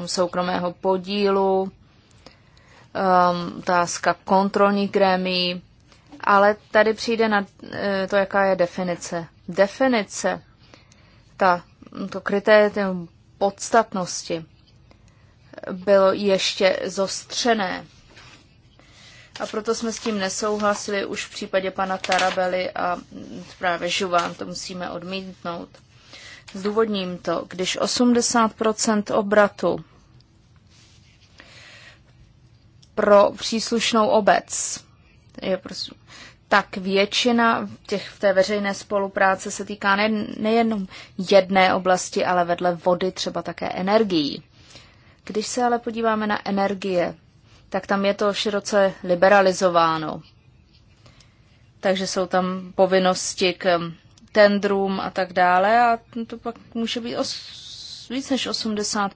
Speaker 2: soukromého podílu, um, otázka kontrolních grémí, ale tady přijde na eh, to, jaká je definice. Definice, ta, to kritérium podstatnosti bylo ještě zostřené. A proto jsme s tím nesouhlasili už v případě pana Tarabely a právě Žuván to musíme odmítnout. Zdůvodním to, když 80% obratu pro příslušnou obec. Je prostě, tak většina těch v té veřejné spolupráce se týká ne, nejenom jedné oblasti, ale vedle vody třeba také energií. Když se ale podíváme na energie, tak tam je to široce liberalizováno. Takže jsou tam povinnosti k hm, tendrům a tak dále a to pak může být os, víc než 80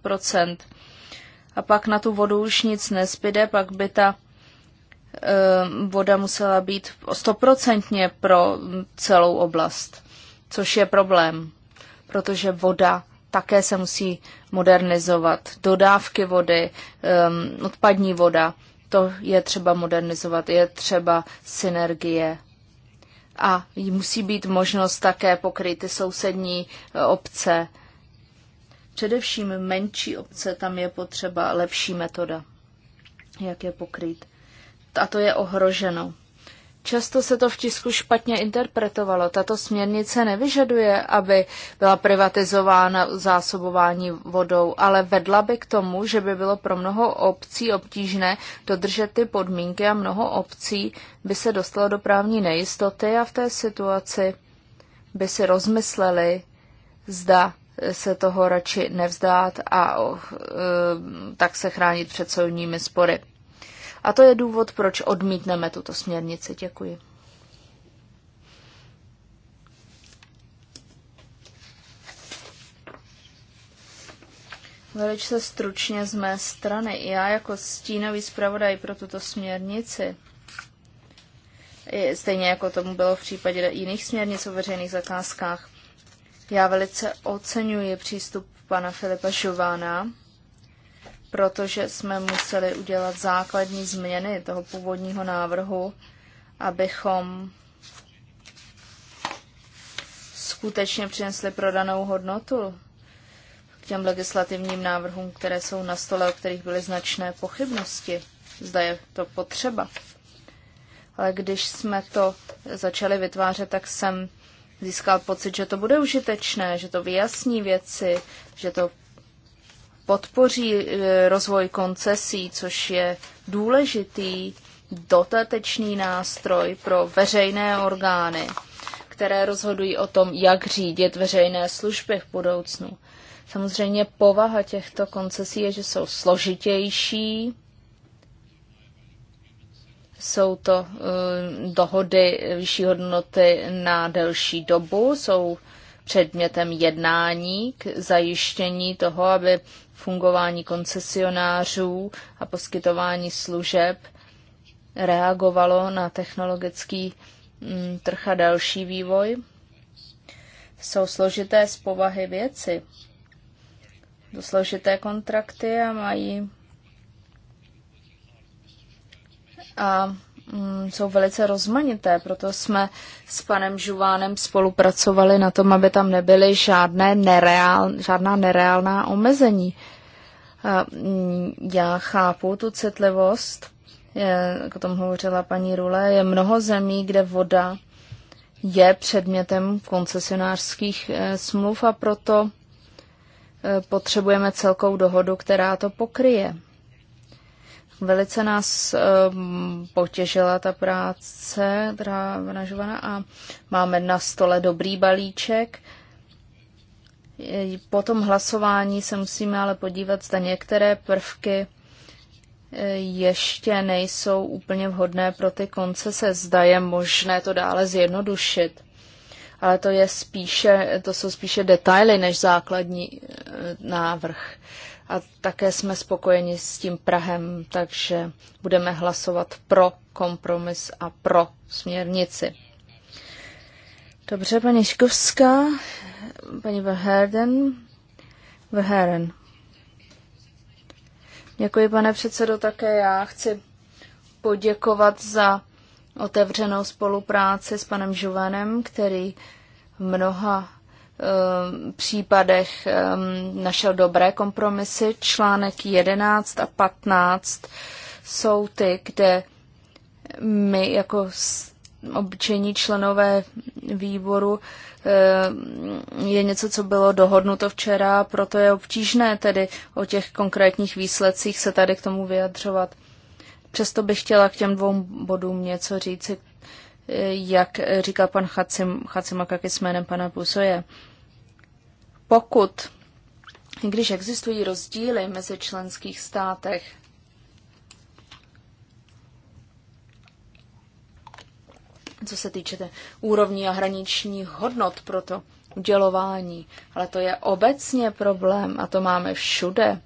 Speaker 2: a pak na tu vodu už nic nespíde, pak by ta eh, voda musela být stoprocentně pro celou oblast, což je problém, protože voda také se musí modernizovat. Dodávky vody, eh, odpadní voda, to je třeba modernizovat, je třeba synergie. A musí být možnost také pokryt ty sousední eh, obce, Především menší obce tam je potřeba lepší metoda, jak je pokrýt. A to je ohroženo. Často se to v tisku špatně interpretovalo. Tato směrnice nevyžaduje, aby byla privatizována zásobování vodou, ale vedla by k tomu, že by bylo pro mnoho obcí obtížné dodržet ty podmínky a mnoho obcí by se dostalo do právní nejistoty a v té situaci by si rozmysleli, zda se toho radši nevzdát a eh, tak se chránit před soudními spory. A to je důvod, proč odmítneme tuto směrnici. Děkuji. Velice stručně z mé strany. Já jako stínový zpravodaj pro tuto směrnici, stejně jako tomu bylo v případě jiných směrnic o veřejných zakázkách, já velice oceňuji přístup pana Filipa Šována, protože jsme museli udělat základní změny toho původního návrhu, abychom skutečně přinesli prodanou hodnotu k těm legislativním návrhům, které jsou na stole, o kterých byly značné pochybnosti. Zda je to potřeba. Ale když jsme to začali vytvářet, tak jsem získal pocit, že to bude užitečné, že to vyjasní věci, že to podpoří e, rozvoj koncesí, což je důležitý dotatečný nástroj pro veřejné orgány, které rozhodují o tom, jak řídit veřejné služby v budoucnu. Samozřejmě povaha těchto koncesí je, že jsou složitější, jsou to eh, dohody vyšší hodnoty na delší dobu, jsou předmětem jednání k zajištění toho, aby fungování koncesionářů a poskytování služeb reagovalo na technologický mm, trh a další vývoj. Jsou složité z povahy věci. Složité kontrakty a mají a mm, jsou velice rozmanité, proto jsme s panem Žuvánem spolupracovali na tom, aby tam nebyly žádné nereál, žádná nereálná omezení. A mm, já chápu tu citlivost, je, jak o tom hovořila paní Rule, je mnoho zemí, kde voda je předmětem koncesionářských e, smluv a proto e, potřebujeme celkou dohodu, která to pokryje. Velice nás ehm, potěžila ta práce, která vynažovaná a máme na stole dobrý balíček. Po tom hlasování se musíme ale podívat, zda některé prvky e, ještě nejsou úplně vhodné pro ty konce. Se Zda je možné to dále zjednodušit. Ale to, je spíše, to jsou spíše detaily než základní e, návrh a také jsme spokojeni s tím Prahem, takže budeme hlasovat pro kompromis a pro směrnici. Dobře, paní Škovská, paní Verherden, Verheren. Děkuji, pane předsedo, také já chci poděkovat za otevřenou spolupráci s panem Žuvenem, který v mnoha Eh, případech našel dobré kompromisy. Článek 11 a 15 jsou ty, kde my jako obyčejní členové výboru eh, je něco, co bylo dohodnuto včera, proto je obtížné tedy o těch konkrétních výsledcích se tady k tomu vyjadřovat. Přesto bych chtěla k těm dvou bodům něco říci, eh, jak říká pan Chacim, Chacimakakis jménem pana Pusoje pokud, když existují rozdíly mezi členských státech, co se týče té úrovní a hraničních hodnot pro to udělování. Ale to je obecně problém a to máme všude,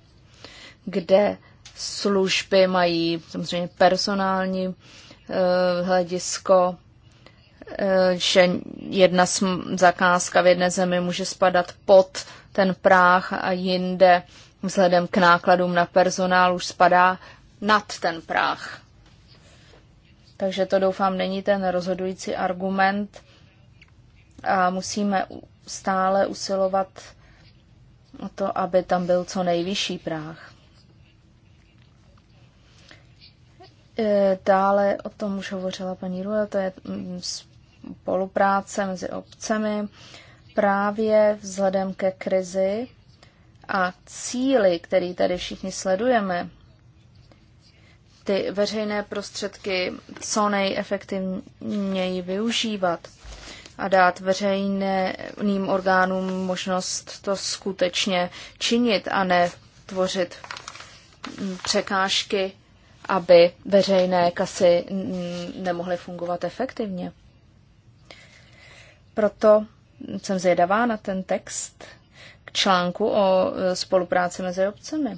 Speaker 2: kde služby mají samozřejmě personální e, hledisko, Eh, že jedna zakázka v jedné zemi může spadat pod ten práh a jinde vzhledem k nákladům na personál už spadá nad ten práh. Takže to doufám není ten rozhodující argument a musíme stále usilovat o to, aby tam byl co nejvyšší práh. Eh, dále o tom už hovořila paní Rula, to je mm, spolupráce mezi obcemi právě vzhledem ke krizi a cíly, který tady všichni sledujeme, ty veřejné prostředky co nejefektivněji využívat a dát veřejným orgánům možnost to skutečně činit a ne tvořit překážky, aby veřejné kasy nemohly fungovat efektivně. Proto jsem zvědavá na ten text k článku o e, spolupráci mezi obcemi.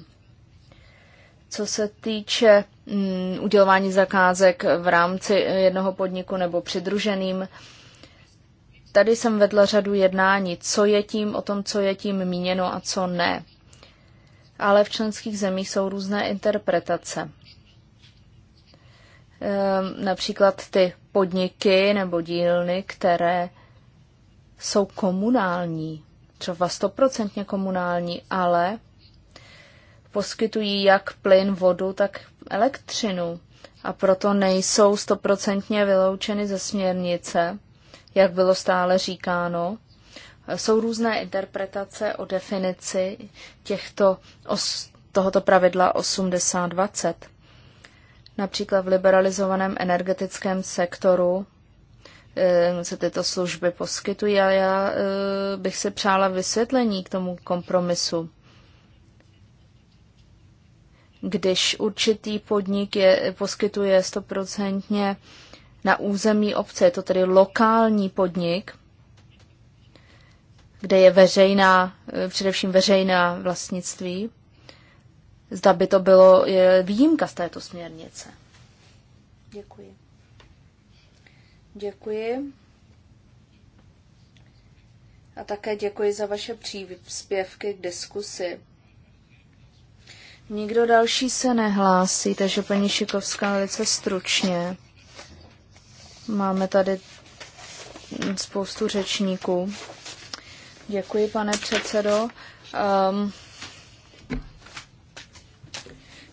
Speaker 2: Co se týče mm, udělování zakázek v rámci jednoho podniku nebo přidruženým, tady jsem vedla řadu jednání, co je tím, o tom, co je tím míněno a co ne. Ale v členských zemích jsou různé interpretace. Ehm, například ty podniky nebo dílny, které jsou komunální, třeba stoprocentně komunální, ale poskytují jak plyn, vodu, tak elektřinu a proto nejsou stoprocentně vyloučeny ze směrnice, jak bylo stále říkáno. Jsou různé interpretace o definici těchto os, tohoto pravidla 80-20. Například v liberalizovaném energetickém sektoru se eh, tyto služby poskytují a já eh, bych se přála vysvětlení k tomu kompromisu. Když určitý podnik je, poskytuje stoprocentně na území obce, je to tedy lokální podnik, kde je veřejná, eh, především veřejná vlastnictví, zda by to bylo výjimka z této směrnice. Děkuji. Děkuji. A také děkuji za vaše příspěvky k diskusi. Nikdo další se nehlásí, takže paní Šikovská velice stručně. Máme tady spoustu řečníků. Děkuji, pane předsedo. Um,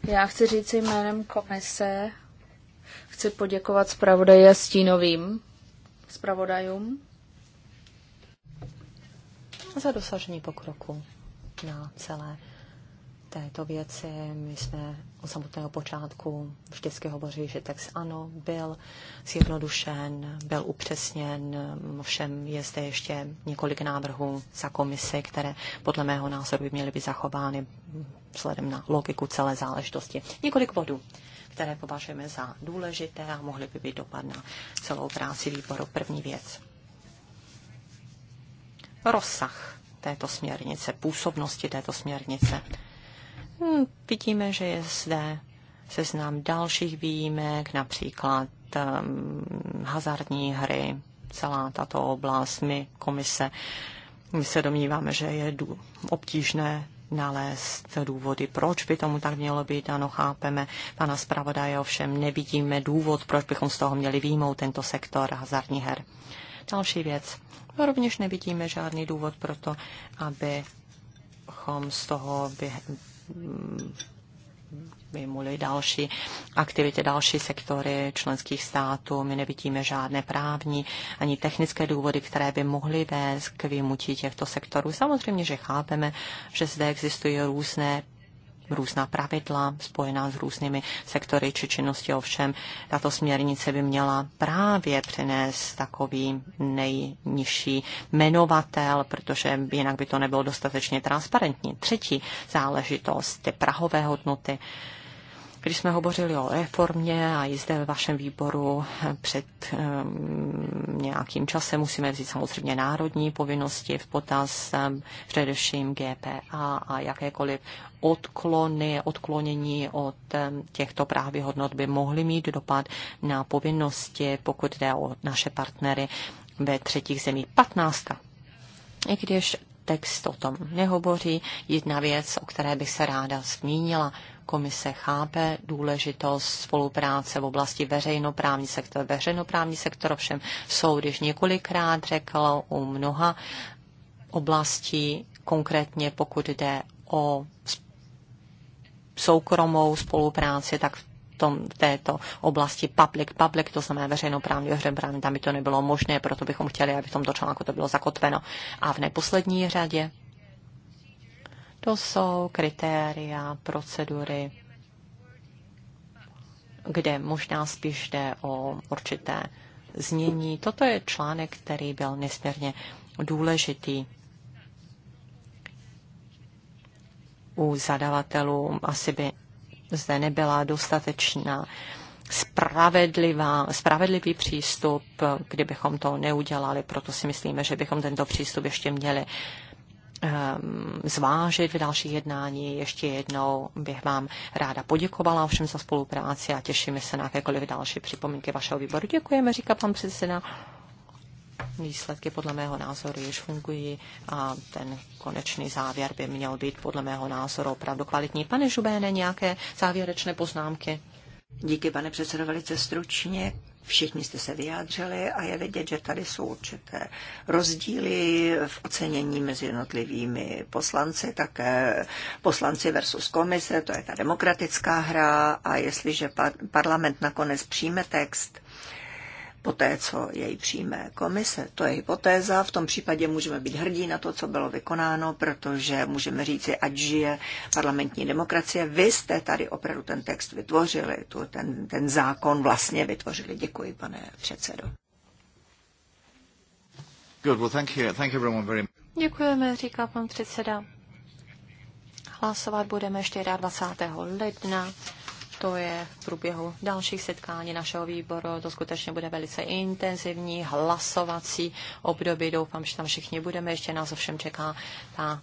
Speaker 2: já chci říct jménem komise, chci poděkovat zpravodaje Stínovým zpravodajům
Speaker 3: za dosažení pokroku na celé této věci. My jsme od samotného počátku vždycky hovořili, že text ano, byl zjednodušen, byl upřesněn, ovšem je zde ještě několik návrhů za komisi, které podle mého názoru by měly být zachovány vzhledem na logiku celé záležitosti. Několik bodů, které považujeme za důležité a mohly by být dopad na celou práci výboru. První věc. Rozsah této směrnice, působnosti této směrnice. Hmm, vidíme, že je zde seznam dalších výjimek, například um, hazardní hry, celá tato oblast, my komise, my se domníváme, že je obtížné nalézt důvody, proč by tomu tak mělo být. Ano, chápeme pana zpravodaje, ovšem nevidíme důvod, proč bychom z toho měli výjmout tento sektor hazardní her. Další věc. No, rovněž nevidíme žádný důvod pro to, abychom z toho by vymuly další aktivity, další sektory členských států. My nevidíme žádné právní ani technické důvody, které by mohly vést k vymutí těchto sektorů. Samozřejmě, že chápeme, že zde existují různé různá pravidla spojená s různými sektory či činnosti. Ovšem, tato směrnice by měla právě přinést takový nejnižší jmenovatel, protože jinak by to nebylo dostatečně transparentní. Třetí záležitost, ty prahové hodnoty. Když jsme hovořili o reformě a i zde ve vašem výboru eh, před um, nějakým časem musíme vzít samozřejmě národní povinnosti v potaz, um, především GPA a jakékoliv odklony, odklonění od um, těchto právě hodnot by mohly mít dopad na povinnosti, pokud jde o naše partnery ve třetích zemích. 15. I když text o tom nehovoří, jedna věc, o které bych se ráda zmínila – Komise chápe důležitost spolupráce v oblasti veřejnoprávní sektor. Veřejnoprávní sektor ovšem soud již několikrát řekl u mnoha oblastí, konkrétně pokud jde o soukromou spolupráci, tak v této oblasti public, public, to znamená veřejnoprávní, veřejnoprávní, tam by to nebylo možné, proto bychom chtěli, aby v tomto článku to bylo zakotveno. A v neposlední řadě to jsou kritéria, procedury, kde možná spíš jde o určité znění. Toto je článek, který byl nesmírně důležitý u zadavatelů. Asi by zde nebyla dostatečná spravedlivá, spravedlivý přístup, kdybychom to neudělali. Proto si myslíme, že bychom tento přístup ještě měli Ehm, zvážit v další jednání. Ještě jednou bych vám ráda poděkovala všem za spolupráci a těšíme se na jakékoliv další připomínky vašeho výboru. Děkujeme, říká pan předseda. Výsledky podle mého názoru již fungují a ten konečný závěr by měl být podle mého názoru opravdu kvalitní.
Speaker 1: Pane Žubéne, nějaké závěrečné poznámky? Díky, pane předsedo, velice stručně Všichni jste se vyjádřili a je vidět, že tady jsou určité rozdíly v ocenění mezi jednotlivými poslanci, také poslanci versus komise, to je ta demokratická hra a jestliže parlament nakonec přijme text, poté, co jej přijme komise. To je hypotéza, v tom případě můžeme být hrdí na to, co bylo vykonáno, protože můžeme říci, ať žije parlamentní demokracie. Vy jste tady opravdu ten text vytvořili, tu, ten, ten zákon vlastně vytvořili. Děkuji, pane předsedo. Good, well, thank you. Thank you
Speaker 3: Děkujeme, říká pan předseda. Hlasovat budeme ještě 20. ledna. To je v průběhu dalších setkání našeho výboru. To skutečně bude velice intenzivní hlasovací období. Doufám, že tam všichni budeme. Ještě nás ovšem čeká ta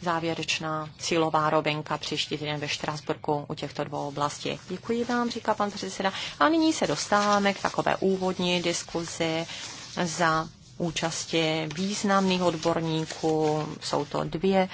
Speaker 3: závěrečná cílová robenka příští týden ve Štrasburku u těchto dvou oblastí. Děkuji vám, říká pan předseda. A nyní se dostáváme k takové úvodní diskuzi za účasti významných odborníků. Jsou to dvě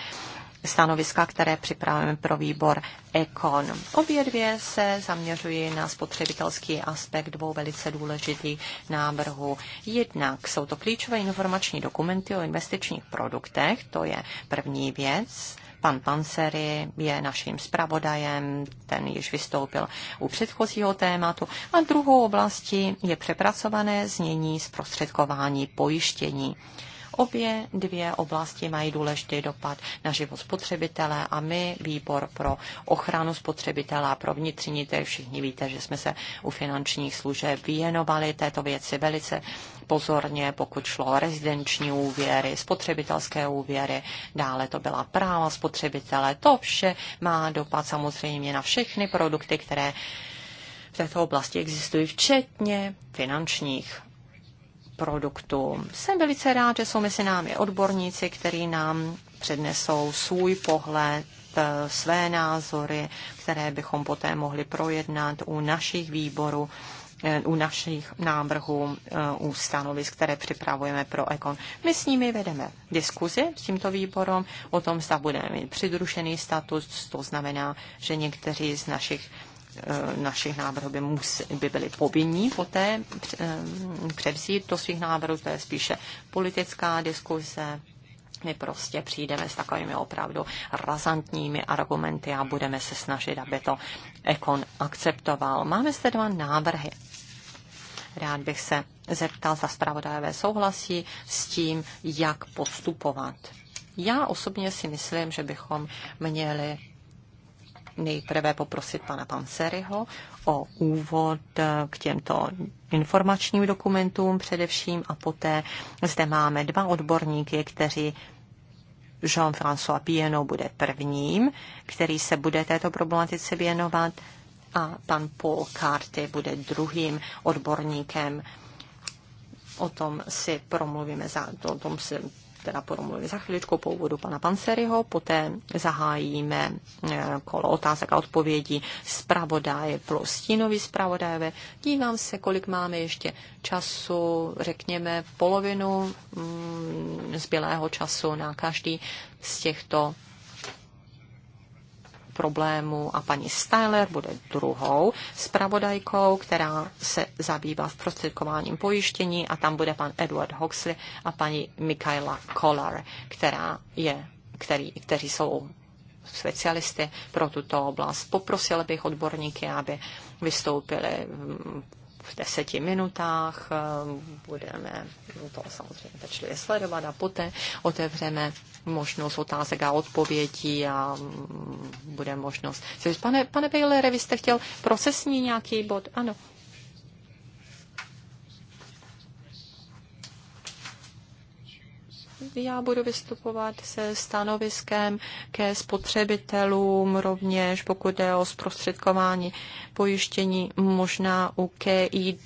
Speaker 3: stanoviska, které připravujeme pro výbor Econ. Obě dvě se zaměřují na spotřebitelský aspekt dvou velice důležitých návrhů. Jednak jsou to klíčové informační dokumenty o investičních produktech, to je první věc, Pan Panseri je naším zpravodajem, ten již vystoupil u předchozího tématu. A druhou oblastí je přepracované znění zprostředkování pojištění. Obě dvě oblasti mají důležitý dopad na život spotřebitele a my, výbor pro ochranu spotřebitele a pro vnitřní trh, všichni víte, že jsme se u finančních služeb věnovali této věci velice pozorně, pokud šlo o rezidenční úvěry, spotřebitelské úvěry, dále to byla práva spotřebitele. To vše má dopad samozřejmě na všechny produkty, které v této oblasti existují, včetně finančních produktů. Jsem velice rád, že jsou mezi námi odborníci, kteří nám přednesou svůj pohled, eh, své názory, které bychom poté mohli projednat u našich výborů eh, u našich návrhů, eh, u stanovisk, které připravujeme pro EKON. My s nimi vedeme diskuzi s tímto výborem o tom, zda budeme mít přidrušený status, to znamená, že někteří z našich Eh, našich návrhů by, musí, by byly povinní poté eh, převzít do svých návrhů. To je spíše politická diskuse. My prostě přijdeme s takovými opravdu razantními argumenty a budeme se snažit, aby to Ekon akceptoval. Máme zde dva návrhy. Rád bych se zeptal, za zpravodajové souhlasí s tím, jak postupovat. Já osobně si myslím, že bychom měli nejprve poprosit pana Panseryho o úvod k těmto informačním dokumentům především a poté zde máme dva odborníky, kteří Jean-François Pieno bude prvním, který se bude této problematice věnovat a pan Paul Carty bude druhým odborníkem. O tom si promluvíme, za, o tom si teda promluvili za chviličku po úvodu pana Panseryho, poté zahájíme eh, kolo otázek a odpovědí zpravodaje plus stínový zpravodajové. Dívám se, kolik máme ještě času, řekněme polovinu mm, zbylého času na každý z těchto problému a paní Styler bude druhou zpravodajkou, která se zabývá v prostředkováním pojištění a tam bude pan Edward Hoxley a paní Michaela Kolar, která je, který, kteří jsou specialisty pro tuto oblast. Poprosil bych odborníky, aby vystoupili v deseti minutách. Eh, budeme to samozřejmě pečlivě sledovat a poté otevřeme možnost otázek a odpovědí a mm, bude možnost. Pane, pane Bejlere, vy jste chtěl procesní nějaký bod? Ano, Já budu vystupovat se stanoviskem ke spotřebitelům, rovněž pokud jde o zprostředkování pojištění, možná u KID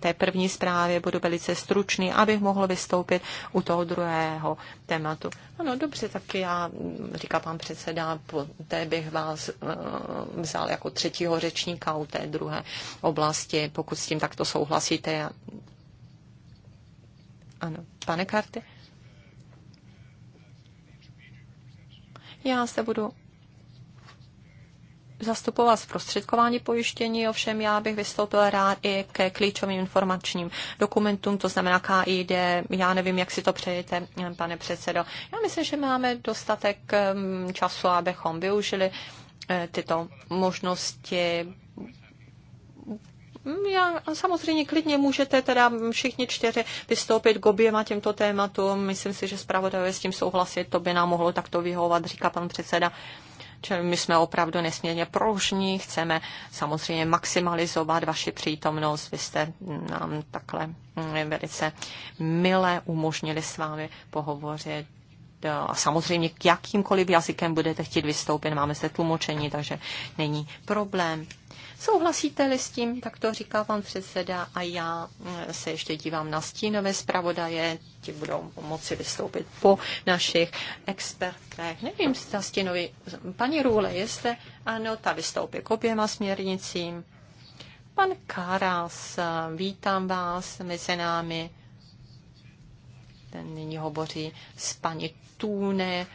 Speaker 3: té první zprávě budu velice stručný, abych mohl vystoupit u toho druhého tématu. Ano, dobře, tak já, říká pan předseda, poté bych vás eh, vzal jako třetího řečníka u té druhé oblasti, pokud s tím takto souhlasíte. Ano, pane Karty? Já se budu zastupovat zprostředkování pojištění, ovšem já bych vystoupil rád i ke klíčovým informačním dokumentům, to znamená KID, já nevím, jak si to přejete, pane předsedo. Já myslím, že máme dostatek um, času, abychom využili eh, tyto možnosti. Mm, já samozřejmě klidně můžete teda všichni čtyři vystoupit k oběma těmto tématům. Myslím si, že zpravodajové s tím souhlasit, to by nám mohlo takto vyhovat, říká pan předseda. Čili my jsme opravdu nesmírně pružní, chceme samozřejmě maximalizovat vaši přítomnost. Vy jste nám takhle mm, velice milé umožnili s vámi pohovořit a samozřejmě k jakýmkoliv jazykem budete chtít vystoupit. Máme se tlumočení, takže není problém. Souhlasíte-li s tím, tak to říká pan předseda a já mm, se ještě dívám na stínové zpravodaje, ti budou moci vystoupit po našich expertech. Nevím, zda stínový, paní Růle, jestli ano, ta vystoupí k oběma směrnicím. Pan Karas, vítám vás mezi námi ten nyní hovoří s paní Tůne.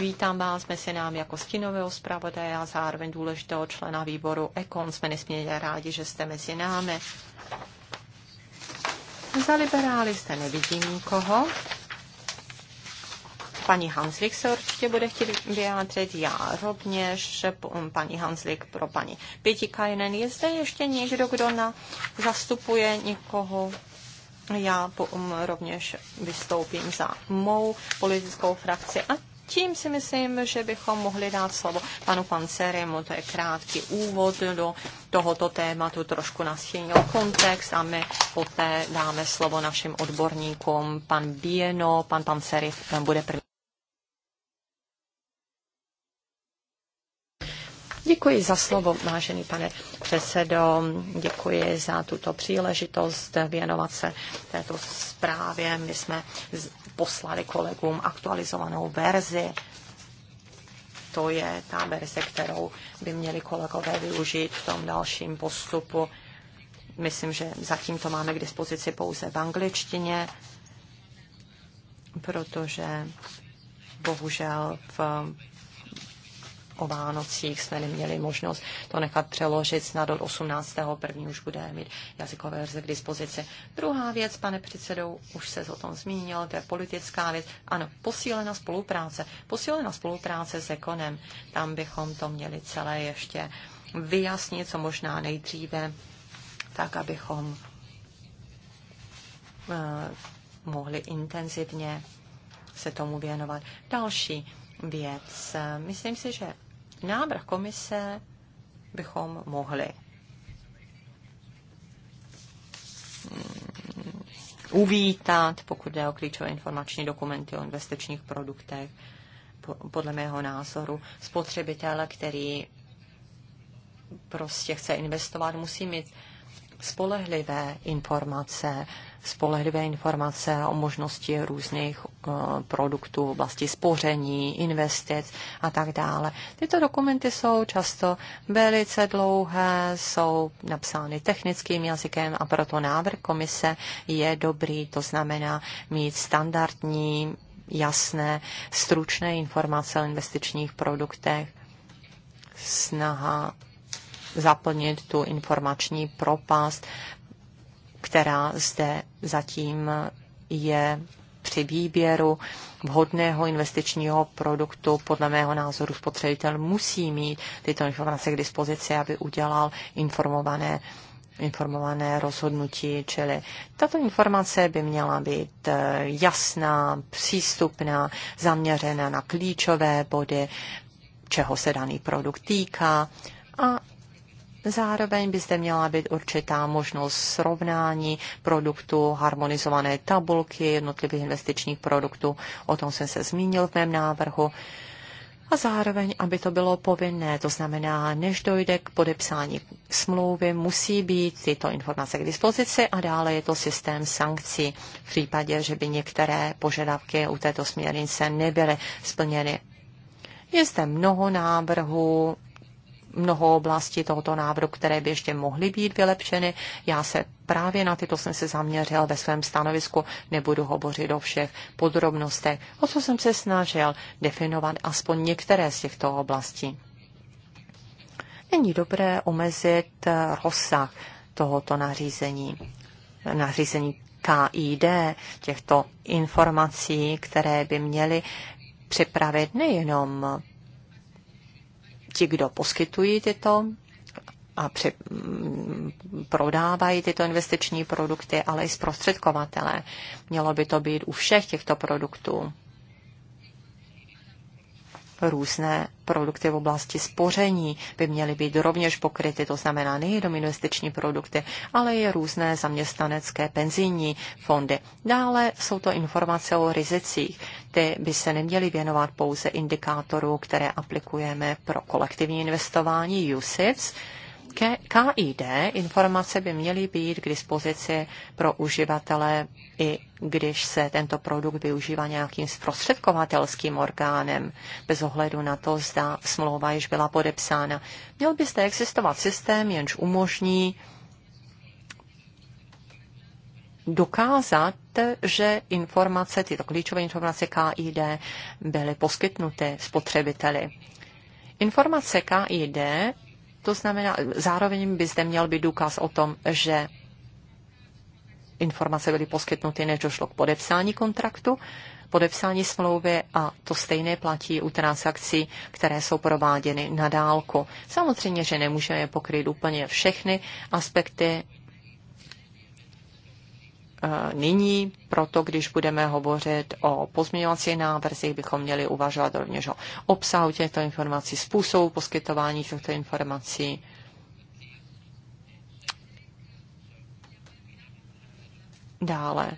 Speaker 3: Vítám vás se nám jako stinového zpravodaje a zároveň důležitého člena výboru EKON. Jsme nesmírně rádi, že jste mezi námi. Za liberály jste nevidím nikoho. Paní Hanslik se určitě bude chtít vyjádřit, já rovněž, paní Hanslik pro paní Pětikajnen. Je zde ještě někdo, kdo na, zastupuje někoho? Já um rovněž vystoupím za mou politickou frakci a tím si myslím, že bychom mohli dát slovo panu Pancerimu. To je krátký úvod do tohoto tématu, trošku nastínil kontext a my poté dáme slovo našim odborníkům. Pan Bieno, pan Panceri eh, bude první. Děkuji za slovo, vážený pane předsedo. Děkuji za tuto příležitost věnovat se této zprávě. My jsme poslali kolegům aktualizovanou verzi. To je ta verze, kterou by měli kolegové využít v tom dalším postupu. Myslím, že zatím to máme k dispozici pouze v angličtině, protože bohužel v o Vánocích jsme neměli možnost to nechat přeložit, snad od 18. první už bude mít jazykové verze k dispozici. Druhá věc, pane předsedou, už se o tom zmínil, to je politická věc. Ano, posílena spolupráce. Posílena spolupráce s Ekonem, tam bychom to měli celé ještě vyjasnit, co možná nejdříve, tak abychom eh, mohli intenzivně se tomu věnovat. Další věc. Myslím si, že návrh komise bychom mohli hmm, uvítat, pokud jde o klíčové informační dokumenty o investičních produktech. Podle mého názoru spotřebitel, který prostě chce investovat, musí mít spolehlivé informace, spolehlivé informace o možnosti různých eh, produktů v oblasti spoření, investic a tak dále. Tyto dokumenty jsou často velice dlouhé, jsou napsány technickým jazykem a proto návrh komise je dobrý, to znamená mít standardní, jasné, stručné informace o investičních produktech, snaha zaplnit tu informační propast která zde zatím je při výběru vhodného investičního produktu, podle mého názoru spotřebitel musí mít tyto informace k dispozici, aby udělal informované informované rozhodnutí, čili tato informace by měla být eh, jasná, přístupná, zaměřená na klíčové body, čeho se daný produkt týká a Zároveň by zde měla být určitá možnost srovnání produktů, harmonizované tabulky jednotlivých investičních produktů. O tom jsem se zmínil v mém návrhu a zároveň, aby to bylo povinné. To znamená, než dojde k podepsání smlouvy, musí být tyto informace k dispozici a dále je to systém sankcí v případě, že by některé požadavky u této směrnice nebyly splněny. Je zde mnoho návrhů, mnoho oblastí tohoto návrhu, které by ještě mohly být vylepšeny. Já se právě na tyto jsem se zaměřil ve svém stanovisku, nebudu hovořit o všech podrobnostech, o co jsem se snažil definovat aspoň některé z těchto oblastí. Není dobré omezit eh, rozsah tohoto nařízení, nařízení KID, těchto informací, které by měly připravit nejenom ti, kdo poskytují tyto a při, mm, prodávají tyto investiční produkty, ale i zprostředkovatele. Mělo by to být u všech těchto produktů různé produkty v oblasti spoření by měly být rovněž pokryty, to znamená nejenom investiční produkty, ale i různé zaměstnanecké penzijní fondy. Dále jsou to informace o rizicích. Ty by se neměly věnovat pouze indikátorů, které aplikujeme pro kolektivní investování USIFS, KID informace by měly být k dispozici pro uživatele, i když se tento produkt využívá nějakým zprostředkovatelským orgánem, bez ohledu na to, zda smlouva již byla podepsána. Měl byste existovat systém, jenž umožní dokázat, že informace, tyto klíčové informace KID byly poskytnuty spotřebiteli. Informace KID to znamená, zároveň by zde měl být důkaz o tom, že informace byly poskytnuty, než došlo k podepsání kontraktu, podepsání smlouvy a to stejné platí u transakcí, které jsou prováděny na dálku. Samozřejmě, že nemůžeme pokryt úplně všechny aspekty nyní, proto když budeme hovořit o pozměňovací návrzích, bychom měli uvažovat rovněž o obsahu těchto informací, způsobu poskytování těchto informací. Dále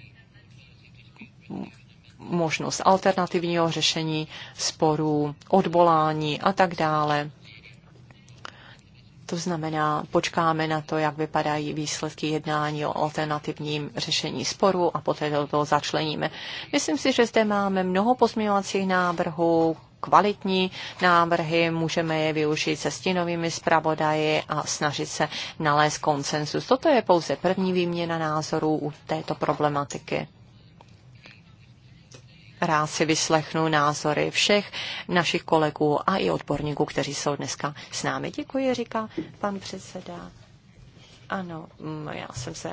Speaker 3: možnost alternativního řešení sporů, odvolání a tak dále. To znamená, počkáme na to, jak vypadají výsledky jednání o alternativním řešení sporu a poté do toho začleníme. Myslím si, že zde máme mnoho pozměňovacích návrhů, kvalitní návrhy, můžeme je využít se stínovými zpravodaji a snažit se nalézt konsensus. Toto je pouze první výměna názorů u této problematiky rád si vyslechnu názory všech našich kolegů a i odborníků, kteří jsou dneska s námi. Děkuji, říká pan předseda. Ano, mm, já jsem se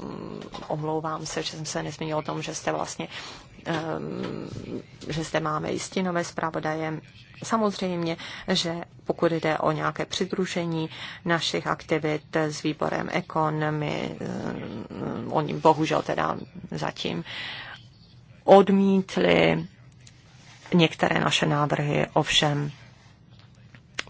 Speaker 3: mm, omlouvám se, že jsem se nezmínil o tom, že jste vlastně, ehm, že jste máme i stínové zpravodaje. Samozřejmě, že pokud jde o nějaké přidružení našich aktivit s výborem Ekon, my ehm, o ním bohužel teda zatím odmítli některé naše návrhy, ovšem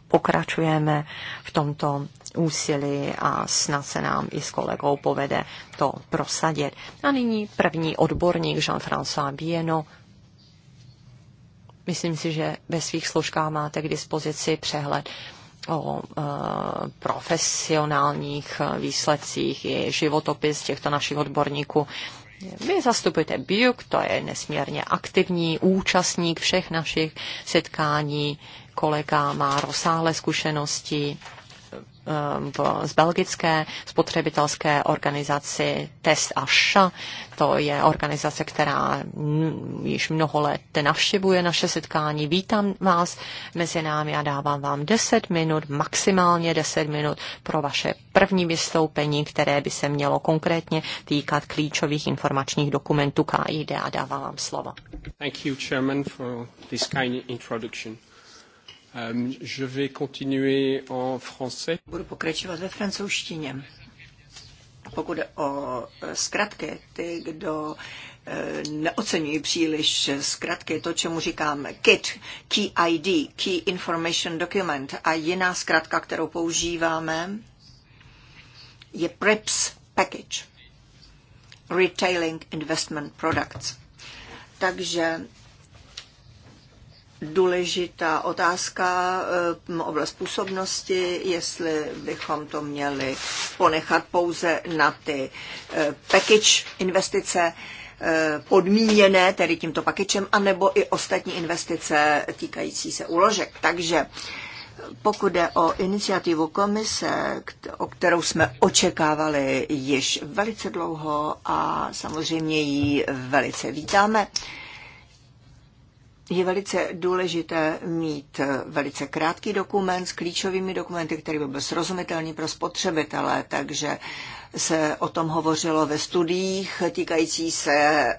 Speaker 3: pokračujeme v tomto úsilí a snad se nám i s kolegou povede to prosadit. A nyní první odborník Jean-François Bieno. Myslím si, že ve svých složkách máte k dispozici přehled o e, profesionálních výsledcích i životopis těchto našich odborníků. Vy zastupujete BIUK, to je nesmírně aktivní účastník všech našich setkání. Kolega má rozsáhlé zkušenosti Eh, v, z belgické spotřebitelské organizaci Test Asha. To je organizace, která již mnoho let navštěvuje naše setkání. Vítám vás mezi námi a dávám vám 10 minut, maximálně 10 minut pro vaše první vystoupení, které by se mělo konkrétně týkat klíčových informačních dokumentů KID a dávám vám slovo. Thank you, Chairman,
Speaker 1: for this kind introduction. Um, je vais continuer en français. Budu pokračovat ve francouzštině. Pokud o e, zkratky, ty, kdo e, neocenují příliš zkratky, to, čemu říkám KID, Key ID, Key Information Document a jiná zkratka, kterou používáme, je PREPS Package, Retailing Investment Products. Takže důležitá otázka, eh, oblast působnosti, jestli bychom to měli ponechat pouze na ty eh, package investice eh, podmíněné, tedy tímto pakičem, anebo i ostatní investice týkající se úložek. Takže pokud jde o iniciativu komise, o kterou jsme očekávali již velice dlouho a samozřejmě ji velice vítáme, je velice důležité mít eh, velice krátký dokument s klíčovými dokumenty, který by byl srozumitelný pro spotřebitele, takže se o tom hovořilo ve studiích týkající se e,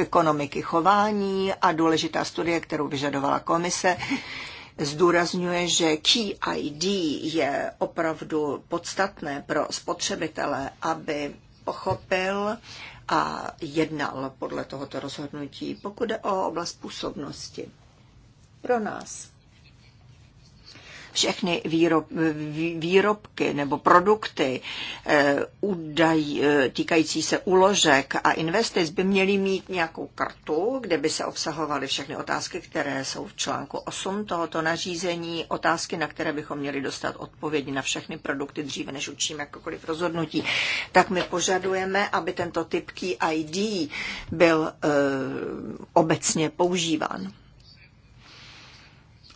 Speaker 1: ekonomiky chování a důležitá studie, kterou vyžadovala komise, zdůrazňuje, že Key ID je opravdu podstatné pro spotřebitele, aby pochopil, a jednal podle tohoto rozhodnutí, pokud jde o oblast působnosti. Pro nás všechny výrob, výrobky nebo produkty eh, údaj, eh, týkající se uložek a investic by měly mít nějakou kartu, kde by se obsahovaly všechny otázky, které jsou v článku 8 tohoto nařízení, otázky, na které bychom měli dostat odpovědi na všechny produkty dříve, než učíme jakokoliv rozhodnutí, tak my požadujeme, aby tento typ ID byl e, obecně používán.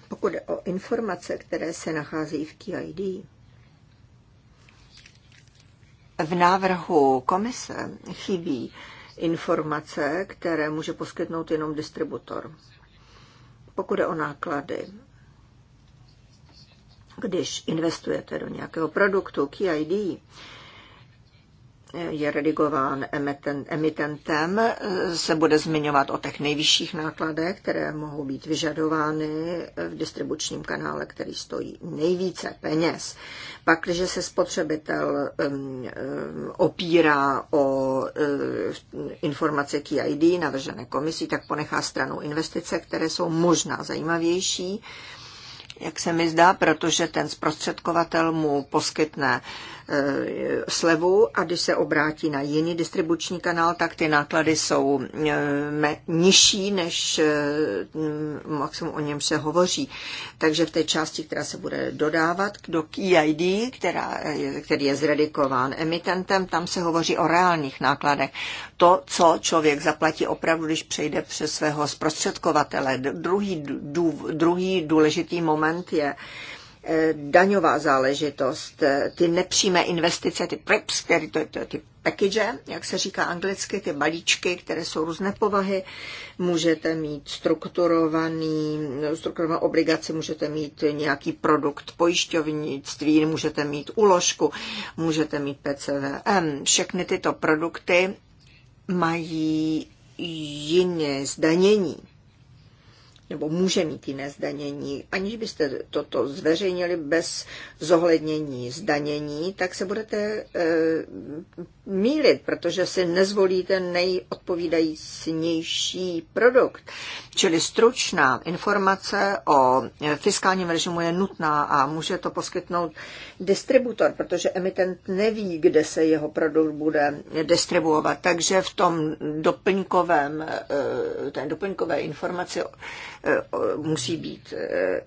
Speaker 1: Pokud jde o informace, které se nacházejí v KID, v návrhu komise chybí informace, které může poskytnout jenom distributor. Pokud jde o náklady, když investujete do nějakého produktu KID, je redigován emitentem, se bude zmiňovat o těch nejvyšších nákladech, které mohou být vyžadovány v distribučním kanále, který stojí nejvíce peněz. Pak, když se spotřebitel opírá o eh, informace KID e navržené komisí, tak ponechá stranou investice, které jsou možná zajímavější, jak se mi zdá, protože ten zprostředkovatel mu poskytne Eh, slevu a když se obrátí na jiný distribuční kanál, tak ty náklady jsou eh, nižší než eh, mm, maximum o něm se hovoří. Takže v té části, která se bude dodávat do KID, e která, který je zredikován emitentem, tam se hovoří o reálných nákladech. To, co člověk zaplatí opravdu, když přejde přes svého zprostředkovatele. Druhý, dů, druhý důležitý moment je, Eh, daňová záležitost, eh, ty nepřímé investice, ty PREPS, ty, to, ty, ty package, jak se říká anglicky, ty balíčky, které jsou různé povahy, můžete mít strukturovaný, strukturovanou obligaci, můžete mít nějaký produkt pojišťovnictví, můžete mít uložku, můžete mít PCVM. Všechny tyto produkty mají jiné zdanění nebo může mít jiné zdanění, aniž byste toto zveřejnili bez zohlednění zdanění, tak se budete eh, mílit, protože si nezvolíte nejodpovídajícnější produkt. Čili stručná informace o fiskálním režimu je nutná a může to poskytnout distributor, protože emitent neví, kde se jeho produkt bude distribuovat. Takže v tom doplňkovém, eh, té doplňkové informaci eh, musí být eh,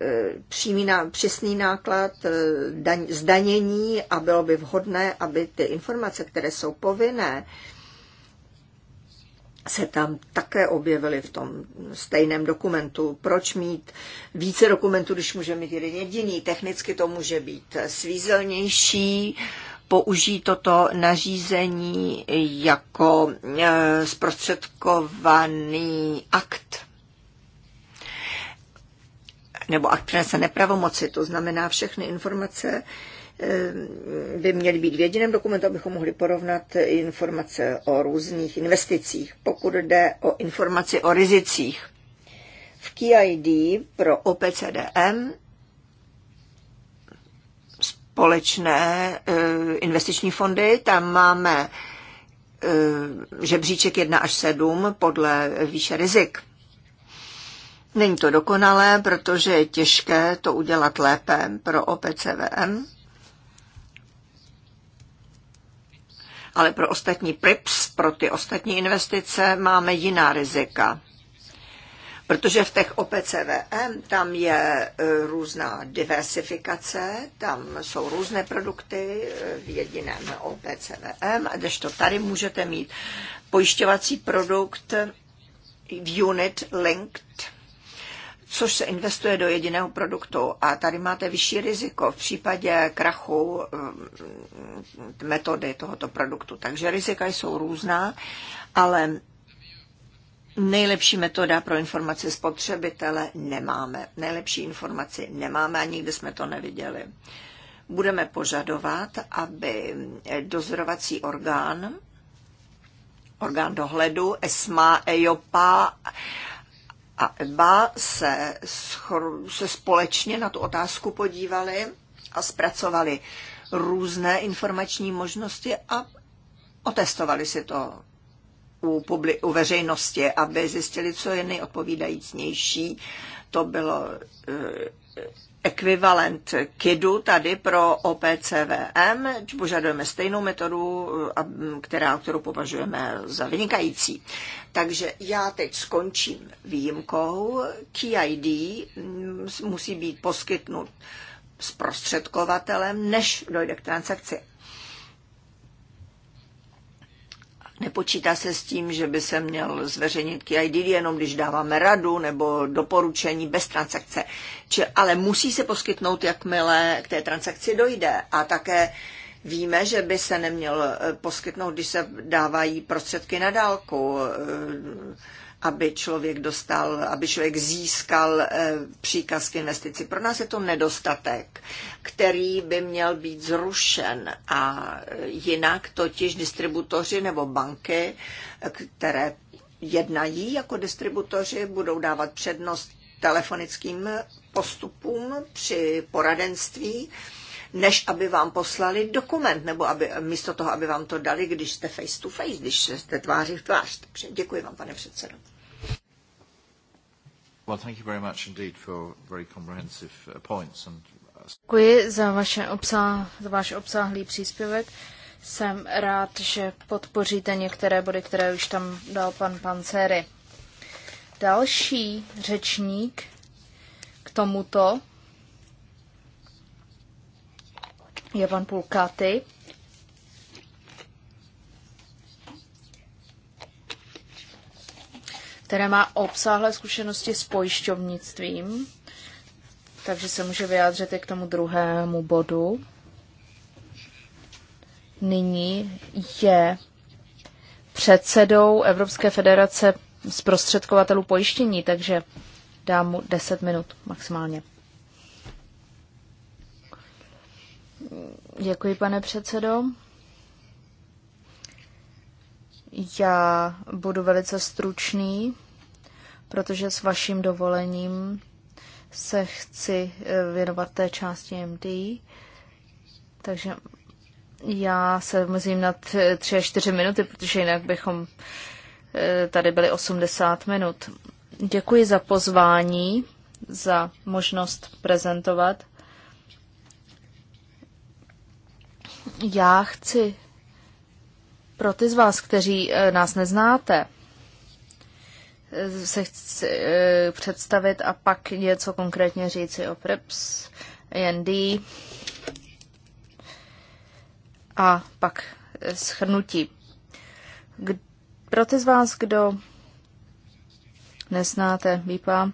Speaker 1: přímý, přesný náklad, zdanění a bylo by vhodné, aby ty informace, které jsou jsou povinné, se tam také objevily v tom stejném dokumentu. Proč mít více dokumentů, když může mít jeden jediný? Technicky to může být svízelnější, použít toto nařízení jako e, zprostředkovaný akt nebo akt přinese nepravomoci, to znamená všechny informace, by měly být v jediném dokumentu, abychom mohli porovnat informace o různých investicích. Pokud jde o informaci o rizicích, v KID pro OPCDM společné e, investiční fondy, tam máme e, žebříček 1 až 7 podle výše rizik. Není to dokonalé, protože je těžké to udělat lépe pro OPCVM. ale pro ostatní PRIPS, pro ty ostatní investice máme jiná rizika. Protože v těch OPCVM tam je e, různá diversifikace, tam jsou různé produkty e, v jediném OPCVM, a to tady můžete mít pojišťovací produkt v unit linked což se investuje do jediného produktu. A tady máte vyšší riziko v případě krachu eh, metody tohoto produktu. Takže rizika jsou různá, ale Nejlepší metoda pro informace spotřebitele nemáme. Nejlepší informaci nemáme a nikdy jsme to neviděli. Budeme požadovat, aby dozorovací orgán, orgán dohledu, ESMA, EIOPA, a EBA se, se společně na tu otázku podívali a zpracovali různé informační možnosti a otestovali si to u, publi- u veřejnosti, aby zjistili, co je nejodpovídajícnější. To bylo eh, ekvivalent KIDu tady pro OPCVM. Požadujeme stejnou metodu, která, kterou považujeme za vynikající. Takže já teď skončím výjimkou. KID musí být poskytnut zprostředkovatelem, než dojde k transakci. Nepočítá se s tím, že by se měl zveřejnit KID jenom, když dáváme radu nebo doporučení bez transakce. Či, ale musí se poskytnout, jakmile k té transakci dojde. A také víme, že by se neměl eh, poskytnout, když se dávají prostředky na dálku eh, aby člověk dostal, aby člověk získal eh, příkaz k investici. Pro nás je to nedostatek, který by měl být zrušen a jinak totiž distributoři nebo banky, které jednají jako distributoři, budou dávat přednost telefonickým postupům při poradenství, než aby vám poslali dokument, nebo aby, místo toho, aby vám to dali, když jste face to face, když jste tváří v tvář. Takže děkuji vám, pane předsedo. Well, thank you very much indeed for very comprehensive uh, points and... Uh,
Speaker 2: Děkuji za, vaše obsah, za váš obsáhlý příspěvek. Jsem rád, že podpoříte některé body, které už tam dal pan Pancery. Další řečník k tomuto je pan Pulkaty které má obsáhlé zkušenosti s pojišťovnictvím, takže se může vyjádřit i k tomu druhému bodu. Nyní je předsedou Evropské federace zprostředkovatelů pojištění, takže dám mu 10 minut maximálně. Děkuji, pane předsedo. Já budu velice stručný protože s vaším dovolením se chci eh, věnovat té části MD. Takže já se mezím na tři až čtyři minuty, protože jinak bychom eh, tady byli 80 minut. Děkuji za pozvání, za možnost prezentovat. Já chci pro ty z vás, kteří eh, nás neznáte, se chci eh, představit a pak něco konkrétně říci o PREPS, AND a pak schrnutí. Pro ty z vás, kdo nesnáte, BIPA,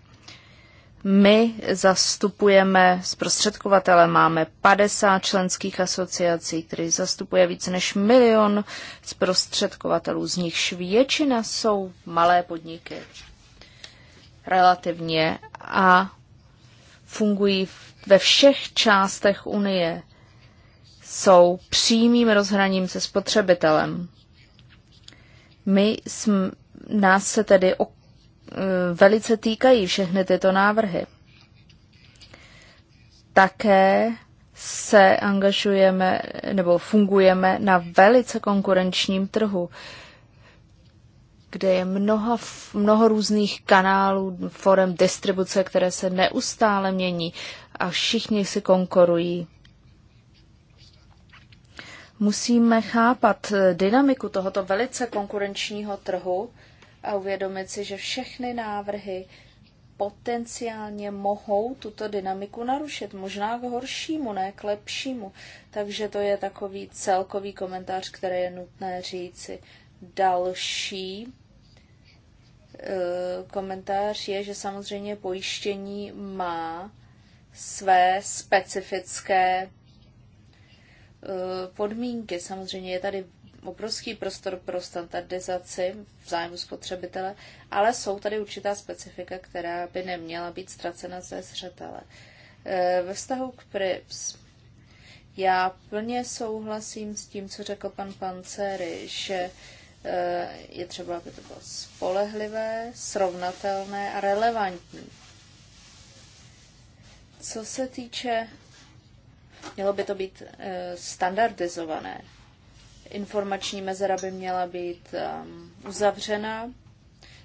Speaker 2: my zastupujeme zprostředkovatele, máme 50 členských asociací, které zastupuje více než milion zprostředkovatelů, z nichž většina jsou malé podniky relativně a fungují ve všech částech Unie. Jsou přímým rozhraním se spotřebitelem. My jsme, nás se tedy velice týkají všechny tyto návrhy. Také se angažujeme nebo fungujeme na velice konkurenčním trhu, kde je mnoha, mnoho různých kanálů, forem distribuce, které se neustále mění a všichni si konkurují. Musíme chápat dynamiku tohoto velice konkurenčního trhu, a uvědomit si, že všechny návrhy potenciálně mohou tuto dynamiku narušit, možná k horšímu, ne k lepšímu. Takže to je takový celkový komentář, který je nutné říci. Další e, komentář je, že samozřejmě pojištění má své specifické e, podmínky. Samozřejmě je tady obrovský prostor pro standardizaci v zájmu spotřebitele, ale jsou tady určitá specifika, která by neměla být ztracena ze zřetele. E, ve vztahu k PRIPS já plně souhlasím s tím, co řekl pan Pancery, že e, je třeba, aby to bylo spolehlivé, srovnatelné a relevantní. Co se týče, mělo by to být e, standardizované informační mezera by měla být um, uzavřena,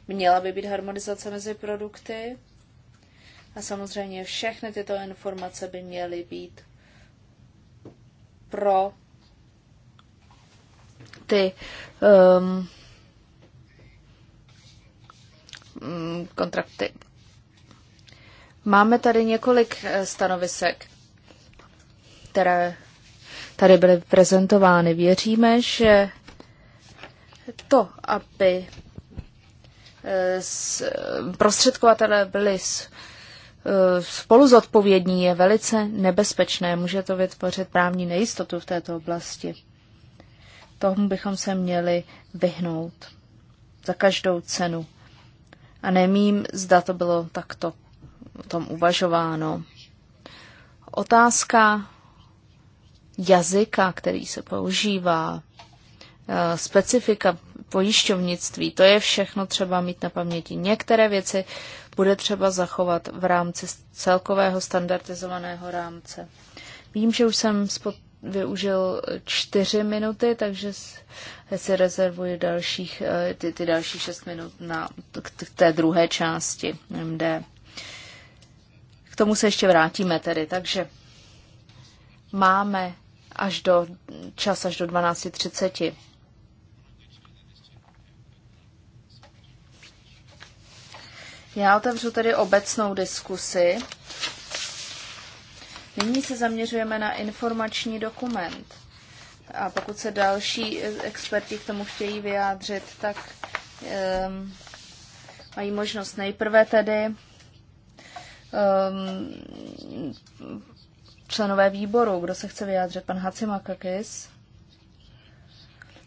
Speaker 2: měla by být harmonizace mezi produkty a samozřejmě všechny tyto informace by měly být pro ty um, mm, kontrakty. Máme tady několik eh, stanovisek, které tady byly prezentovány. Věříme, že to, aby e, prostředkovatelé byli e, spolu zodpovědní, je velice nebezpečné. Může to vytvořit právní nejistotu v této oblasti. Tomu bychom se měli vyhnout za každou cenu. A nemím, zda to bylo takto o tom uvažováno. Otázka jazyka, který se používá, eh, specifika pojišťovnictví, to je všechno třeba mít na paměti. Některé věci bude třeba zachovat v rámci celkového standardizovaného rámce. Vím, že už jsem spod, využil čtyři minuty, takže si rezervuji dalších, eh, ty, ty další šest minut na, k, k té druhé části MD. K tomu se ještě vrátíme tedy. Takže máme až do čas až do 12.30. Já otevřu tedy obecnou diskusi. Nyní se zaměřujeme na informační dokument. A pokud se další experti k tomu chtějí vyjádřit, tak um, mají možnost nejprve tedy um, členové výboru. Kdo se chce vyjádřit? Pan Hacimakakis?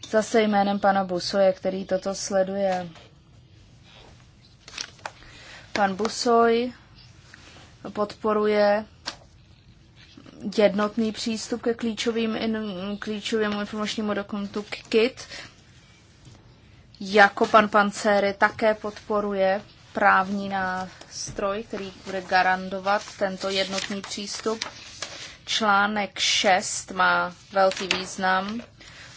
Speaker 2: Zase jménem pana Busoje, který toto sleduje. Pan Busoj podporuje jednotný přístup ke klíčovým in, klíčovému informačnímu dokumentu KIT, jako pan Pancéry také podporuje právní nástroj, který bude garantovat tento jednotný přístup Článek 6 má velký význam,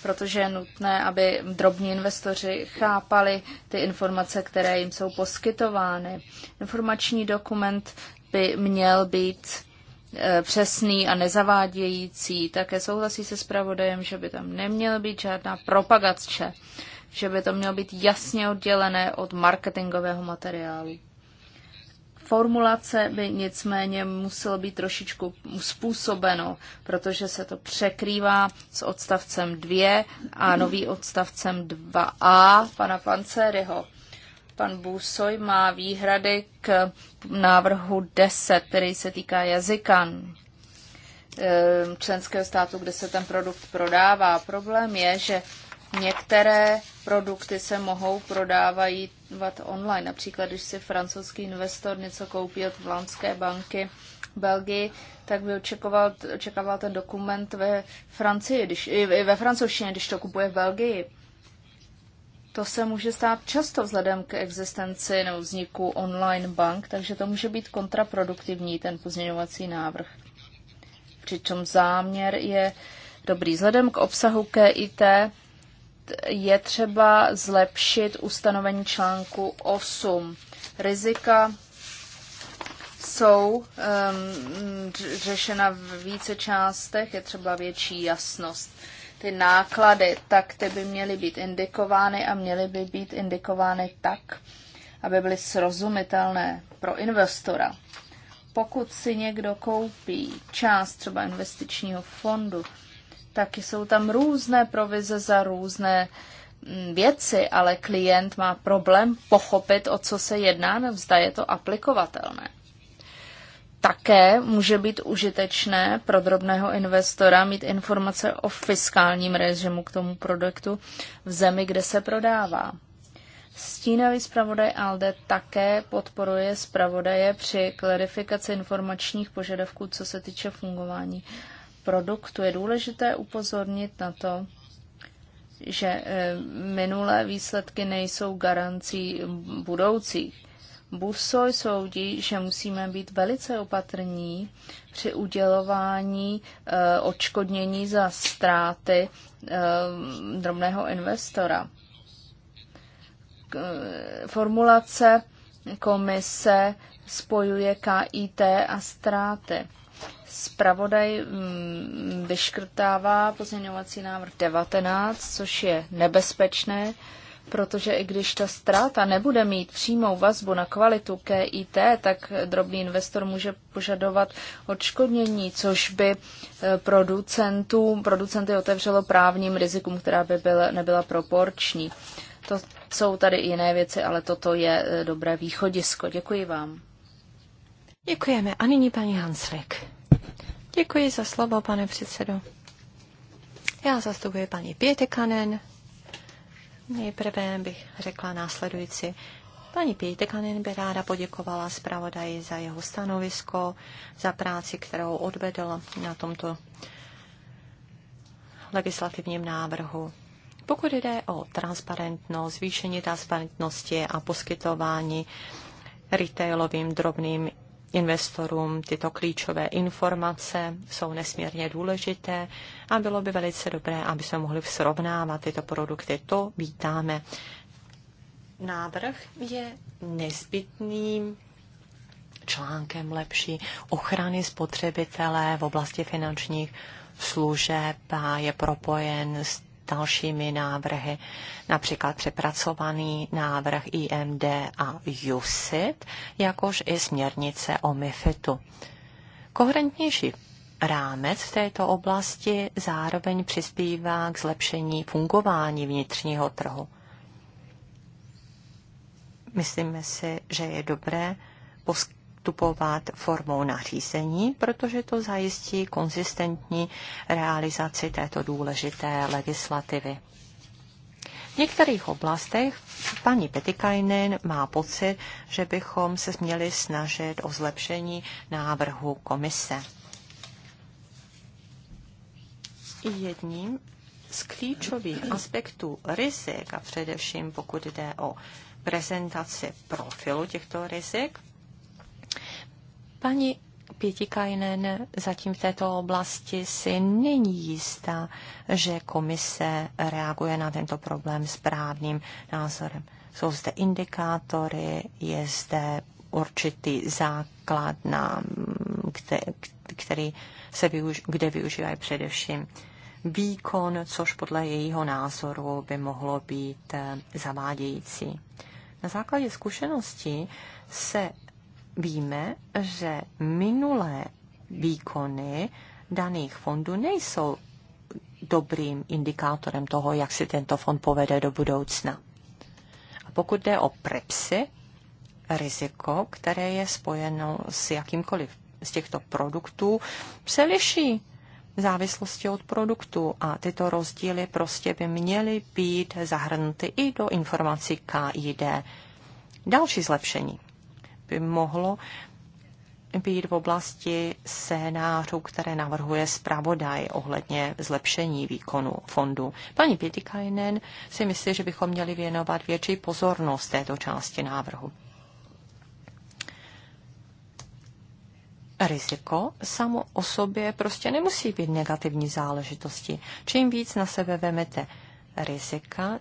Speaker 2: protože je nutné, aby drobní investoři chápali ty informace, které jim jsou poskytovány. Informační dokument by měl být e, přesný a nezavádějící. Také souhlasí se zpravodajem, že by tam neměla být žádná propagace, že by to mělo být jasně oddělené od marketingového materiálu formulace by nicméně muselo být trošičku způsobeno, protože se to překrývá s odstavcem 2 a nový odstavcem 2a pana Panceryho. Pan Bůsoj má výhrady k návrhu 10, který se týká jazyka eh, členského státu, kde se ten produkt prodává. Problém je, že Některé produkty se mohou prodávat online. Například, když si francouzský investor něco koupí od vlámské banky v Belgii, tak by očekoval, očekával ten dokument ve Francii, když, i ve francouzštině, když to kupuje v Belgii. To se může stát často vzhledem k existenci nebo vzniku online bank, takže to může být kontraproduktivní, ten pozměňovací návrh. Přičem záměr je dobrý. Vzhledem k obsahu KIT je třeba zlepšit ustanovení článku 8. Rizika jsou um, řešena v více částech, je třeba větší jasnost. Ty náklady, tak ty by měly být indikovány a měly by být indikovány tak, aby byly srozumitelné pro investora. Pokud si někdo koupí část třeba investičního fondu, tak jsou tam různé provize za různé mm, věci, ale klient má problém pochopit, o co se jedná, nebo zda je to aplikovatelné. Také může být užitečné pro drobného investora mít informace o fiskálním režimu k tomu produktu v zemi, kde se prodává. Stínavý zpravodaj ALDE také podporuje zpravodaje při klarifikaci informačních požadavků, co se týče fungování produktu. Je důležité upozornit na to, že eh, minulé výsledky nejsou garancí budoucích. Busoj soudí, že musíme být velice opatrní při udělování eh, odškodnění za ztráty eh, drobného investora. formulace komise spojuje KIT a ztráty. Spravodaj mm, vyškrtává pozměňovací návrh 19, což je nebezpečné, protože i když ta ztráta nebude mít přímou vazbu na kvalitu KIT, tak drobný investor může požadovat odškodnění, což by e, producentům, producenty otevřelo právním rizikům, která by byla, nebyla proporční. To jsou tady i jiné věci, ale toto je e, dobré východisko. Děkuji vám.
Speaker 3: Děkujeme. A nyní paní Hanslik. Děkuji za slovo, pane předsedo. Já zastupuji paní Pětekanen. Nejprve bych řekla následující. Paní Pětekanen by ráda poděkovala zpravodaji za jeho stanovisko, za práci, kterou odvedl na tomto legislativním návrhu. Pokud jde o transparentnost, zvýšení transparentnosti a poskytování retailovým drobným investorům tyto klíčové informace jsou nesmírně důležité a bylo by velice dobré, aby jsme mohli srovnávat tyto produkty. To vítáme. Návrh je nezbytným článkem lepší ochrany spotřebitele v oblasti finančních služeb a je propojen s dalšími návrhy, například přepracovaný návrh IMD a USIT, jakož i směrnice o MIFITu. Koherentnější rámec v této oblasti zároveň přispívá k zlepšení fungování vnitřního trhu. Myslíme si, že je dobré poskytnout postupovat formou nařízení, protože to zajistí konzistentní realizaci této důležité legislativy. V některých oblastech paní Petikainen má pocit, že bychom se měli snažit o zlepšení návrhu komise. Jedním z klíčových aspektů rizik, a především pokud jde o prezentaci profilu těchto rizik, Paní Pětikajnen zatím v této oblasti si není jistá, že komise reaguje na tento problém správným názorem. Jsou zde indikátory, je zde určitý základ, na, který se využ, kde využívají především výkon, což podle jejího názoru by mohlo být eh, zavádějící. Na základě zkušeností se Víme, že minulé výkony daných fondů nejsou dobrým indikátorem toho, jak si tento fond povede do budoucna. A pokud jde o prepsy, riziko, které je spojeno s jakýmkoliv z těchto produktů, se liší v závislosti od produktu a tyto rozdíly prostě by měly být zahrnuty i do informací KID. Další zlepšení by mohlo být v oblasti scénářů, které navrhuje zpravodaj ohledně zlepšení výkonu fondu. Paní Pětikajnen si myslí, že bychom měli věnovat větší pozornost této části návrhu. Riziko samo o sobě prostě nemusí být negativní záležitosti. Čím víc na sebe vemete rizika,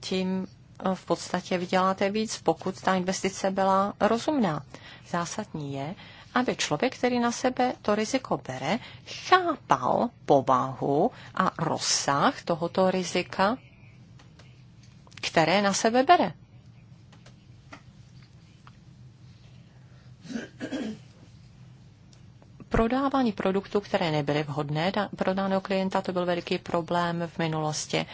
Speaker 3: tím v podstatě vyděláte víc, pokud ta investice byla rozumná. Zásadní je, aby člověk, který na sebe to riziko bere, chápal povahu a rozsah tohoto rizika, které na sebe bere. Prodávání produktů, které nebyly vhodné pro daného klienta, to byl veliký problém v minulosti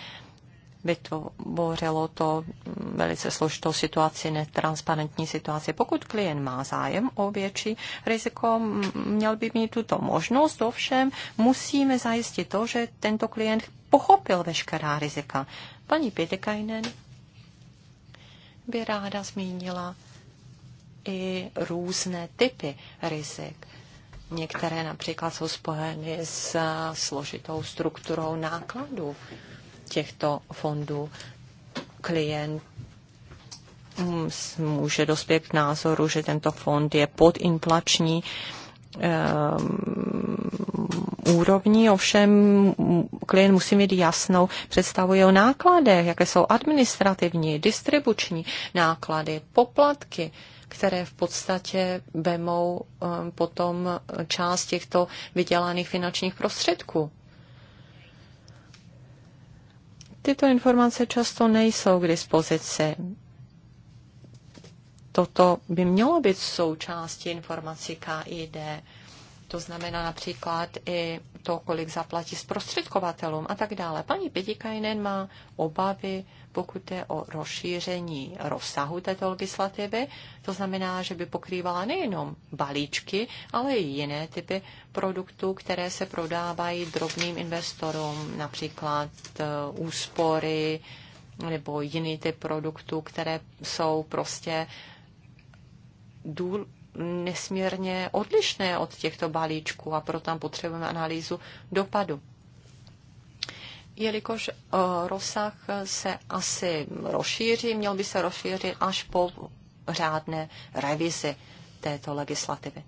Speaker 3: vytvořilo to velice složitou situaci, netransparentní situaci. Pokud klient má zájem o větší riziko, měl by mít tuto možnost, ovšem musíme zajistit to, že tento klient pochopil veškerá rizika. Paní Pětekajnen by ráda zmínila i různé typy rizik. Některé například jsou spojeny s složitou strukturou nákladů těchto fondů klient může dospět k názoru, že tento fond je podinflační inflační ehm, úrovní, ovšem klient musí mít jasnou představu o nákladech, jaké jsou administrativní, distribuční náklady, poplatky, které v podstatě vemou ehm, potom část těchto vydělaných finančních prostředků. Tyto informace často nejsou k dispozici. Toto by mělo být součástí informací KID. To znamená například i to, kolik zaplatí zprostředkovatelům a tak dále. Paní Pětikajnen má obavy pokud je o rozšíření rozsahu této legislativy, to znamená, že by pokrývala nejenom balíčky, ale i jiné typy produktů, které se prodávají drobným investorům, například eh, úspory nebo jiný typ produktů, které jsou prostě důl, nesmírně odlišné od těchto balíčků a proto tam potřebujeme analýzu dopadu jelikož eh, rozsah se asi rozšíří, měl by se rozšířit až po řádné revizi této legislativy.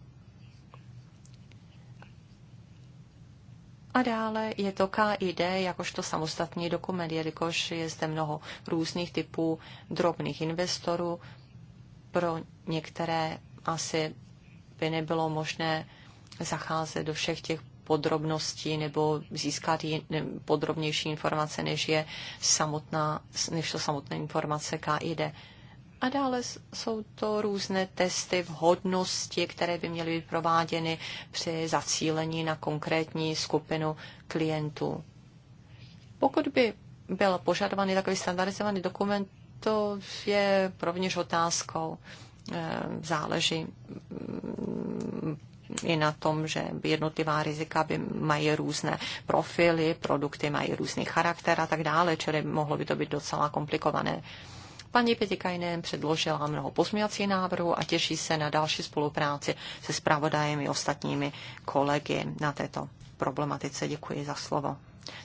Speaker 3: A dále je to KID jakožto samostatný dokument, jelikož je zde mnoho různých typů drobných investorů. Pro některé asi by nebylo možné zacházet do všech těch podrobnosti nebo získat podrobnější informace, než je samotná, než to samotné informace KID. A dále jsou to různé testy vhodnosti, které by měly být prováděny při zacílení na konkrétní skupinu klientů. Pokud by byl požadovaný takový standardizovaný dokument, to je rovněž otázkou. Ehm, záleží i na tom, že jednotlivá rizika by mají různé profily, produkty mají různý charakter a tak dále, čili mohlo by to být docela komplikované. Paní Pětikajnen předložila mnoho pozměňovacích návrhů a těší se na další spolupráci se zpravodajemi i ostatními kolegy na této problematice. Děkuji za slovo.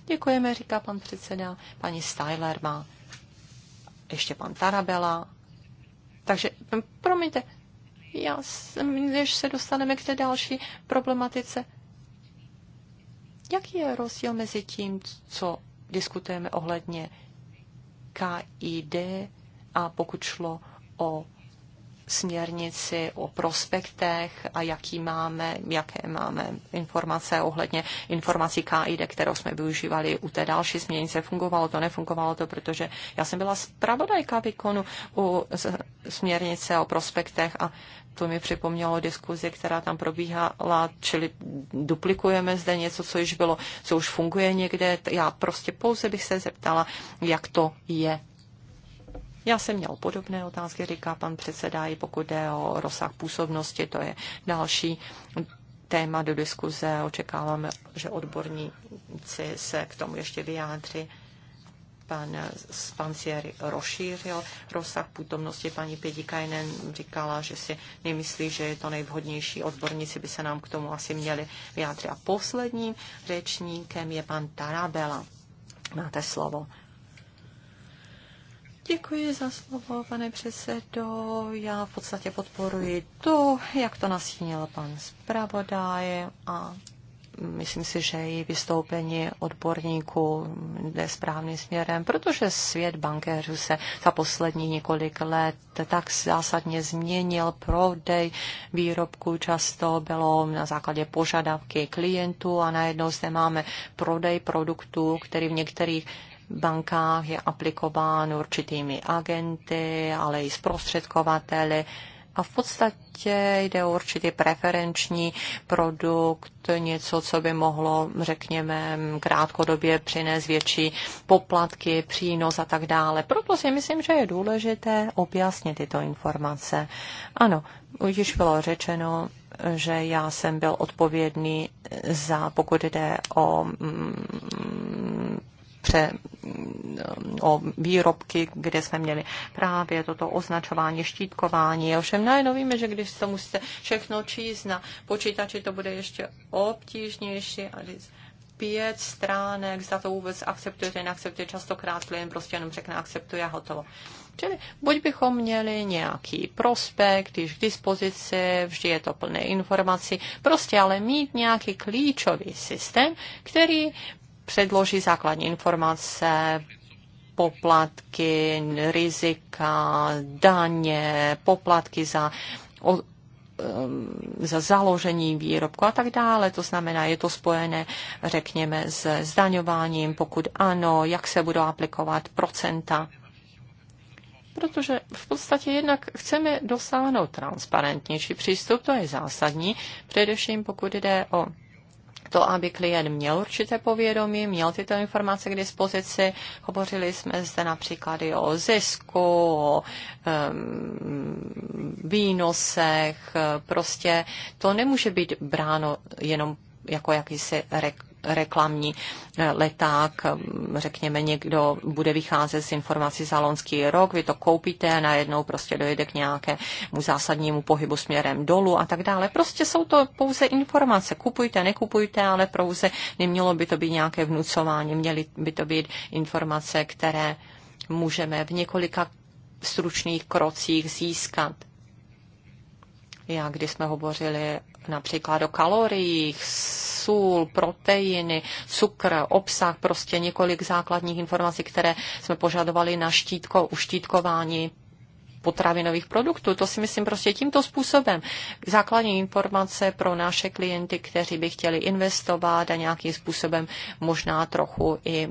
Speaker 3: Děkujeme, říká pan předseda. Paní Styler má ještě pan Tarabela. Takže, promiňte, já, než se dostaneme k té další problematice, jaký je rozdíl mezi tím, co diskutujeme ohledně KID a pokud šlo o směrnici o prospektech a jaký máme, jaké máme informace ohledně informací KID, kterou jsme využívali u té další směrnice. Fungovalo to, nefungovalo to, protože já jsem byla zpravodajka výkonu u směrnice o prospektech a to mi připomnělo diskuzi, která tam probíhala, čili duplikujeme zde něco, co již bylo, co už funguje někde. Já prostě pouze bych se zeptala, jak to je já jsem měl podobné otázky, říká pan předseda, i pokud jde o rozsah působnosti, to je další téma do diskuze. Očekáváme, že odborníci se k tomu ještě vyjádří pan Spancieri rozšířil rozsah působnosti Paní Pědikajnen říkala, že si nemyslí, že je to nejvhodnější. Odborníci by se nám k tomu asi měli vyjádřit. A posledním řečníkem je pan Tarabela. Máte slovo. Děkuji za slovo, pane předsedo. Já v podstatě podporuji to, jak to nastínil pan zpravodaj a myslím si, že i vystoupení odborníků jde správným směrem, protože svět bankéřů se za poslední několik let tak zásadně změnil. Prodej výrobků často bylo na základě požadavky klientů a najednou zde máme prodej produktů, který v některých bankách je aplikován určitými agenty, ale i zprostředkovateli. A v podstatě jde o určitý preferenční produkt, něco, co by mohlo, řekněme, krátkodobě přinést větší poplatky, přínos a tak dále. Proto si myslím, že je důležité objasnit tyto informace. Ano, již bylo řečeno, že já jsem byl odpovědný za, pokud jde o mm, pře, mm, o výrobky, kde jsme měli právě toto označování, štítkování. Ovšem najednou víme, že když to musíte všechno číst na počítači, to bude ještě obtížnější. A pět stránek, za to vůbec akceptuje, že neakceptuje, častokrát klient prostě jenom řekne akceptuje a hotovo. Čili buď bychom měli nějaký prospekt, když k dispozici, vždy je to plné informací, prostě ale mít nějaký klíčový systém, který předloží základní informace, poplatky, rizika, daně, poplatky za, o, za založení výrobku a tak dále. To znamená, je to spojené, řekněme, s zdaňováním, pokud ano, jak se budou aplikovat procenta. Protože v podstatě jednak chceme dosáhnout transparentnější přístup, to je zásadní, především pokud jde o to, aby klient měl určité povědomí, měl tyto informace k dispozici. Hovořili jsme zde například i o zisku, o um, výnosech. Prostě to nemůže být bráno jenom jako jakýsi rek- reklamní eh, leták, eh, řekněme někdo bude vycházet z informací za lonský rok, vy to koupíte a najednou prostě dojde k nějakému zásadnímu pohybu směrem dolů a tak dále. Prostě jsou to pouze informace. Kupujte, nekupujte, ale pouze nemělo by to být nějaké vnucování, měly by to být informace, které můžeme v několika stručných krocích získat jak když jsme hovořili například o kaloriích, sůl, proteiny, cukr, obsah, prostě několik základních informací, které jsme požadovali na štítko, uštítkování potravinových produktů. To si myslím prostě tímto způsobem. Základní informace pro naše klienty, kteří by chtěli investovat a nějakým způsobem možná trochu i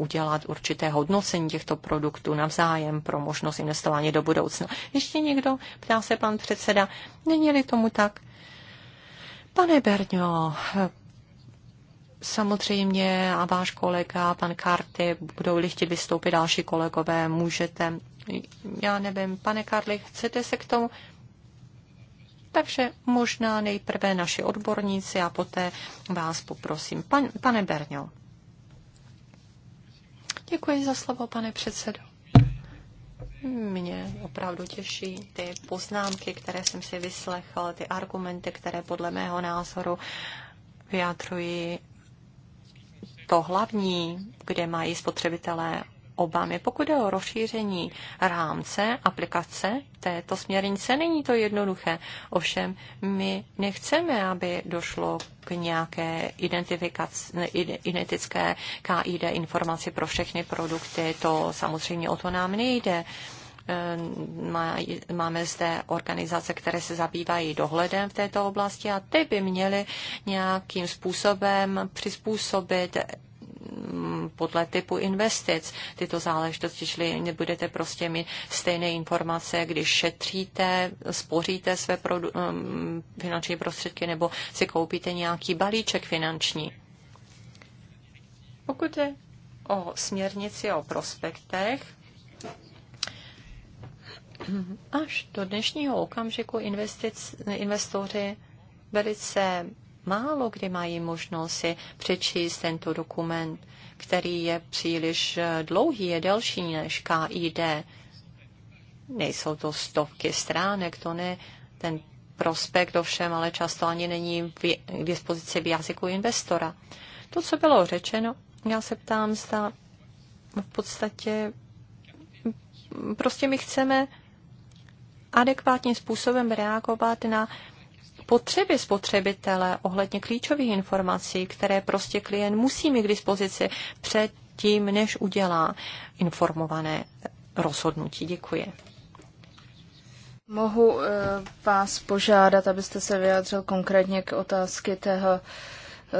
Speaker 3: udělat určité hodnocení těchto produktů navzájem pro možnost investování do budoucna. Ještě někdo? Ptá se pan předseda. Není-li tomu tak? Pane Berňo, samozřejmě a váš kolega, pan Karty, budou-li chtít vystoupit další kolegové, můžete. Já nevím, pane Karli, chcete se k tomu? Takže možná nejprve naši odborníci a poté vás poprosím. Pan, pane Berňo. Děkuji za slovo, pane předsedo. Mě opravdu těší ty poznámky, které jsem si vyslechl, ty argumenty, které podle mého názoru vyjadřují to hlavní, kde mají spotřebitelé Obamy. Pokud je o rozšíření rámce aplikace této směrnice, není to jednoduché. Ovšem, my nechceme, aby došlo k nějaké identické KID informaci pro všechny produkty. To samozřejmě o to nám nejde ehm, máme zde organizace, které se zabývají dohledem v této oblasti a ty by měly nějakým způsobem přizpůsobit Mm, podle typu investic tyto záležitosti, čili nebudete prostě mít stejné informace, když šetříte, spoříte své produ- mm, finanční prostředky nebo si koupíte nějaký balíček finanční. Pokud je o směrnici o prospektech, až do dnešního okamžiku investic, investoři velice málo kdy mají možnost si přečíst tento dokument, který je příliš eh, dlouhý, je delší než KID. Nejsou to stovky stránek, to ne. Ten prospekt ovšem ale často ani není k dispozici v jazyku investora. To, co bylo řečeno, já se ptám, zda v podstatě prostě my chceme adekvátním způsobem reagovat na potřeby spotřebitele ohledně klíčových informací, které prostě klient musí mít k dispozici před tím, než udělá informované rozhodnutí. Děkuji.
Speaker 2: Mohu eh, vás požádat, abyste se vyjádřil konkrétně k otázky tého eh,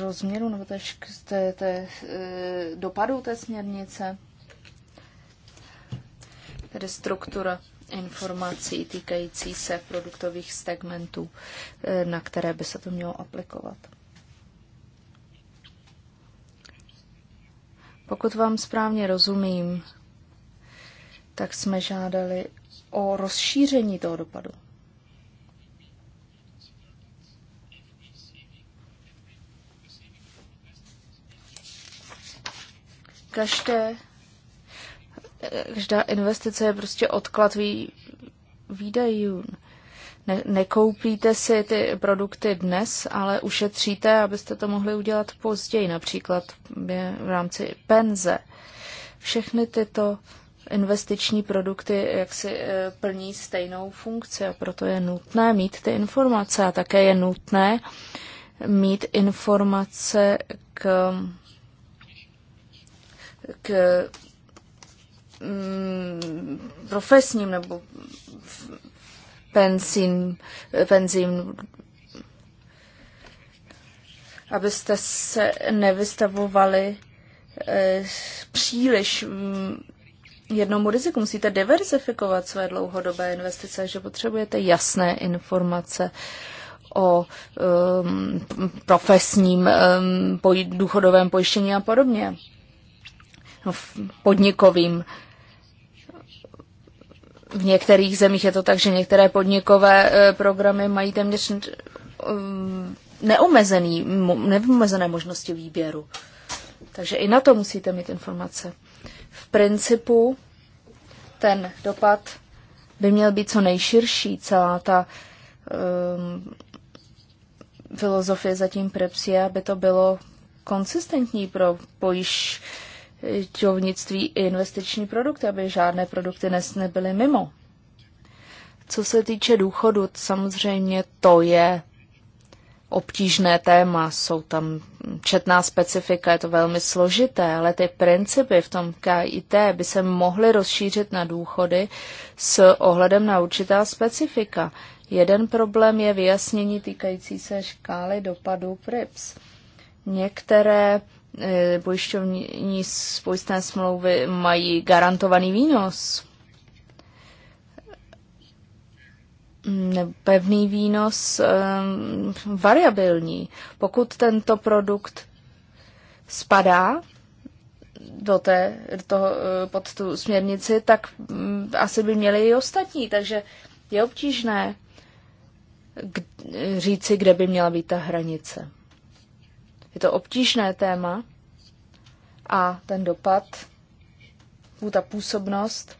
Speaker 2: rozměru nebo té, té, té, eh, dopadu té směrnice, tedy struktura informací týkající se produktových segmentů, eh, na které by se to mělo aplikovat. Pokud vám správně rozumím, tak jsme žádali o rozšíření toho dopadu. Každé každá investice je prostě odklad vý, výdajů. Ne, nekoupíte si ty produkty dnes, ale ušetříte, abyste to mohli udělat později, například v rámci penze. Všechny tyto investiční produkty jak si e, plní stejnou funkci a proto je nutné mít ty informace a také je nutné mít informace k, k mm, profesním nebo penzím, penzím, abyste se nevystavovali e, příliš mm, jednomu riziku. Musíte diversifikovat své dlouhodobé investice, že potřebujete jasné informace o um, profesním um, poj- důchodovém pojištění a podobně. No, podnikovým v některých zemích je to tak, že některé podnikové eh, programy mají téměř eh, neomezený, neomezené možnosti výběru. Takže i na to musíte mít informace. V principu ten dopad by měl být co nejširší, celá ta um, filozofie zatím prepsie, aby to bylo konsistentní pro pojišť čovnictví i investiční produkty, aby žádné produkty dnes nebyly mimo. Co se týče důchodu, samozřejmě to je obtížné téma, jsou tam četná specifika, je to velmi složité, ale ty principy v tom KIT by se mohly rozšířit na důchody s ohledem na určitá specifika. Jeden problém je vyjasnění týkající se škály dopadu PRIPS. Některé E, pojišťovní spojistné smlouvy mají garantovaný výnos. Pevný výnos e, variabilní. Pokud tento produkt spadá do té, do toho, e, pod tu směrnici, tak mm, asi by měli i ostatní. Takže je obtížné říci, kde by měla být ta hranice. Je to obtížné téma a ten dopad, ta působnost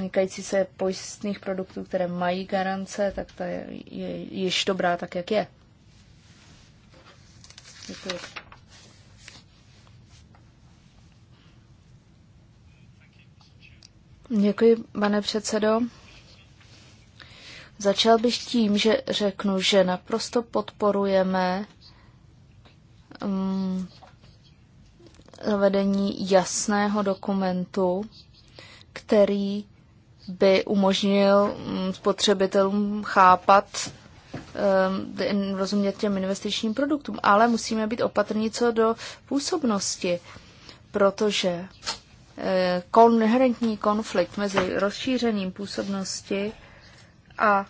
Speaker 2: týkající se pojistných produktů, které mají garance, tak ta je, je již dobrá tak, jak je. Děkuji. Děkuji, pane předsedo. Začal bych tím, že řeknu, že naprosto podporujeme um, zavedení jasného dokumentu, který by umožnil mm, spotřebitelům chápat, um, rozumět těm investičním produktům. Ale musíme být opatrní co do působnosti, protože eh, konherentní konflikt mezi rozšířením působnosti a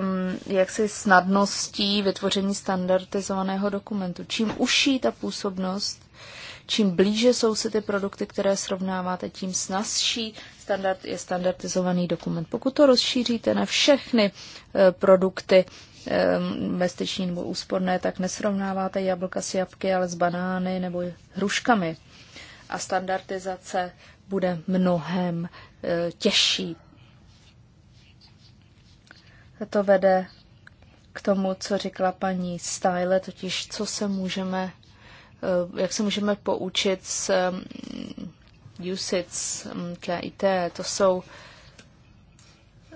Speaker 2: um, jaksi snadností vytvoření standardizovaného dokumentu. Čím užší ta působnost, čím blíže jsou si ty produkty, které srovnáváte, tím snazší standard je standardizovaný dokument. Pokud to rozšíříte na všechny e, produkty e, investiční nebo úsporné, tak nesrovnáváte jablka s jabky, ale s banány nebo hruškami. A standardizace bude mnohem e, těžší, to vede k tomu, co říkala paní Style, totiž co se můžeme, eh, jak se můžeme poučit z mm, USIC, KIT, mm, to jsou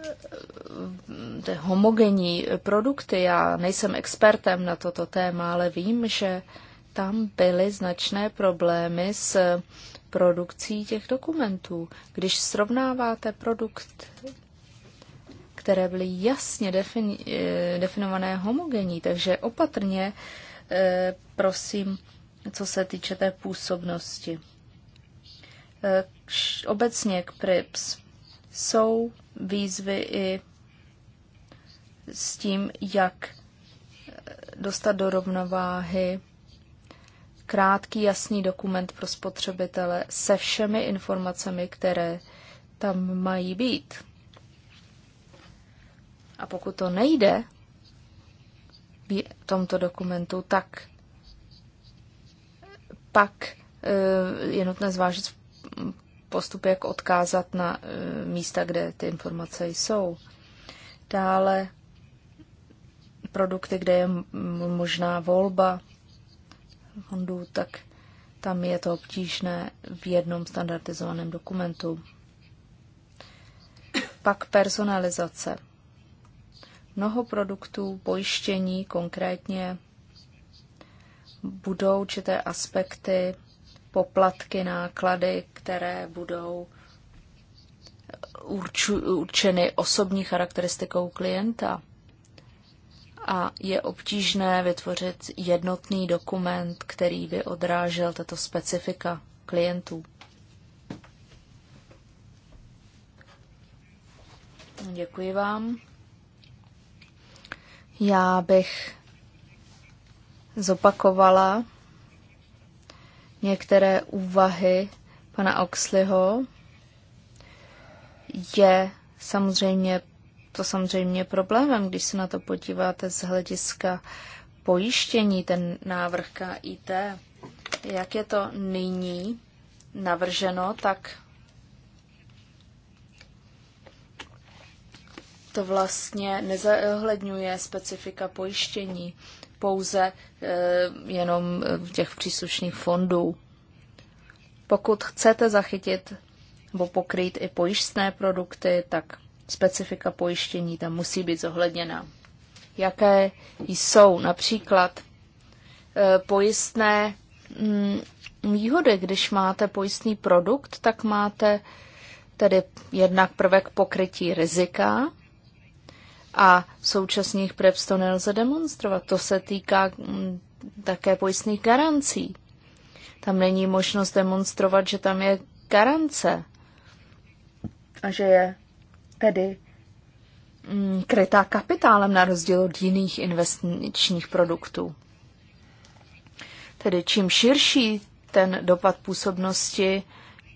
Speaker 2: eh, ty homogenní produkty. Já nejsem expertem na toto téma, ale vím, že tam byly značné problémy s produkcí těch dokumentů. Když srovnáváte produkt které byly jasně defini- eh, definované homogenní. Takže opatrně, eh, prosím, co se týče té působnosti. Eh, obecně k PRIPS jsou výzvy i s tím, jak dostat do rovnováhy krátký, jasný dokument pro spotřebitele se všemi informacemi, které tam mají být. A pokud to nejde v tomto dokumentu, tak pak eh, je nutné zvážit postup, jak odkázat na eh, místa, kde ty informace jsou. Dále produkty, kde je možná volba fondů, tak tam je to obtížné v jednom standardizovaném dokumentu. Pak personalizace mnoho produktů, pojištění konkrétně, budou určité aspekty, poplatky, náklady, které budou určeny osobní charakteristikou klienta. A je obtížné vytvořit jednotný dokument, který by odrážel tato specifika klientů. Děkuji vám. Já bych zopakovala některé úvahy pana Oxleyho. Je samozřejmě to samozřejmě problémem, když se na to podíváte z hlediska pojištění, ten návrh KIT. Jak je to nyní navrženo, tak to vlastně nezohledňuje specifika pojištění, pouze e, jenom těch příslušných fondů. Pokud chcete zachytit nebo pokrýt i pojištné produkty, tak specifika pojištění tam musí být zohledněna. Jaké jsou například e, pojistné mm, výhody, když máte pojistný produkt, tak máte tedy jednak prvek pokrytí rizika, a současných PREPS to nelze demonstrovat. To se týká mm, také pojistných garancí. Tam není možnost demonstrovat, že tam je garance a že je tedy mm, krytá kapitálem na rozdíl od jiných investičních produktů. Tedy čím širší ten dopad působnosti,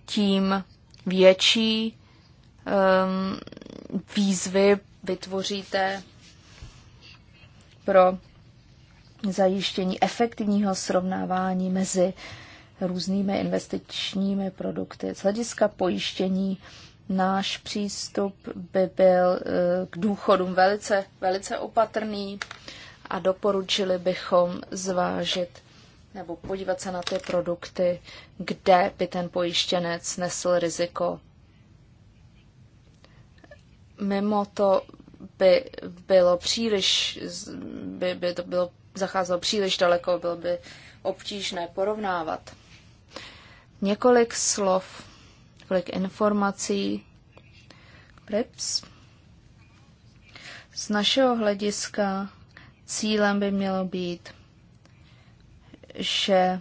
Speaker 2: tím větší um, výzvy vytvoříte pro zajištění efektivního srovnávání mezi různými investičními produkty. Z hlediska pojištění náš přístup by byl eh, k důchodům velice, velice opatrný a doporučili bychom zvážit nebo podívat se na ty produkty, kde by ten pojištěnec nesl riziko Mimo to by bylo příliš, by, by to bylo, zacházelo příliš daleko, bylo by obtížné porovnávat. Několik slov, několik informací. Prips. Z našeho hlediska cílem by mělo být, že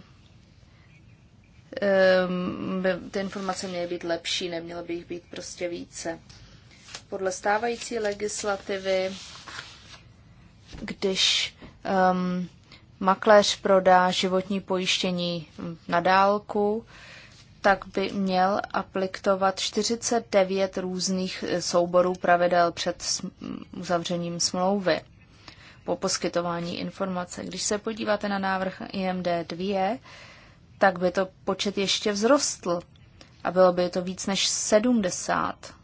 Speaker 2: ehm, by ty informace měly být lepší, nemělo by jich být prostě více podle stávající legislativy, když um, makléř prodá životní pojištění na dálku, tak by měl aplikovat 49 různých eh, souborů pravidel před mm, uzavřením smlouvy po poskytování informace. Když se podíváte na návrh IMD 2, tak by to počet ještě vzrostl a bylo by to víc než 70.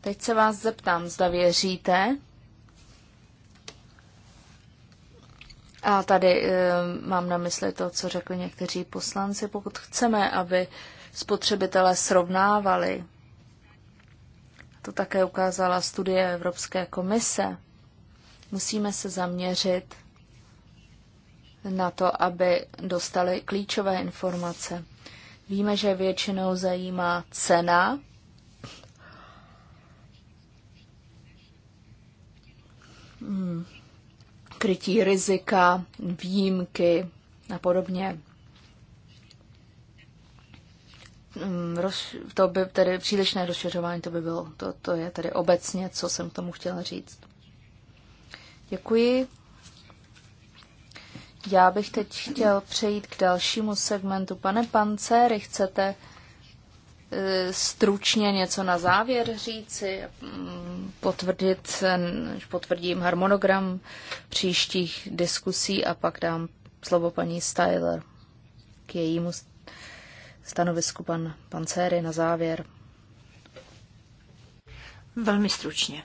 Speaker 2: Teď se vás zeptám, zda věříte. A tady e, mám na mysli to, co řekli někteří poslanci. Pokud chceme, aby spotřebitelé srovnávali, to také ukázala studie Evropské komise, musíme se zaměřit na to, aby dostali klíčové informace. Víme, že většinou zajímá cena Mm, krytí rizika, výjimky a podobně. Mm, to by tedy přílišné rozšiřování, to by bylo, to, to je tedy obecně, co jsem k tomu chtěla říct. Děkuji. Já bych teď chtěl přejít k dalšímu segmentu. Pane Pancéry, chcete stručně něco na závěr říci, mm, potvrdit, potvrdím harmonogram příštích diskusí a pak dám slovo paní Styler k jejímu stanovisku pan Pancéry na závěr.
Speaker 1: Velmi stručně.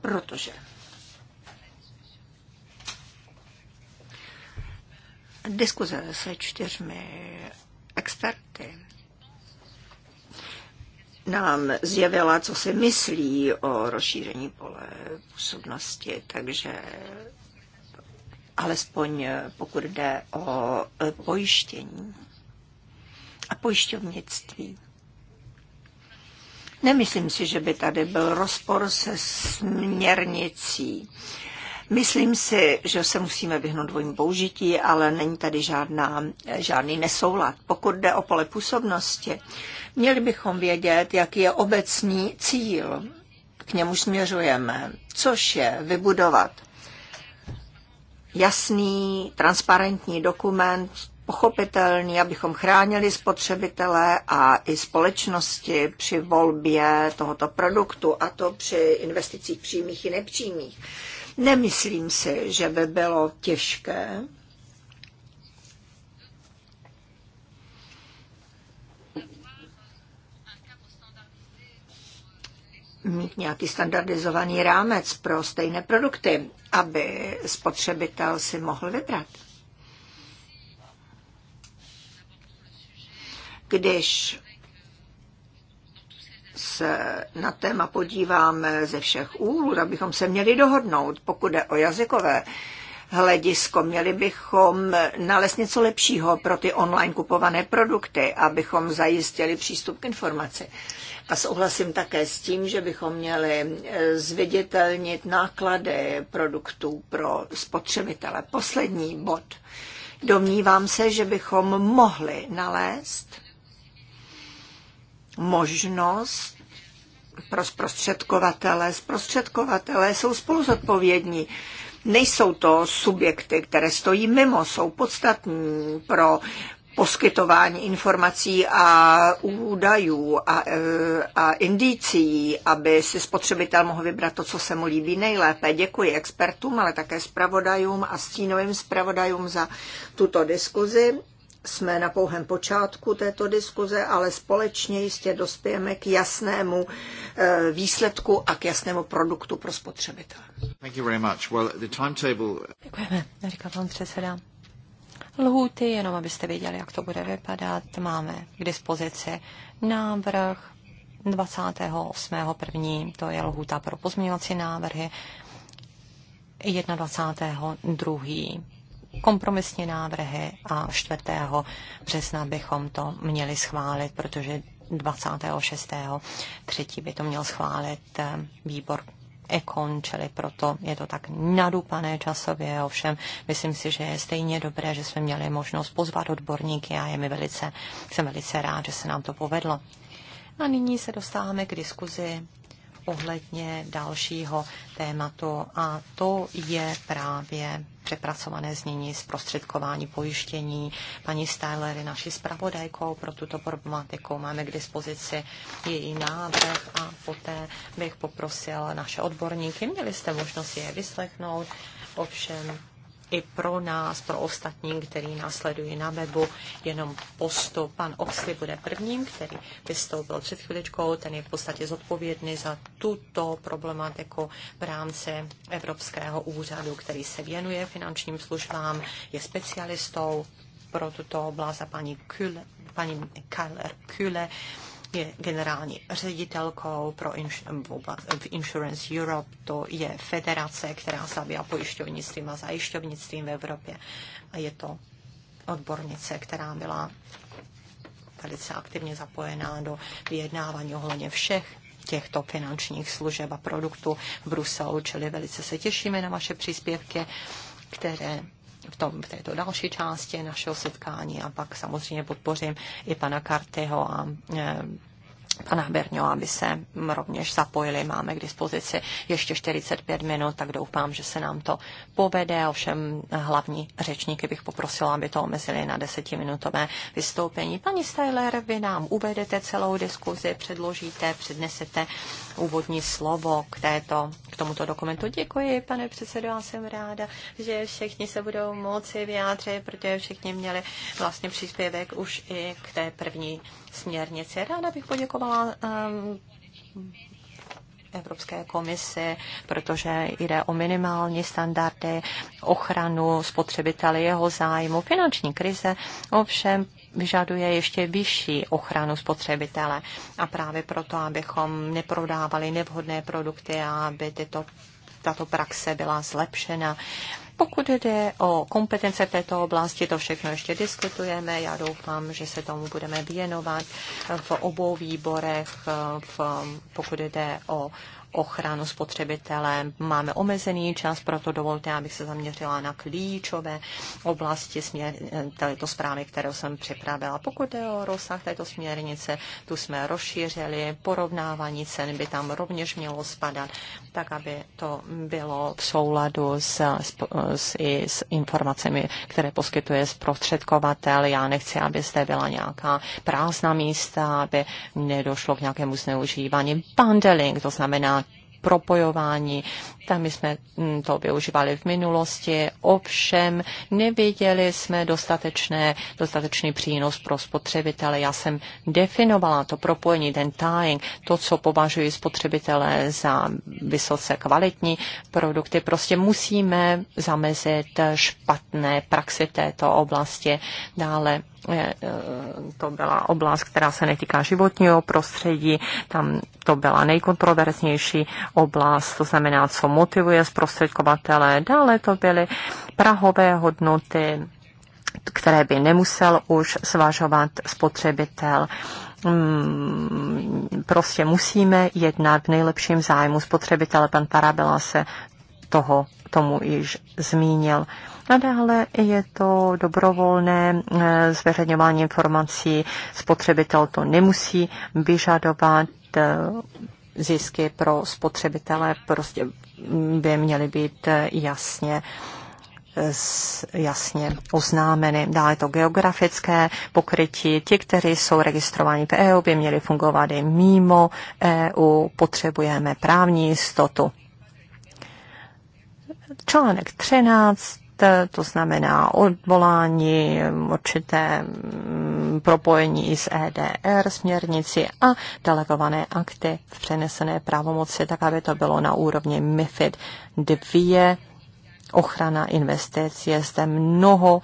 Speaker 1: Protože Diskuze se čtyřmi experty nám zjevila, co si myslí o rozšíření pole působnosti, takže alespoň pokud jde o pojištění a pojišťovnictví. Nemyslím si, že by tady byl rozpor se směrnicí. Myslím si, že se musíme vyhnout dvojím použití, ale není tady žádná, žádný nesoulad. Pokud jde o pole působnosti, měli bychom vědět, jaký je obecný cíl, k němu směřujeme, což je vybudovat jasný, transparentní dokument, pochopitelný, abychom chránili spotřebitele a i společnosti při volbě tohoto produktu, a to při investicích přímých i nepřímých. Nemyslím si, že by bylo těžké mít nějaký standardizovaný rámec pro stejné produkty, aby spotřebitel si mohl vybrat. Když se na téma podíváme ze všech úhlů, abychom se měli dohodnout, pokud jde o jazykové hledisko. Měli bychom nalézt něco lepšího pro ty online kupované produkty, abychom zajistili přístup k informaci. A souhlasím také s tím, že bychom měli eh, zviditelnit náklady produktů pro spotřebitele. Poslední bod. Domnívám se, že bychom mohli nalézt možnost pro zprostředkovatele. Zprostředkovatele jsou spolu zodpovědní. Nejsou to subjekty, které stojí mimo, jsou podstatní pro poskytování informací a údajů a, e, a indicí, aby si spotřebitel mohl vybrat to, co se mu líbí nejlépe. Děkuji expertům, ale také zpravodajům a stínovým zpravodajům za tuto diskuzi jsme na pouhém počátku této diskuze, ale společně jistě dospějeme k jasnému eh, výsledku a k jasnému produktu pro spotřebitele.
Speaker 2: Well, timetable... Děkujeme,
Speaker 3: říkal pan předseda. Lhuty, jenom abyste věděli, jak to bude vypadat, máme k dispozici návrh 28.1. to je lhuta pro pozměňovací návrhy, 21.2 kompromisní návrhy a 4. března bychom to měli schválit, protože 26. 3. by to měl schválit eh, výbor Ekon, čili proto je to tak nadupané časově, ovšem myslím si, že je stejně dobré, že jsme měli možnost pozvat odborníky a je mi velice, jsem velice rád, že se nám to povedlo. A nyní se dostáváme k diskuzi ohledně dalšího tématu a to je právě přepracované znění zprostředkování pojištění. Paní Styler je naší zpravodajkou pro tuto problematiku. Máme k dispozici její návrh a poté bych poprosil naše odborníky. Měli jste možnost je vyslechnout, ovšem i pro nás, pro ostatní, který následují na webu, jenom postup. Pan Oxley bude prvním, který vystoupil před chviličkou, ten je v podstatě zodpovědný za tuto problematiku v rámci Evropského úřadu, který se věnuje finančním službám, je specialistou pro tuto oblast a paní, Kühle, paní Karler Kühle je generální ředitelkou pro inš- v Insurance Europe. To je federace, která zabývá pojišťovnictvím a zajišťovnictvím v Evropě. A je to odbornice, která byla velice aktivně zapojená do vyjednávání ohledně všech těchto finančních služeb a produktů v Bruselu, čili velice se těšíme na vaše příspěvky, které v, tom, v této další části našeho setkání a pak samozřejmě podpořím i pana Kartyho a e, pana Berňo, aby se rovněž zapojili. Máme k dispozici ještě 45 minut, tak doufám, že se nám to povede. Ovšem hlavní řečníky bych poprosila, aby to omezili na desetiminutové vystoupení. Paní Steyler, vy nám uvedete celou diskuzi, předložíte, přednesete úvodní slovo k této k tomuto dokumentu. Děkuji, pane předsedo, a jsem ráda, že všichni se budou moci vyjádřit, protože všichni měli vlastně příspěvek už i k té první směrnici. Ráda bych poděkovala um, Evropské komisi, protože jde o minimální standardy, ochranu spotřebitele, jeho zájmu, finanční krize. Ovšem vyžaduje ještě vyšší ochranu spotřebitele. A právě proto, abychom neprodávali nevhodné produkty a aby tyto, tato praxe byla zlepšena. Pokud jde o kompetence v této oblasti, to všechno ještě diskutujeme. Já doufám, že se tomu budeme věnovat v obou výborech, v, pokud jde o ochranu spotřebitele. Máme omezený čas, proto dovolte, abych se zaměřila na klíčové oblasti směr, této zprávy, kterou jsem připravila. Pokud je o rozsah této směrnice, tu jsme rozšířili, porovnávání cen by tam rovněž mělo spadat, tak aby to bylo v souladu s, s, i s informacemi, které poskytuje zprostředkovatel. Já nechci, aby zde byla nějaká prázdná místa, aby nedošlo k nějakému zneužívání. Bundling, to znamená propojování. Tam my jsme mm, to využívali v minulosti, ovšem neviděli jsme dostatečné, dostatečný přínos pro spotřebitele. Já jsem definovala to propojení, ten tying, to, co považují spotřebitele za vysoce kvalitní produkty. Prostě musíme zamezit špatné praxi této oblasti. Dále Eh, to byla oblast, která se netýká životního prostředí, tam to byla nejkontroverznější oblast, to znamená, co motivuje zprostředkovatele. Dále to byly prahové hodnoty, které by nemusel už zvažovat spotřebitel mm, prostě musíme jednat v nejlepším zájmu spotřebitele. Pan Parabela se toho, tomu již zmínil. Nadále je to dobrovolné eh, zveřejňování informací. Spotřebitel to nemusí vyžadovat eh, zisky pro spotřebitele prostě by měly být eh, jasně jasně oznámeny. Dále to geografické pokrytí. Ti, kteří jsou registrováni v EU, by měli fungovat i mimo EU. Potřebujeme právní jistotu. Článek 13 E, to znamená odvolání, určité mm, propojení s EDR směrnici a delegované akty v přenesené právomoci, tak aby to bylo na úrovni MIFID 2. Ochrana investic je zde mnoho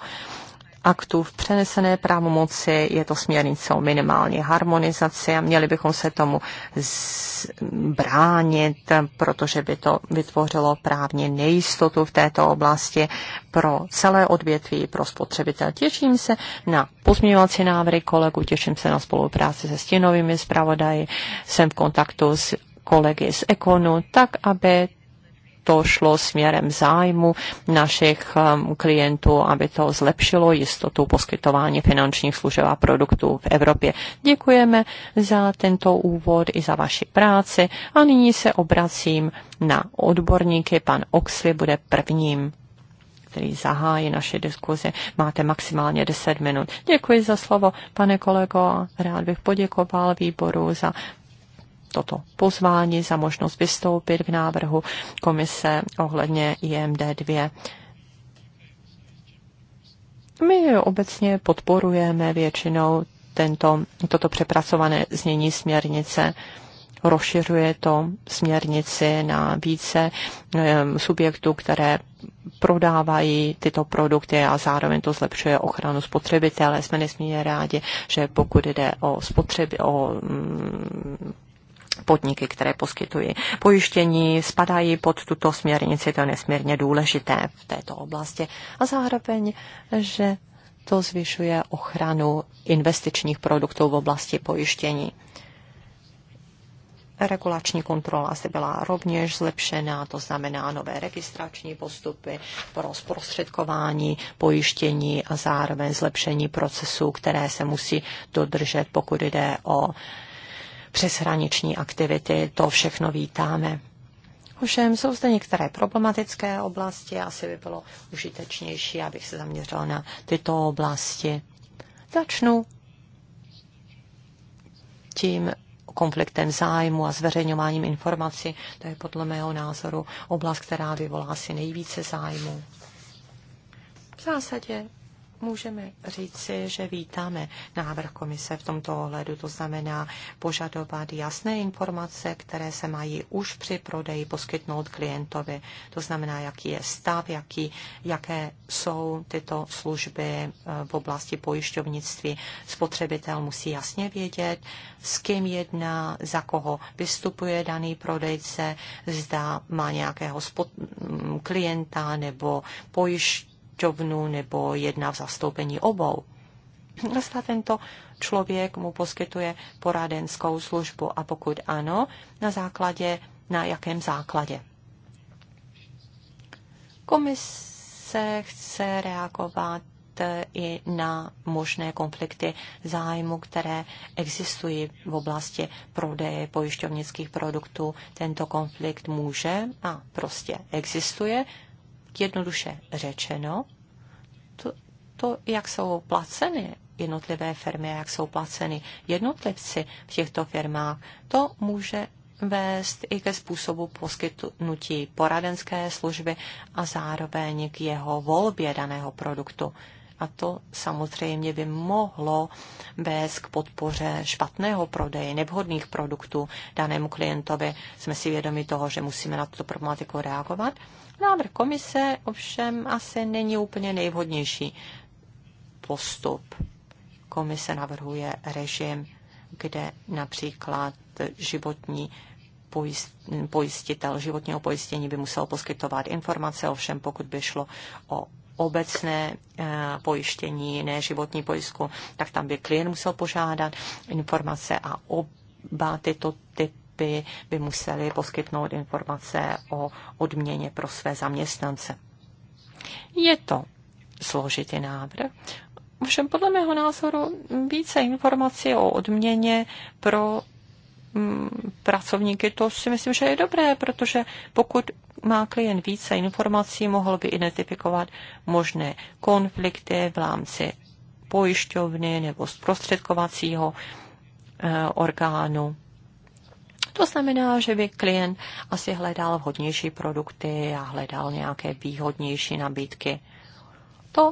Speaker 3: aktů v přenesené právomoci, je to směrnice o minimální harmonizaci a měli bychom se tomu bránit, protože by to vytvořilo právně nejistotu v této oblasti pro celé odvětví, pro spotřebitel. Těším se na pozměňovací návrhy kolegů, těším se na spolupráci se stěnovými zpravodaji, jsem v kontaktu s kolegy z Ekonu, tak aby to šlo směrem zájmu našich um, klientů, aby to zlepšilo jistotu poskytování finančních služeb a produktů v Evropě. Děkujeme za tento úvod i za vaši práci a nyní se obracím na odborníky. Pan Oxley bude prvním který zahájí naše diskuzi. Máte maximálně 10 minut. Děkuji za slovo, pane kolego. Rád bych poděkoval výboru za toto pozvání, za možnost vystoupit k návrhu komise ohledně IMD 2. My obecně podporujeme většinou tento, toto přepracované znění směrnice rozšiřuje to směrnici na více subjektů, které prodávají tyto produkty a zároveň to zlepšuje ochranu spotřebitele. Jsme nesmírně rádi, že pokud jde o, spotřeby, o mm, podniky, které poskytují pojištění, spadají pod tuto směrnici, to je nesmírně důležité v této oblasti. A zároveň, že to zvyšuje ochranu investičních produktů v oblasti pojištění. Regulační kontrola se byla rovněž zlepšena, to znamená nové registrační postupy pro zprostředkování, pojištění a zároveň zlepšení procesů, které se musí dodržet, pokud jde o přeshraniční aktivity, to všechno vítáme. Ovšem jsou zde některé problematické oblasti, asi by bylo užitečnější, abych se zaměřila na tyto oblasti. Začnu tím konfliktem zájmu a zveřejňováním informací. To je podle mého názoru oblast, která vyvolá asi nejvíce zájmu. V zásadě můžeme říci, že vítáme návrh komise v tomto ohledu, to znamená požadovat jasné informace, které se mají už při prodeji poskytnout klientovi. To znamená, jaký je stav, jaký, jaké jsou tyto služby eh, v oblasti pojišťovnictví. Spotřebitel musí jasně vědět, s kým jedná, za koho vystupuje daný prodejce, zda má nějakého spot- mm, klienta nebo pojišť pojišťovnu nebo jedna v zastoupení obou. Zda tento člověk mu poskytuje poradenskou službu a pokud ano, na základě, na jakém základě. Komise chce reagovat i na možné konflikty zájmu, které existují v oblasti prodeje pojišťovnických produktů. Tento konflikt může a prostě existuje jednoduše řečeno, to, to jak jsou placeny jednotlivé firmy, jak jsou placeny jednotlivci v těchto firmách, to může vést i ke způsobu poskytnutí poradenské služby a zároveň k jeho volbě daného produktu a to samozřejmě by mohlo vést k podpoře špatného prodeje, nevhodných produktů danému klientovi. Jsme si vědomi toho, že musíme na tuto problematiku reagovat. Návrh komise ovšem asi není úplně nejvhodnější postup. Komise navrhuje režim, kde například životní pojistitel životního pojištění by musel poskytovat informace, ovšem pokud by šlo o obecné eh, pojištění, ne životní pojistku, tak tam by klient musel požádat informace a oba tyto typy by museli poskytnout informace o odměně pro své zaměstnance. Je to složitý návrh, Ovšem podle mého názoru více informací o odměně pro Mm, pracovníky, to si myslím, že je dobré, protože pokud má klient více informací, mohl by identifikovat možné konflikty v rámci pojišťovny nebo zprostředkovacího eh, orgánu. To znamená, že by klient asi hledal vhodnější produkty a hledal nějaké výhodnější nabídky. To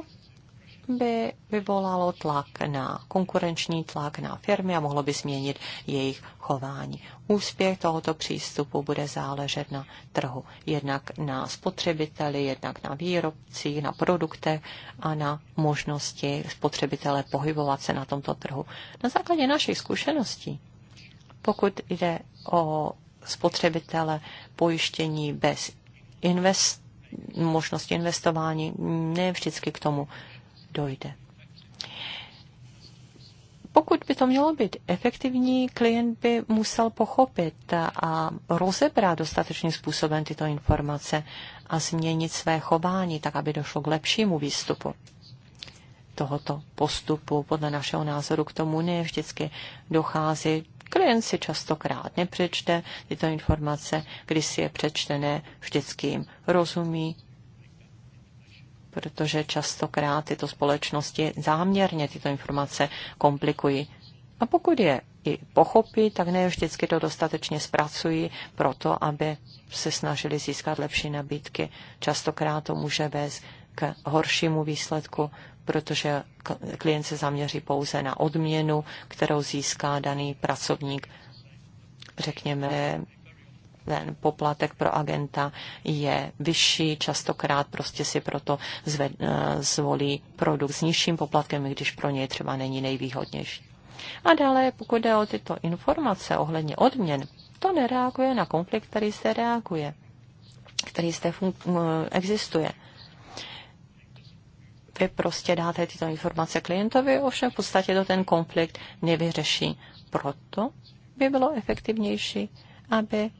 Speaker 3: by vyvolalo tlak na konkurenční tlak na firmy a mohlo by změnit jejich chování. Úspěch tohoto přístupu bude záležet na trhu, jednak na spotřebiteli, jednak na výrobcích, na produktech a na možnosti spotřebitele pohybovat se na tomto trhu. Na základě našich zkušeností, pokud jde o spotřebitele pojištění bez invest, možnosti investování, ne vždycky k tomu dojde. Pokud by to mělo být efektivní, klient by musel pochopit a rozebrat dostatečným způsobem tyto informace a změnit své chování, tak aby došlo k lepšímu výstupu tohoto postupu. Podle našeho názoru k tomu ne vždycky dochází. Klient si častokrát nepřečte tyto informace, když si je přečtené, vždycky jim rozumí, protože častokrát tyto společnosti záměrně tyto informace komplikují. A pokud je i pochopí, tak ne vždycky to dostatečně zpracují proto, aby se snažili získat lepší nabídky. Častokrát to může vést k horšímu výsledku, protože klient se zaměří pouze na odměnu, kterou získá daný pracovník, řekněme, ten poplatek pro agenta je vyšší, častokrát prostě si proto zved, eh, zvolí produkt s nižším poplatkem, i když pro něj třeba není nejvýhodnější. A dále, pokud jde o tyto informace ohledně odměn, to nereaguje na konflikt, který se reaguje, který zde eh, existuje. Vy prostě dáte tyto informace klientovi, ovšem v podstatě to ten konflikt nevyřeší. Proto by bylo efektivnější, aby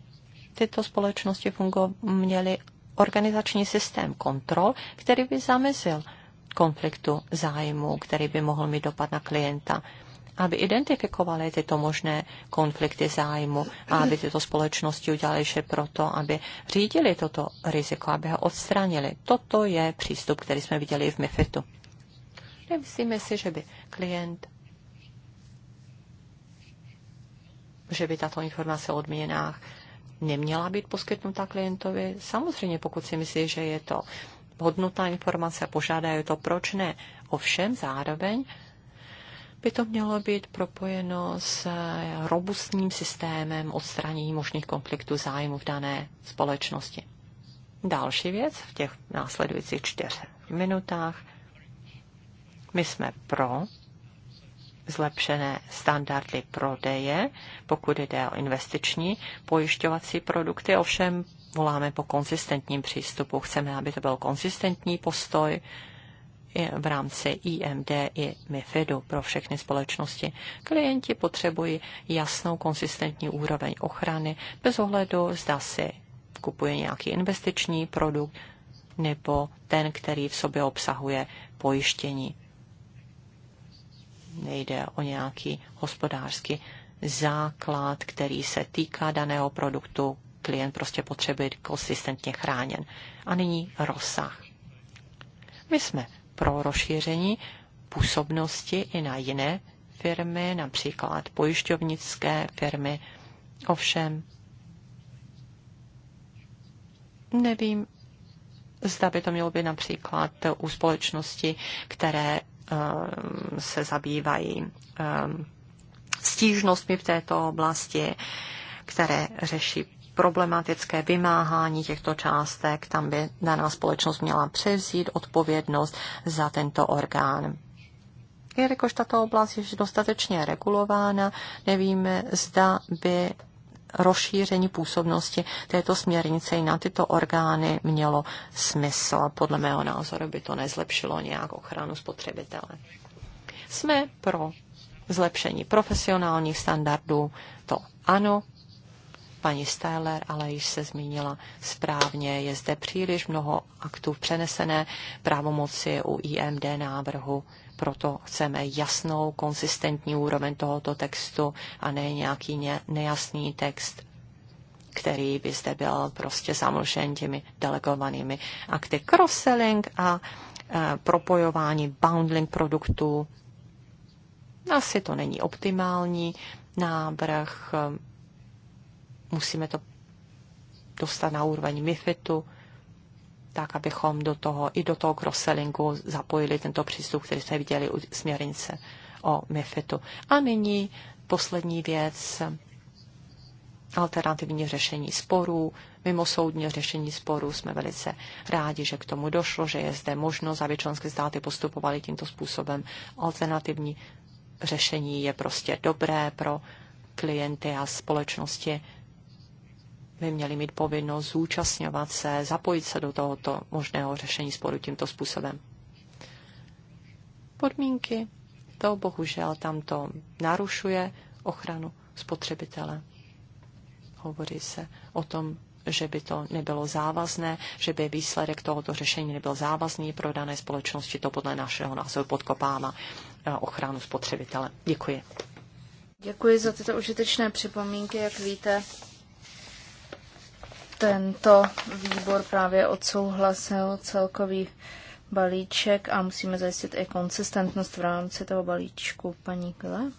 Speaker 3: tyto společnosti měly organizační systém kontrol, který by zamezil konfliktu zájmu, který by mohl mít dopad na klienta aby identifikovali tyto možné konflikty zájmu a aby tyto společnosti udělali vše proto, aby řídili toto riziko, aby ho odstranili. Toto je přístup, který jsme viděli v MIFITu. Nemyslíme si, že by klient že by tato informace o odměnách neměla být poskytnuta klientovi? Samozřejmě, pokud si myslí, že je to hodnotná informace, požádají to, proč ne? Ovšem, zároveň by to mělo být propojeno s eh, robustním systémem odstranění možných konfliktů zájmu v dané společnosti. Další věc v těch následujících čtyřech minutách. My jsme pro zlepšené standardy prodeje, pokud jde o investiční pojišťovací produkty, ovšem voláme po konzistentním přístupu. Chceme, aby to byl konzistentní postoj v rámci IMD i MIFIDu pro všechny společnosti. Klienti potřebují jasnou, konzistentní úroveň ochrany bez ohledu, zda si kupuje nějaký investiční produkt nebo ten, který v sobě obsahuje pojištění nejde o nějaký hospodářský základ, který se týká daného produktu. Klient prostě potřebuje být konsistentně chráněn. A nyní rozsah. My jsme pro rozšíření působnosti i na jiné firmy, například pojišťovnické firmy. Ovšem, nevím, zda by to mělo být například u společnosti, které Eh, se zabývají eh, stížnostmi v této oblasti, které řeší problematické vymáhání těchto částek. Tam by daná společnost měla převzít odpovědnost za tento orgán. Jelikož tato oblast je dostatečně regulována, nevíme, zda by rozšíření působnosti této směrnice i na tyto orgány mělo smysl. Podle mého názoru by to nezlepšilo nějak ochranu spotřebitele. Jsme pro zlepšení profesionálních standardů, to ano, Paní Steller, ale již se zmínila správně, je zde příliš mnoho aktů přenesené právomoci u IMD návrhu proto chceme jasnou, konsistentní úroveň tohoto textu a ne nějaký nejasný text, který by zde byl prostě zamlšen těmi delegovanými akty. Cross-selling a e, propojování bundling produktů. Asi to není optimální návrh. Musíme to dostat na úroveň MIFITu tak abychom do toho, i do toho cross-sellingu zapojili tento přístup, který jste viděli u směrnice o MIFITu. A nyní poslední věc, alternativní řešení sporů, mimosoudní řešení sporů. Jsme velice rádi, že k tomu došlo, že je zde možnost, aby členské státy postupovaly tímto způsobem. Alternativní řešení je prostě dobré pro klienty a společnosti by měli mít povinnost zúčastňovat se, zapojit se do tohoto možného řešení sporu tímto způsobem. Podmínky, to bohužel tamto narušuje ochranu spotřebitele. Hovoří se o tom, že by to nebylo závazné, že by výsledek tohoto řešení nebyl závazný pro dané společnosti. To podle našeho názoru podkopává eh, ochranu spotřebitele. Děkuji.
Speaker 2: Děkuji za tyto užitečné připomínky. Jak víte, tento výbor právě odsouhlasil celkový balíček a musíme zajistit i konsistentnost v rámci toho balíčku. Paní Kle.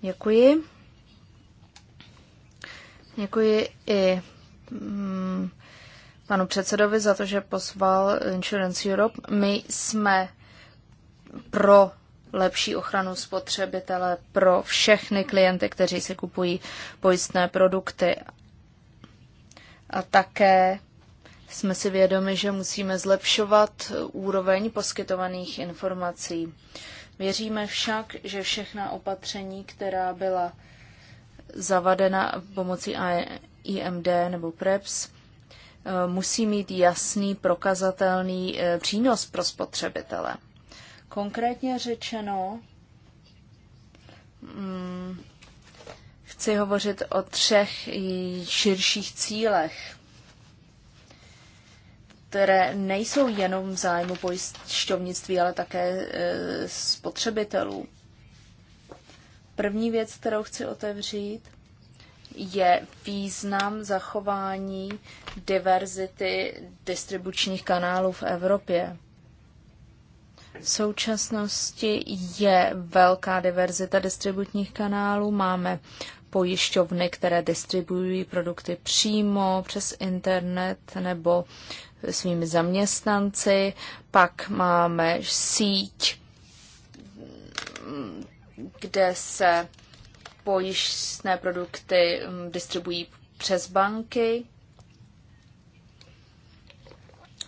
Speaker 2: Děkuji. Děkuji i mm, panu předsedovi za to, že pozval Insurance Europe. My jsme pro lepší ochranu spotřebitele pro všechny klienty, kteří si kupují pojistné produkty. A také jsme si vědomi, že musíme zlepšovat úroveň poskytovaných informací. Věříme však, že všechna opatření, která byla zavadena pomocí IMD nebo PREPS, eh, musí mít jasný, prokazatelný eh, přínos pro spotřebitele. Konkrétně řečeno, mm, chci hovořit o třech širších cílech, které nejsou jenom v zájmu pojišťovnictví, ale také e, spotřebitelů. První věc, kterou chci otevřít, je význam zachování diverzity distribučních kanálů v Evropě. V současnosti je velká diverzita distribučních kanálů. Máme pojišťovny, které distribuují produkty přímo přes internet nebo svými zaměstnanci. Pak máme síť, kde se pojištné produkty hm, distribuují přes banky.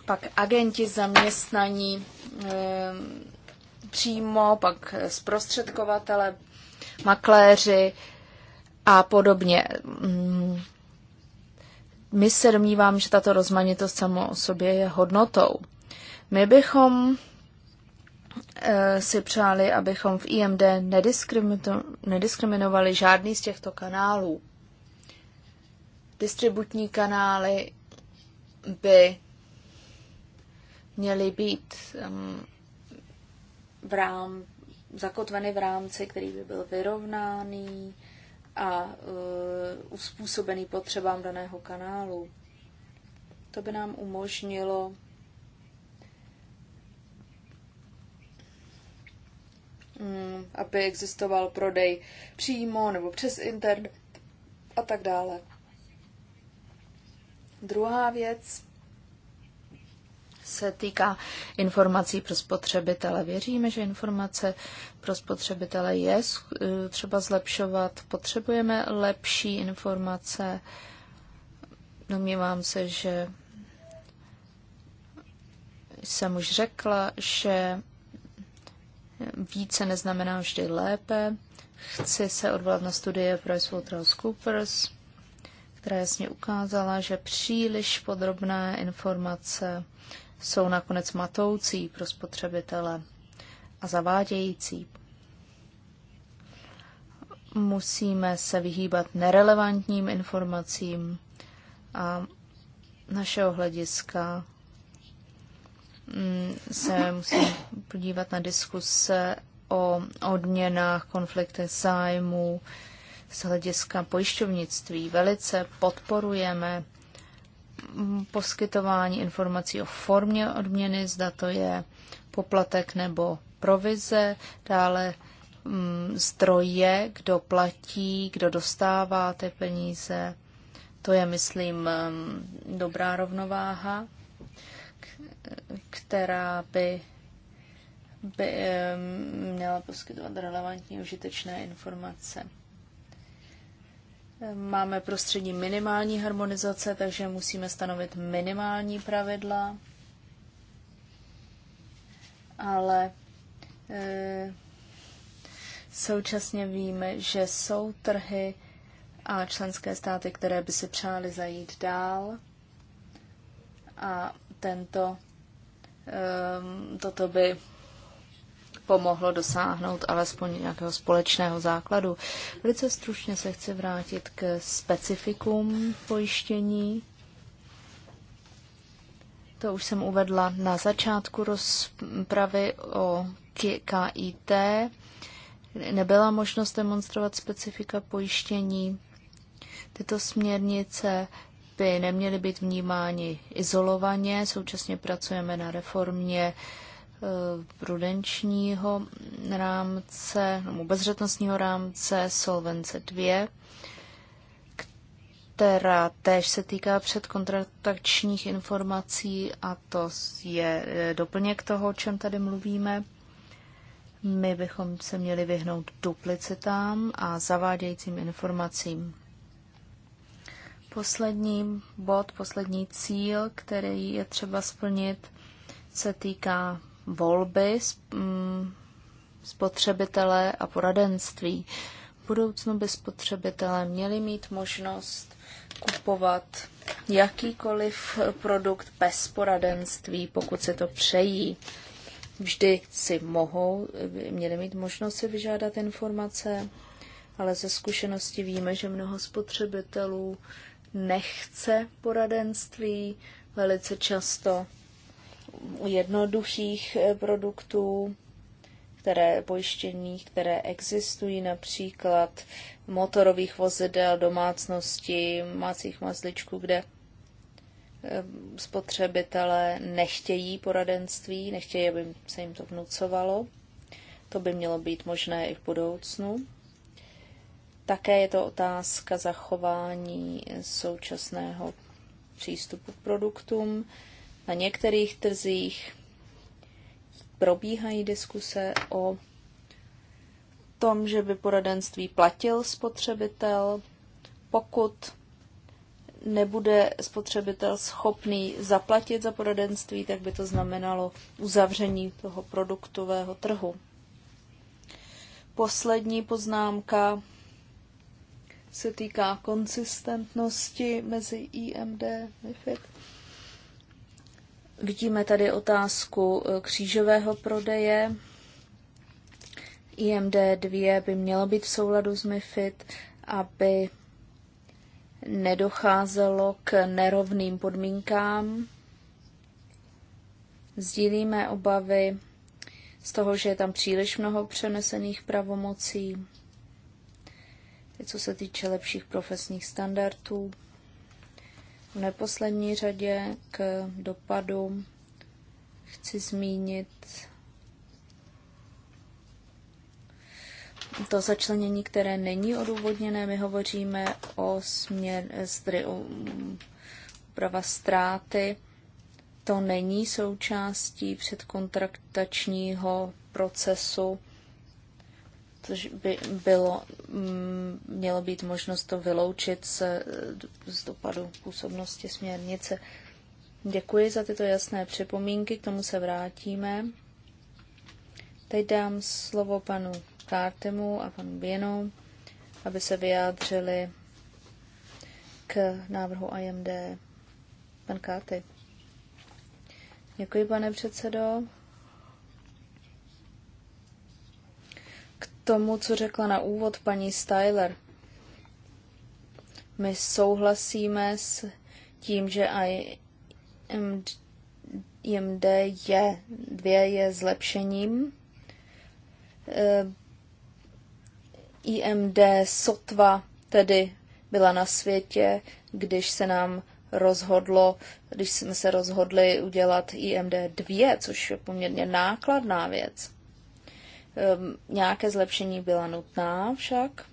Speaker 2: Pak agenti zaměstnaní hm, přímo, pak zprostředkovatele, makléři, a podobně. Mm. My se domnívám, že tato rozmanitost samo o sobě je hodnotou. My bychom eh, si přáli, abychom v IMD nediskriminovali žádný z těchto kanálů. Distributní kanály by měly být um, v rám, zakotveny v rámci, který by byl vyrovnaný, a uh, uspůsobený potřebám daného kanálu. To by nám umožnilo um, aby existoval prodej přímo nebo přes internet a tak dále. Druhá věc, se týká informací pro spotřebitele. Věříme, že informace pro spotřebitele je eh, třeba zlepšovat. Potřebujeme lepší informace. Domnívám se, že jsem už řekla, že více neznamená vždy lépe. Chci se odvolat na studie PricewaterhouseCoopers, která jasně ukázala, že příliš podrobné informace jsou nakonec matoucí pro spotřebitele a zavádějící. Musíme se vyhýbat nerelevantním informacím a našeho hlediska mm, se musíme podívat na diskuse o odměnách, konfliktech zájmů z hlediska pojišťovnictví. Velice podporujeme Mm, poskytování informací o formě odměny, zda to je poplatek nebo provize, dále mm, zdroje, kdo platí, kdo dostává ty peníze. To je, myslím, mm, dobrá rovnováha, která by, by měla poskytovat relevantní užitečné informace. Máme prostředí minimální harmonizace, takže musíme stanovit minimální pravidla, ale e, současně víme, že jsou trhy a členské státy, které by se přáli zajít dál a tento, e, toto by pomohlo dosáhnout alespoň nějakého společného základu. Velice stručně se chci vrátit k specifikům pojištění. To už jsem uvedla na začátku rozpravy o KIT. Nebyla možnost demonstrovat specifika pojištění. Tyto směrnice by neměly být vnímány izolovaně. Současně pracujeme na reformě uh, Eh, prudenčního rámce, nebo bezřetnostního rámce Solvence 2, která též se týká předkontraktačních informací a to je eh, doplněk toho, o čem tady mluvíme. My bychom se měli vyhnout duplicitám a zavádějícím informacím. Poslední bod, poslední cíl, který je třeba splnit, se týká volby mm, spotřebitele a poradenství. V budoucnu by spotřebitelé měli mít možnost kupovat jakýkoliv produkt bez poradenství, pokud se to přejí. Vždy si mohou, měli mít možnost si vyžádat informace, ale ze zkušenosti víme, že mnoho spotřebitelů nechce poradenství, velice často jednoduchých eh, produktů, které pojištění, které existují, například motorových vozidel, domácnosti, mácích mazličků, kde eh, spotřebitelé nechtějí poradenství, nechtějí, aby se jim to vnucovalo. To by mělo být možné i v budoucnu. Také je to otázka zachování eh, současného přístupu k produktům. Na některých trzích probíhají diskuse o tom, že by poradenství platil spotřebitel, pokud nebude spotřebitel schopný zaplatit za poradenství, tak by to znamenalo uzavření toho produktového trhu. Poslední poznámka se týká konsistentnosti mezi IMD a Vidíme tady otázku eh, křížového prodeje. IMD 2 by mělo být v souladu s MIFID, aby nedocházelo k nerovným podmínkám. Sdílíme obavy z toho, že je tam příliš mnoho přenesených pravomocí, co se týče lepších profesních standardů. V neposlední řadě k dopadu chci zmínit to začlenění, které není odůvodněné. My hovoříme o směr, tedy úprava ztráty. To není součástí předkontraktačního procesu což by bylo, mm, mělo být možnost to vyloučit z, z dopadu působnosti směrnice. Děkuji za tyto jasné připomínky, k tomu se vrátíme. Teď dám slovo panu Kártemu a panu Běnu, aby se vyjádřili k návrhu IMD. Pan Kárty. Děkuji, pane předsedo. tomu, co řekla na úvod paní Styler. My souhlasíme s tím, že IMD je, dvě je zlepšením. Eh, IMD sotva tedy byla na světě, když se nám rozhodlo, když jsme se rozhodli udělat IMD 2, což je poměrně nákladná věc. Ehm, nějaké zlepšení byla nutná však.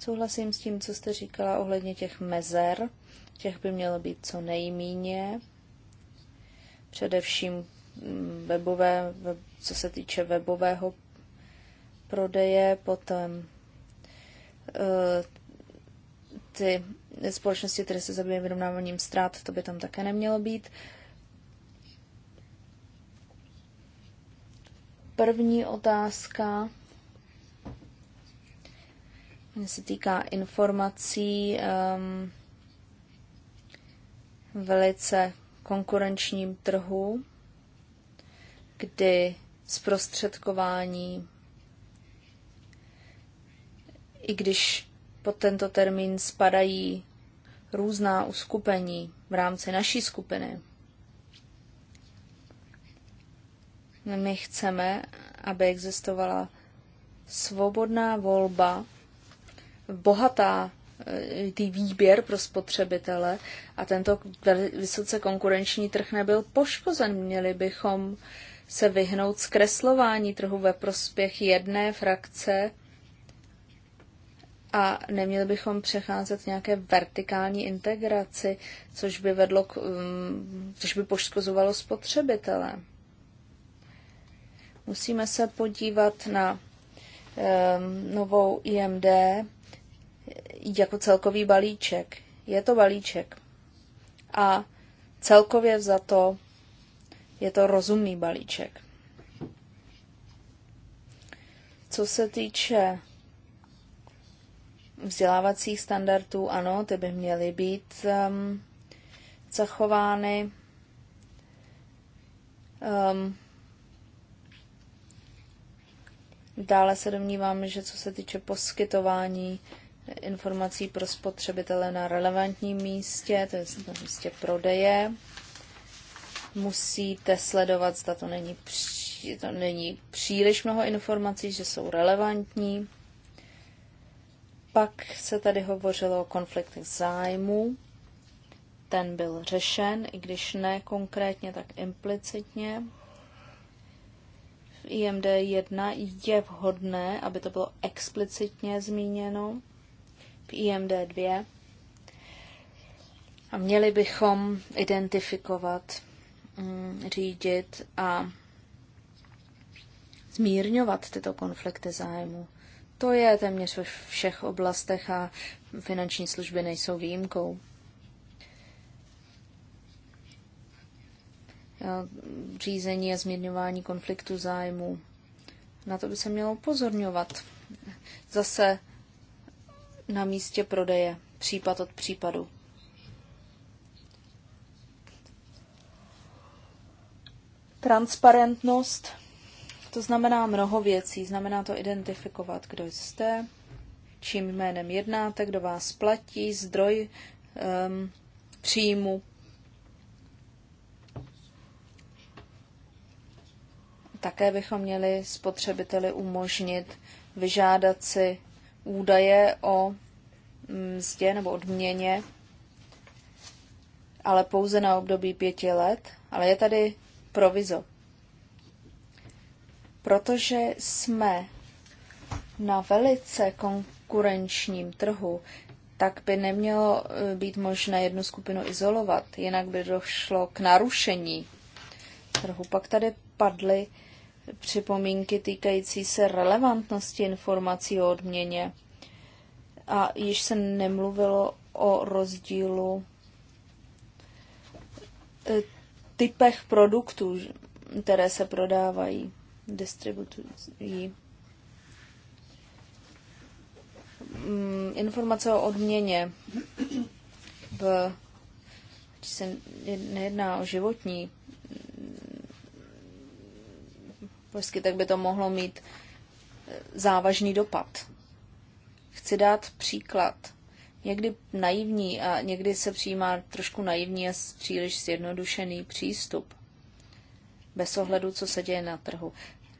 Speaker 2: Souhlasím s tím, co jste říkala ohledně těch mezer. Těch by mělo být co nejmíně. Především mm, webové, co se týče webového prodeje, potom eh, ty společnosti, které se zabývají vyrovnáváním ztrát, to by tam také nemělo být. První otázka se týká informací um, velice konkurenčním trhu, kdy zprostředkování, i když pod tento termín spadají různá uskupení v rámci naší skupiny, My chceme, aby existovala svobodná volba, bohatá tý e, výběr pro spotřebitele a tento vysoce konkurenční trh nebyl poškozen. Měli bychom se vyhnout zkreslování trhu ve prospěch jedné frakce a neměli bychom přecházet nějaké vertikální integraci, což by vedlo k, mm, což by poškozovalo spotřebitele. Musíme se podívat na um, novou IMD jako celkový balíček. Je to balíček. A celkově za to je to rozumný balíček. Co se týče vzdělávacích standardů, ano, ty by měly být um, zachovány. Um, Dále se domnívám, že co se týče poskytování informací pro spotřebitele na relevantním místě, to je na místě prodeje, musíte sledovat, zda to není, pří, to není příliš mnoho informací, že jsou relevantní. Pak se tady hovořilo o konfliktech zájmu. Ten byl řešen, i když ne konkrétně, tak implicitně. IMD 1 je vhodné, aby to bylo explicitně zmíněno v IMD 2. A měli bychom identifikovat, mm, řídit a zmírňovat tyto konflikty zájmu. To je téměř ve všech oblastech a finanční služby nejsou výjimkou. Eh, řízení a změňování konfliktu zájmu. Na to by se mělo upozorňovat. Zase na místě prodeje, případ od případu. Transparentnost, to znamená mnoho věcí. Znamená to identifikovat, kdo jste, čím jménem jednáte, kdo vás platí, zdroj um, příjmu, Také bychom měli spotřebiteli umožnit vyžádat si údaje o mzdě nebo odměně, ale pouze na období pěti let, ale je tady provizo. Protože jsme na velice konkurenčním trhu, tak by nemělo eh, být možné jednu skupinu izolovat, jinak by došlo k narušení trhu. Pak tady padly připomínky týkající se relevantnosti informací o odměně. A již se nemluvilo o rozdílu e, typech produktů, které se prodávají, distributují. Mm, informace o odměně v, se nejedná o životní Polsky, tak by to mohlo mít eh, závažný dopad. Chci dát příklad. Někdy naivní a někdy se přijímá trošku naivní a příliš zjednodušený přístup. Bez ohledu, co se děje na trhu.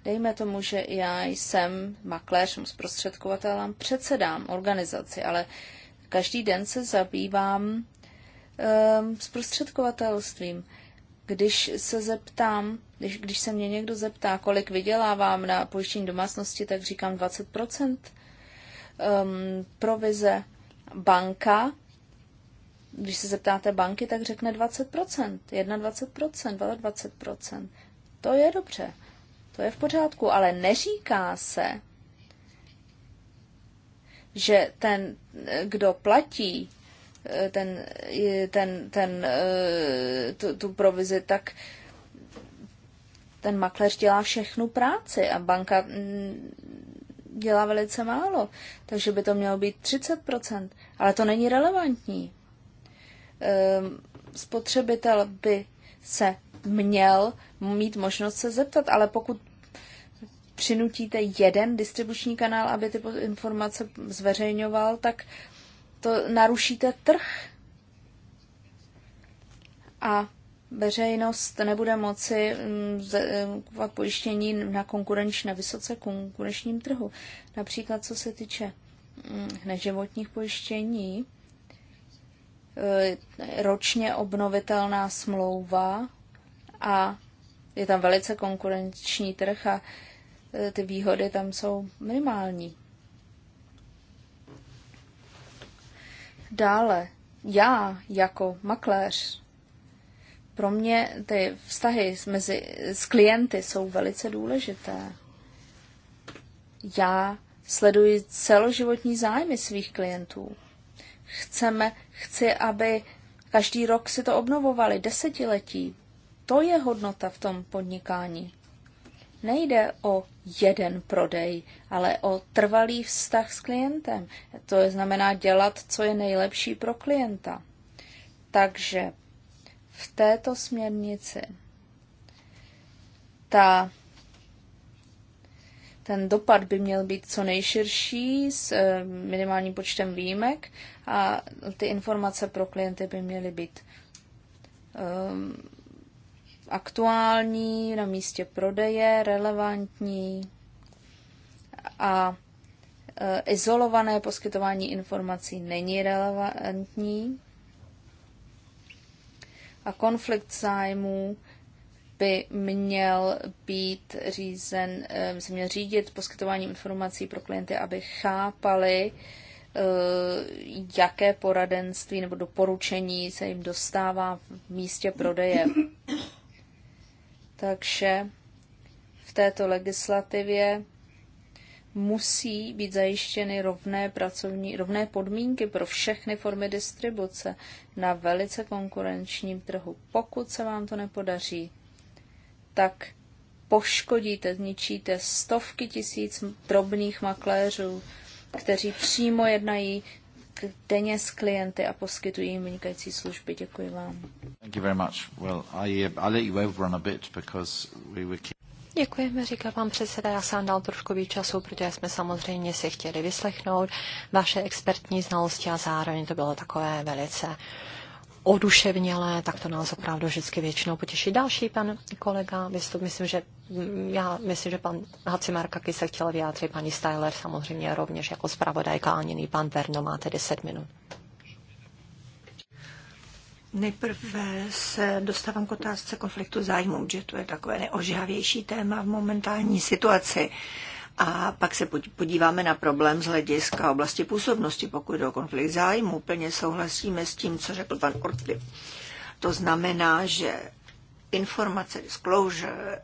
Speaker 2: Dejme tomu, že já jsem makléř, zprostředkovatelem, předsedám organizaci, ale každý den se zabývám e, zprostředkovatelstvím. Když se zeptám, když, když se mě někdo zeptá, kolik vydělávám na pojištění domácnosti, tak říkám 20% um, ehm, provize banka. Když se zeptáte banky, tak řekne 20%, 21%, 22%. To je dobře, to je v pořádku, ale neříká se, že ten, kdo platí Eh, ten, ten, ten, eh, tu, tu provizi, tak ten makléř dělá všechnu práci a banka mm, dělá velice málo. Takže by to mělo být 30%, ale to není relevantní. Ehm, spotřebitel by se měl mít možnost se zeptat, ale pokud přinutíte jeden distribuční kanál, aby ty informace zveřejňoval, tak to narušíte trh a veřejnost nebude moci kupovat mm, mm, pojištění na, konkurenční, na vysoce konkurenčním trhu. Například co se týče mm, neživotních pojištění, eh, ročně obnovitelná smlouva a je tam velice konkurenční trh a eh, ty výhody tam jsou minimální. Dále, já jako makléř, pro mě ty vztahy mezi, s klienty jsou velice důležité. Já sleduji celoživotní zájmy svých klientů. Chceme, chci, aby každý rok si to obnovovali, desetiletí. To je hodnota v tom podnikání nejde o jeden prodej, ale o trvalý vztah s klientem. To je znamená dělat, co je nejlepší pro klienta. Takže v této směrnici ta, ten dopad by měl být co nejširší s eh, minimálním počtem výjimek a ty informace pro klienty by měly být um, aktuální, na místě prodeje, relevantní a e, izolované poskytování informací není relevantní a konflikt zájmů by měl být řízen, e, se měl řídit poskytováním informací pro klienty, aby chápali, e, jaké poradenství nebo doporučení se jim dostává v místě prodeje. Takže v této legislativě musí být zajištěny rovné pracovní, rovné podmínky pro všechny formy distribuce na velice konkurenčním trhu. Pokud se vám to nepodaří, tak poškodíte, zničíte stovky tisíc drobných makléřů, kteří přímo jednají denně s klienty a poskytují jim vynikající služby. Děkuji vám. Uh, Děkujeme, říká pan předseda. Já jsem dal trošku víc času, protože
Speaker 3: jsme samozřejmě si chtěli vyslechnout vaše expertní znalosti a zároveň to bylo takové velice uh, oduševnělé, tak to nás opravdu vždycky většinou potěší. Další pan kolega, vystup, myslím, že já myslím, že pan Hacimarkaky se chtěl vyjádřit, paní Styler samozřejmě rovněž jako zpravodajka, a jiný pan Verno má tedy 10 minut.
Speaker 1: Nejprve se dostávám k otázce konfliktu zájmů, že to je takové neožihavější téma v momentální situaci. A pak se podíváme na problém z hlediska oblasti působnosti, pokud jde o konflikt zájmu. Plně souhlasíme s tím, co řekl pan Ortli. To znamená, že informace disclosure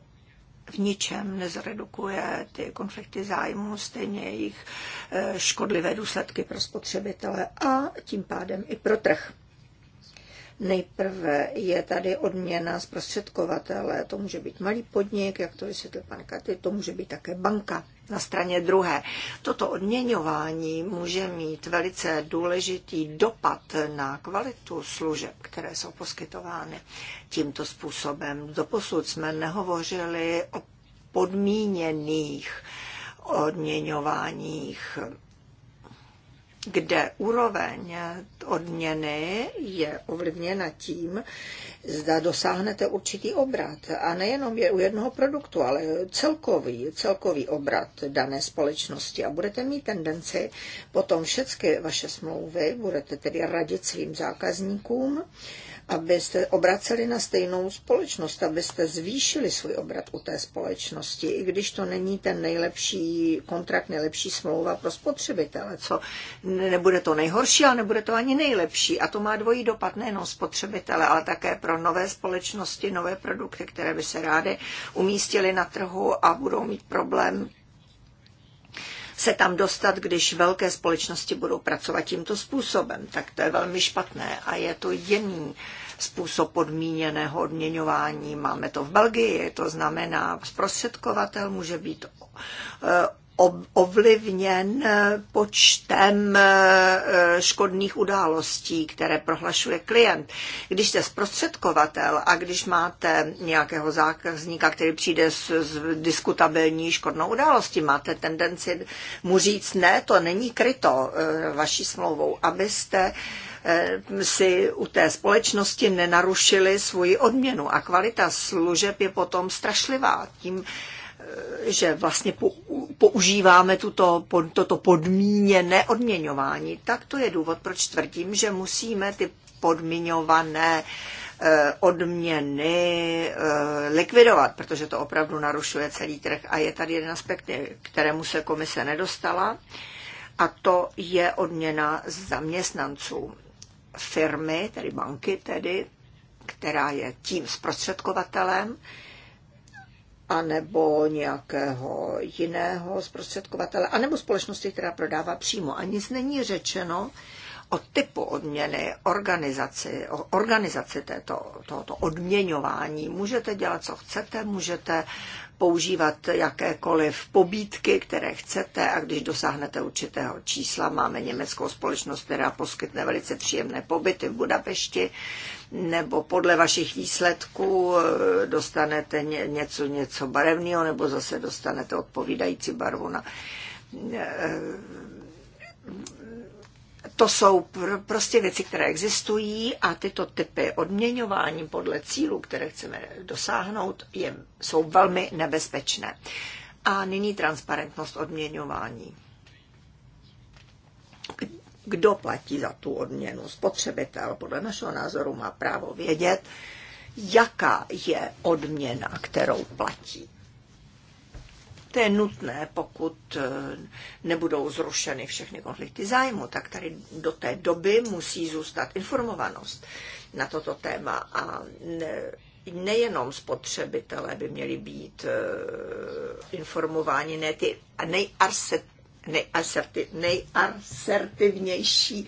Speaker 1: v ničem nezredukuje ty konflikty zájmu stejně jejich eh, škodlivé důsledky pro spotřebitele a tím pádem i pro trh. Nejprve je tady odměna zprostředkovatele, to může být malý podnik, jak to vysvětlil pan Katy, to může být také banka na straně druhé. Toto odměňování může mít velice důležitý dopad na kvalitu služeb, které jsou poskytovány tímto způsobem. Doposud jsme nehovořili o podmíněných odměňováních kde úroveň odměny je ovlivněna tím, zda dosáhnete určitý obrat. A nejenom je u jednoho produktu, ale celkový, celkový obrat dané společnosti. A budete mít tendenci potom všechny vaše smlouvy, budete tedy radit svým zákazníkům, abyste obraceli na stejnou společnost, abyste zvýšili svůj obrat u té společnosti, i když to není ten nejlepší kontrakt, nejlepší smlouva pro spotřebitele, co nebude to nejhorší, ale nebude to ani nejlepší. A to má dvojí dopad nejenom spotřebitele, ale také pro nové společnosti, nové produkty, které by se rády umístily na trhu a budou mít problém se tam dostat, když velké společnosti budou pracovat tímto způsobem. Tak to je velmi špatné a je to jiný způsob podmíněného odměňování. Máme to v Belgii, to znamená, zprostředkovatel může být eh, ovlivněn eh, počtem eh, eh, škodných událostí, které prohlašuje klient. Když jste zprostředkovatel a když máte nějakého zákazníka, který přijde s, s diskutabilní škodnou událostí, máte tendenci mu říct, ne, to není kryto vaší smlouvou, abyste si u té společnosti nenarušili svoji odměnu. A kvalita služeb je potom strašlivá. Tím, že vlastně používáme tuto, toto podmíněné odměňování, tak to je důvod, proč tvrdím, že musíme ty podmiňované eh, odměny eh, likvidovat, protože to opravdu narušuje celý trh. A je tady jeden aspekt, kterému se komise nedostala, a to je odměna zaměstnanců firmy, tedy banky tedy, která je tím zprostředkovatelem, anebo nějakého jiného zprostředkovatele, anebo společnosti, která prodává přímo. A nic není řečeno o typu odměny, organizaci, o organizaci této, tohoto odměňování. Můžete dělat, co chcete, můžete používat jakékoliv pobídky, které chcete a když dosáhnete určitého čísla, máme německou společnost, která poskytne velice příjemné pobyty v Budapešti, nebo podle vašich výsledků eh, dostanete něco, něco barevného, nebo zase dostanete odpovídající barvu na eh, to jsou pr- prostě věci, které existují a tyto typy odměňování podle cílů, které chceme dosáhnout, je, jsou velmi nebezpečné. A nyní transparentnost odměňování kdo platí za tu odměnu. Spotřebitel podle našeho názoru má právo vědět, jaká je odměna, kterou platí. To je nutné, pokud eh, nebudou zrušeny všechny konflikty zájmu, tak tady do té doby musí zůstat informovanost na toto téma a ne, nejenom spotřebitelé by měli být eh, informováni, ne ty nejasertiv, nejasertivnější,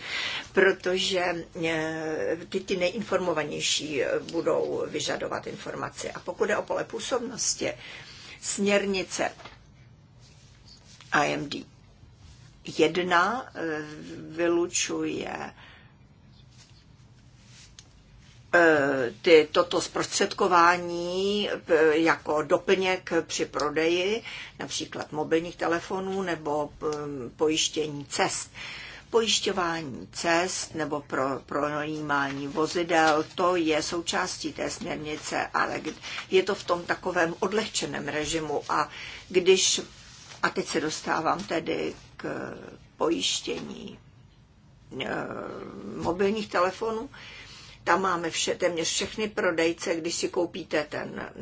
Speaker 1: protože eh, ty, ty nejinformovanější eh, budou vyžadovat informaci. A pokud je o pole působnosti, směrnice IMD 1 eh, vylučuje E, ty, toto zprostředkování e, jako doplněk při prodeji, například mobilních telefonů nebo e, pojištění cest. Pojišťování cest nebo pro, pronajímání vozidel, to je součástí té směrnice, ale je to v tom takovém odlehčeném režimu. A když, a teď se dostávám tedy k pojištění mobilních telefonů, tam máme vše, téměř všechny prodejce, když si koupíte ten,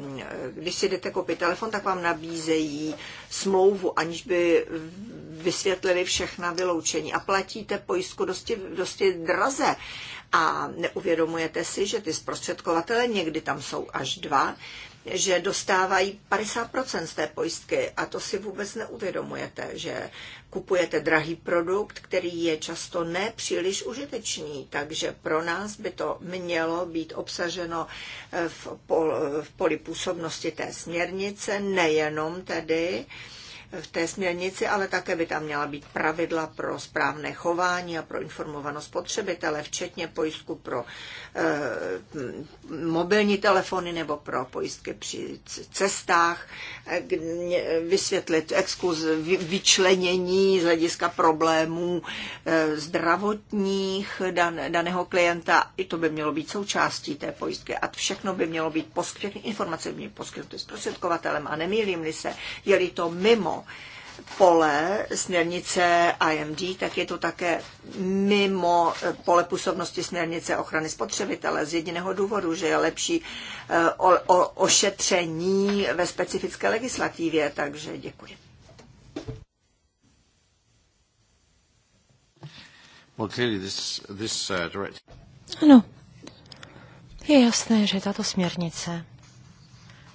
Speaker 1: když si jdete koupit telefon, tak vám nabízejí smlouvu, aniž by vysvětlili všechna vyloučení. A platíte pojistku dosti, dosti draze. A neuvědomujete si, že ty zprostředkovatele někdy tam jsou až dva, že dostávají 50% z té pojistky a to si vůbec neuvědomujete, že kupujete drahý produkt, který je často nepříliš užitečný, takže pro nás by to mělo být obsaženo eh, eh, v, poli působnosti té směrnice, nejenom tedy, v té směrnici, ale také by tam měla být pravidla pro správné chování a pro informovanost potřebitele, včetně pojistku pro e, mobilní telefony nebo pro pojistky při cestách, eh, vysvětlit exkluz vyčlenění z hlediska problémů e, zdravotních dan, daného klienta. I to by mělo být součástí té pojistky a všechno by mělo být, poskytnuté, informace by měly poskytnuté zprostředkovatelem a nemýlím-li se, je-li to mimo pole směrnice IMD, tak je to také mimo pole působnosti směrnice ochrany spotřebitele z jediného důvodu, že je lepší eh, o, o, ošetření ve specifické legislativě, takže děkuji.
Speaker 3: Well, this, this, uh, ano, je jasné, že tato směrnice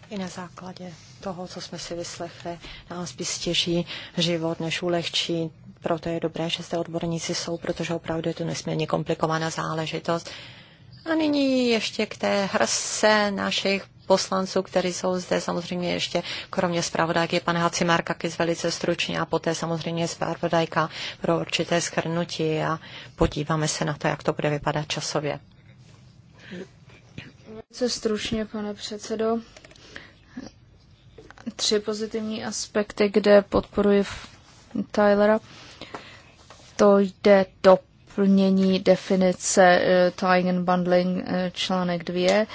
Speaker 3: i na základě toho, co jsme si vyslechli, nám spíš stěží život, než ulehčí. Proto je dobré, že zde odborníci jsou, protože opravdu je to nesmírně komplikovaná záležitost. A nyní ještě k té hrse našich poslanců, kteří jsou zde samozřejmě ještě, kromě zpravodajky, pan Haci Markakis velice stručně a poté samozřejmě zpravodajka pro určité schrnutí a podíváme se na to, jak to bude vypadat
Speaker 2: časově. Velice stručně, pane předsedo tři pozitivní aspekty, kde podporuji Tylera. To jde doplnění definice uh, tying and bundling uh, článek 2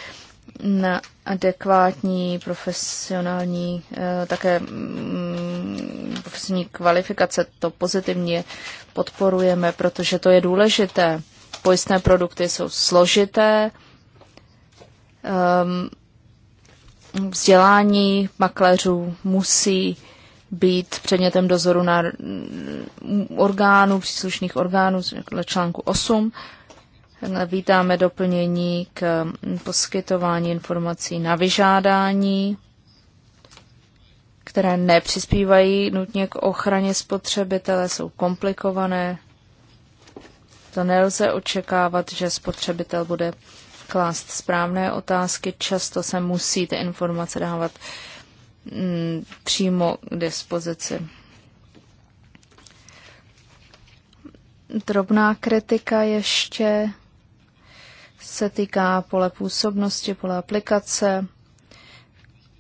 Speaker 2: na adekvátní profesionální, eh, také mm, profesionální kvalifikace. To pozitivně podporujeme, protože to je důležité. Pojistné produkty jsou složité, um, Vzdělání makléřů musí být předmětem dozoru na orgánů, příslušných orgánů, článku 8. Vítáme doplnění k poskytování informací na vyžádání, které nepřispívají nutně k ochraně spotřebitele, jsou komplikované. To nelze očekávat, že spotřebitel bude klást správné otázky, často se musí ty informace dávat mm, přímo k dispozici. Drobná kritika ještě se týká pole působnosti, pole aplikace.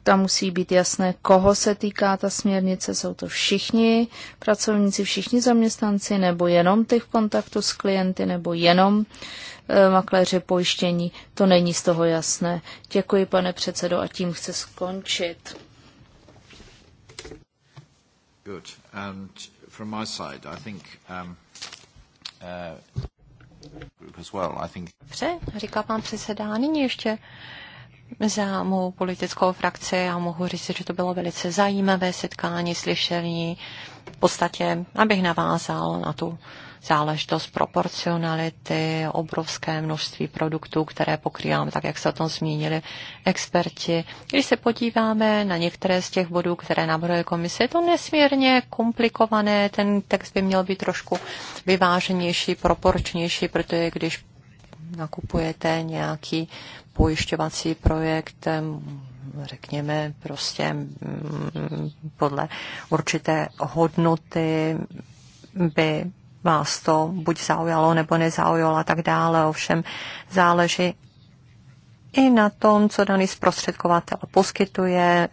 Speaker 2: Tam musí být jasné, koho se týká ta směrnice. Jsou to všichni pracovníci, všichni zaměstnanci, nebo jenom ty v kontaktu s klienty, nebo jenom Eh, makléři pojištění. To není z toho jasné. Děkuji, pane předsedo, a tím chci skončit.
Speaker 1: Good. And from my side, I think um, uh, group as well, I think.
Speaker 3: Dobře, říká pan předseda, nyní ještě za mou politickou frakci a mohu říct, že to bylo velice zajímavé setkání, slyšení. V podstatě, abych navázal na tu záležitost proporcionality, obrovské množství produktů, které pokrýváme, tak jak se o tom zmínili experti. Když se podíváme na některé z těch bodů, které navrhuje komise, je to nesmírně komplikované, ten text by měl být trošku vyváženější, proporčnější, protože když nakupujete nějaký pojišťovací projekt, řekněme, prostě mm, podle určité hodnoty by vás to buď zaujalo nebo nezaujalo a tak dále. Ovšem záleží i na tom, co daný zprostředkovatel poskytuje,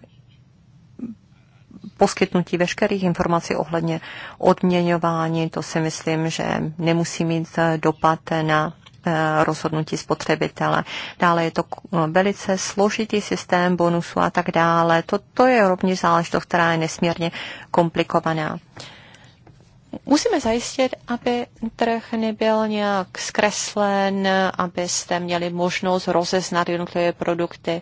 Speaker 3: poskytnutí veškerých informací ohledně odměňování, to si myslím, že nemusí mít dopad na eh, rozhodnutí spotřebitele. Dále je to eh, velice složitý systém bonusů a tak dále. To, to je rovněž záležitost, která je nesmírně komplikovaná. Uh, musíme zajistit, aby trh nebyl nějak zkreslen, abyste měli možnost rozeznat jednotlivé produkty.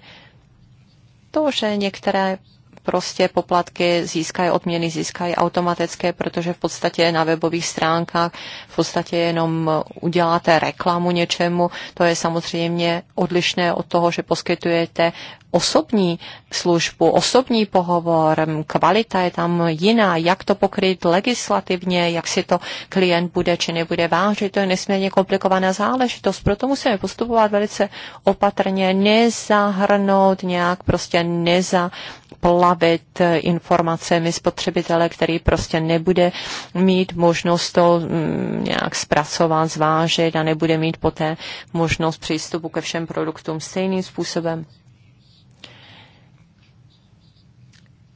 Speaker 3: To, že některé prostě poplatky získají, odměny získají automatické, protože v podstatě na webových stránkách v podstatě jenom uděláte reklamu něčemu. To je samozřejmě odlišné od toho, že poskytujete osobní službu, osobní pohovor, kvalita je tam jiná, jak to pokryt legislativně, jak si to klient bude či nebude vážit, to je nesmírně komplikovaná záležitost, proto musíme postupovat velice opatrně, nezahrnout nějak, prostě neza, plavit informacemi spotřebitele, který prostě nebude mít možnost to mm, nějak zpracovat, zvážit a nebude mít poté možnost přístupu ke všem produktům stejným způsobem.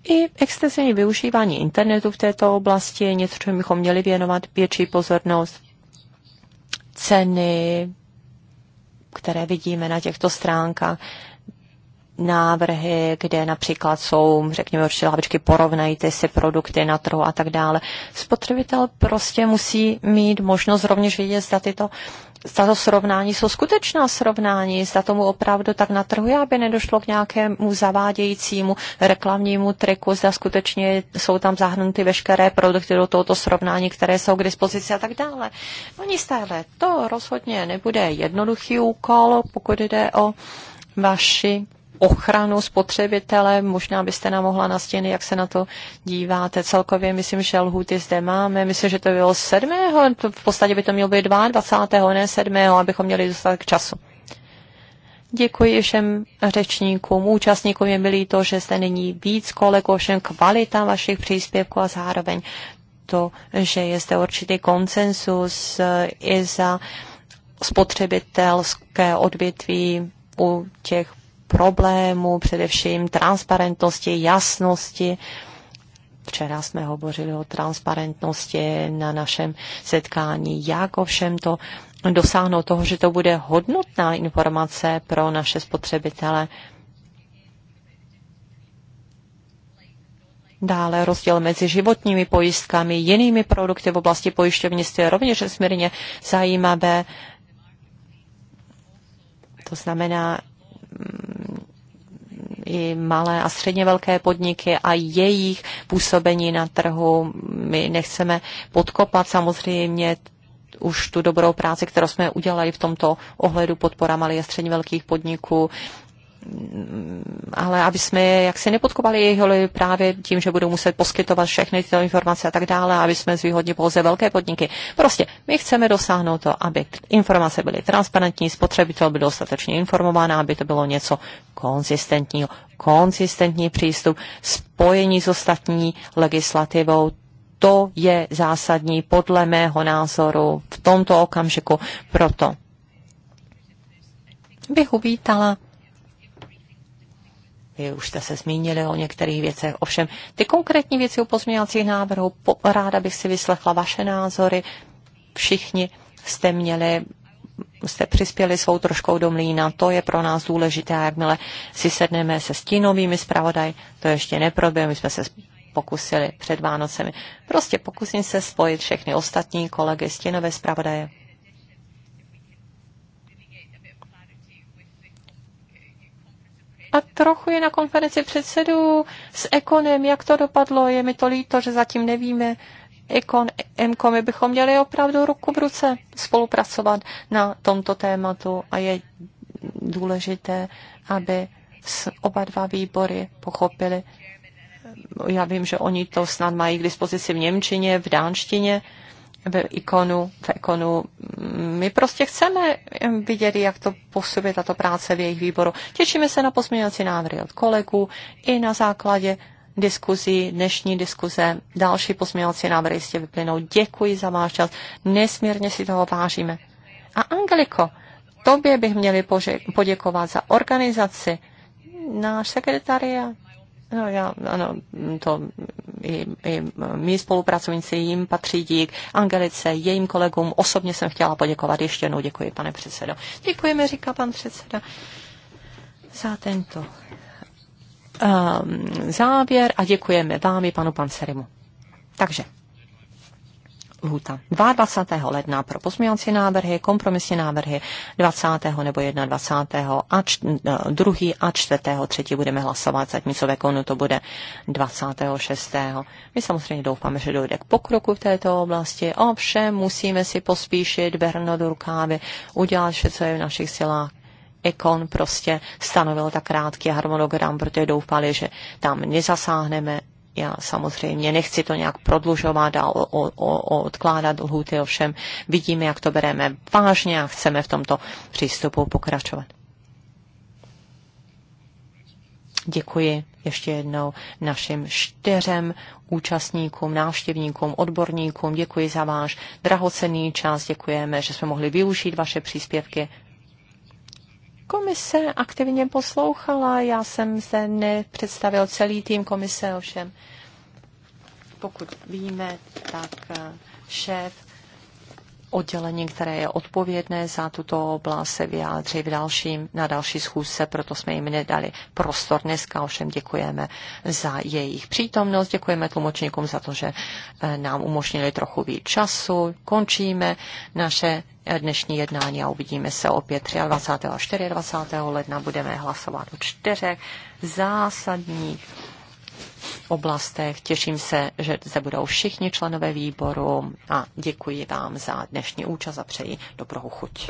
Speaker 3: I extenzivní využívání internetu v této oblasti je něco, čemu bychom měli věnovat větší pozornost. Ceny, které vidíme na těchto stránkách, návrhy, kde například jsou, řekněme, určitě lávičky, porovnejte si produkty na trhu a tak dále. Spotřebitel prostě musí mít možnost rovněž vidět, zda tyto zda to srovnání jsou skutečná srovnání, zda tomu opravdu tak na trhu, aby nedošlo k nějakému zavádějícímu reklamnímu triku, zda skutečně jsou tam zahrnuty veškeré produkty do tohoto srovnání, které jsou k dispozici a tak dále. No nic to rozhodně nebude jednoduchý úkol, pokud jde o vaši ochranu spotřebitele. Možná byste nám mohla na stěny jak se na to díváte. Celkově myslím, že lhuty zde máme. Myslím, že to bylo 7. V podstatě by to mělo být 22. ne 7. abychom měli dostatek času. Děkuji všem řečníkům, účastníkům. Je milý to, že jste není víc kolegů, všem kvalita vašich příspěvků a zároveň to, že je zde určitý konsensus eh, i za spotřebitelské odvětví u těch problémů, především transparentnosti, jasnosti. Včera jsme hovořili o transparentnosti na našem setkání, jak ovšem to dosáhnout toho, že to bude hodnotná informace pro naše spotřebitele. Dále rozdíl mezi životními pojistkami, jinými produkty v oblasti pojišťovnictví je rovněž směrně zajímavé. To znamená, i malé a středně velké podniky a jejich působení na trhu. My nechceme podkopat samozřejmě už tu dobrou práci, kterou jsme udělali v tomto ohledu podpora malých a středně velkých podniků, Mm, ale aby jsme jak se nepodkopali jejich roli právě tím, že budou muset poskytovat všechny tyto informace a tak dále, aby jsme zvýhodně pouze velké podniky. Prostě my chceme dosáhnout to, aby informace byly transparentní, spotřebitel byl dostatečně informován, aby to bylo něco konzistentního. Konzistentní přístup, spojení s ostatní legislativou, to je zásadní podle mého názoru v tomto okamžiku. Proto bych uvítala vy už jste se zmínili o některých věcech. Ovšem, ty konkrétní věci u pozměňovacích návrhů, po, ráda bych si vyslechla vaše názory. Všichni jste měli jste přispěli svou troškou do mlína, to je pro nás důležité jakmile si sedneme se stínovými zpravodaj, to ještě neproběhlo, my jsme se pokusili před Vánocemi. Prostě pokusím se spojit všechny ostatní kolegy stínové zpravodaje a trochu je na konferenci předsedů s Ekonem, jak to dopadlo. Je mi to líto, že zatím nevíme. Ekon, Emko, my bychom měli opravdu ruku v ruce spolupracovat na tomto tématu a je důležité, aby oba dva výbory pochopili. Já vím, že oni to snad mají k dispozici v Němčině, v Dánštině, v ikonu, v ikonu. My prostě chceme vidět, jak to působí tato práce v jejich výboru. Těšíme se na pozměňovací návrhy od kolegů i na základě diskuzí, dnešní diskuze, další pozměňovací návrhy jistě vyplynou. Děkuji za váš čas, nesmírně si toho vážíme. A Angeliko, tobě bych měli poděkovat za organizaci náš sekretariat No, já, ano, to i, i mý spolupracovníci jim patří dík, Angelice, jejím kolegům, osobně jsem chtěla poděkovat ještě jednou, děkuji pane předsedo. Děkujeme, říká pan předseda, za tento um, závěr a děkujeme vám i panu Pancerimu. Takže lhuta 22. ledna pro pozměňovací návrhy, kompromisní návrhy 20. nebo 21. a 2. No, a 4. 3. budeme hlasovat, zatímco ve konu to bude 26. My samozřejmě doufáme, že dojde k pokroku v této oblasti, ovšem musíme si pospíšit berno do rukávy, udělat vše, co je v našich silách, Ekon prostě stanovil tak krátký harmonogram, protože doufali, že tam nezasáhneme já samozřejmě nechci to nějak prodlužovat a o, o, o, odkládat lhuty, ovšem vidíme, jak to bereme vážně a chceme v tomto přístupu pokračovat. Děkuji ještě jednou našim čtyřem účastníkům, návštěvníkům, odborníkům. Děkuji za váš drahocený čas. Děkujeme, že jsme mohli využít vaše příspěvky. Komise aktivně poslouchala, já jsem zde nepředstavil celý tým komise, ovšem pokud víme, tak eh, šéf oddělení, které je odpovědné za tuto oblast, se vyjádří v dalším, na další schůzce, proto jsme jim nedali prostor dneska. Ovšem děkujeme za jejich přítomnost, děkujeme tlumočníkům za to, že eh, nám umožnili trochu víc času. Končíme naše eh, dnešní jednání a uvidíme se opět 23. a 24. ledna. Budeme hlasovat o čtyřech zásadních oblastech. Těším se, že se budou všichni členové výboru a děkuji vám za dnešní účast a přeji dobrou chuť.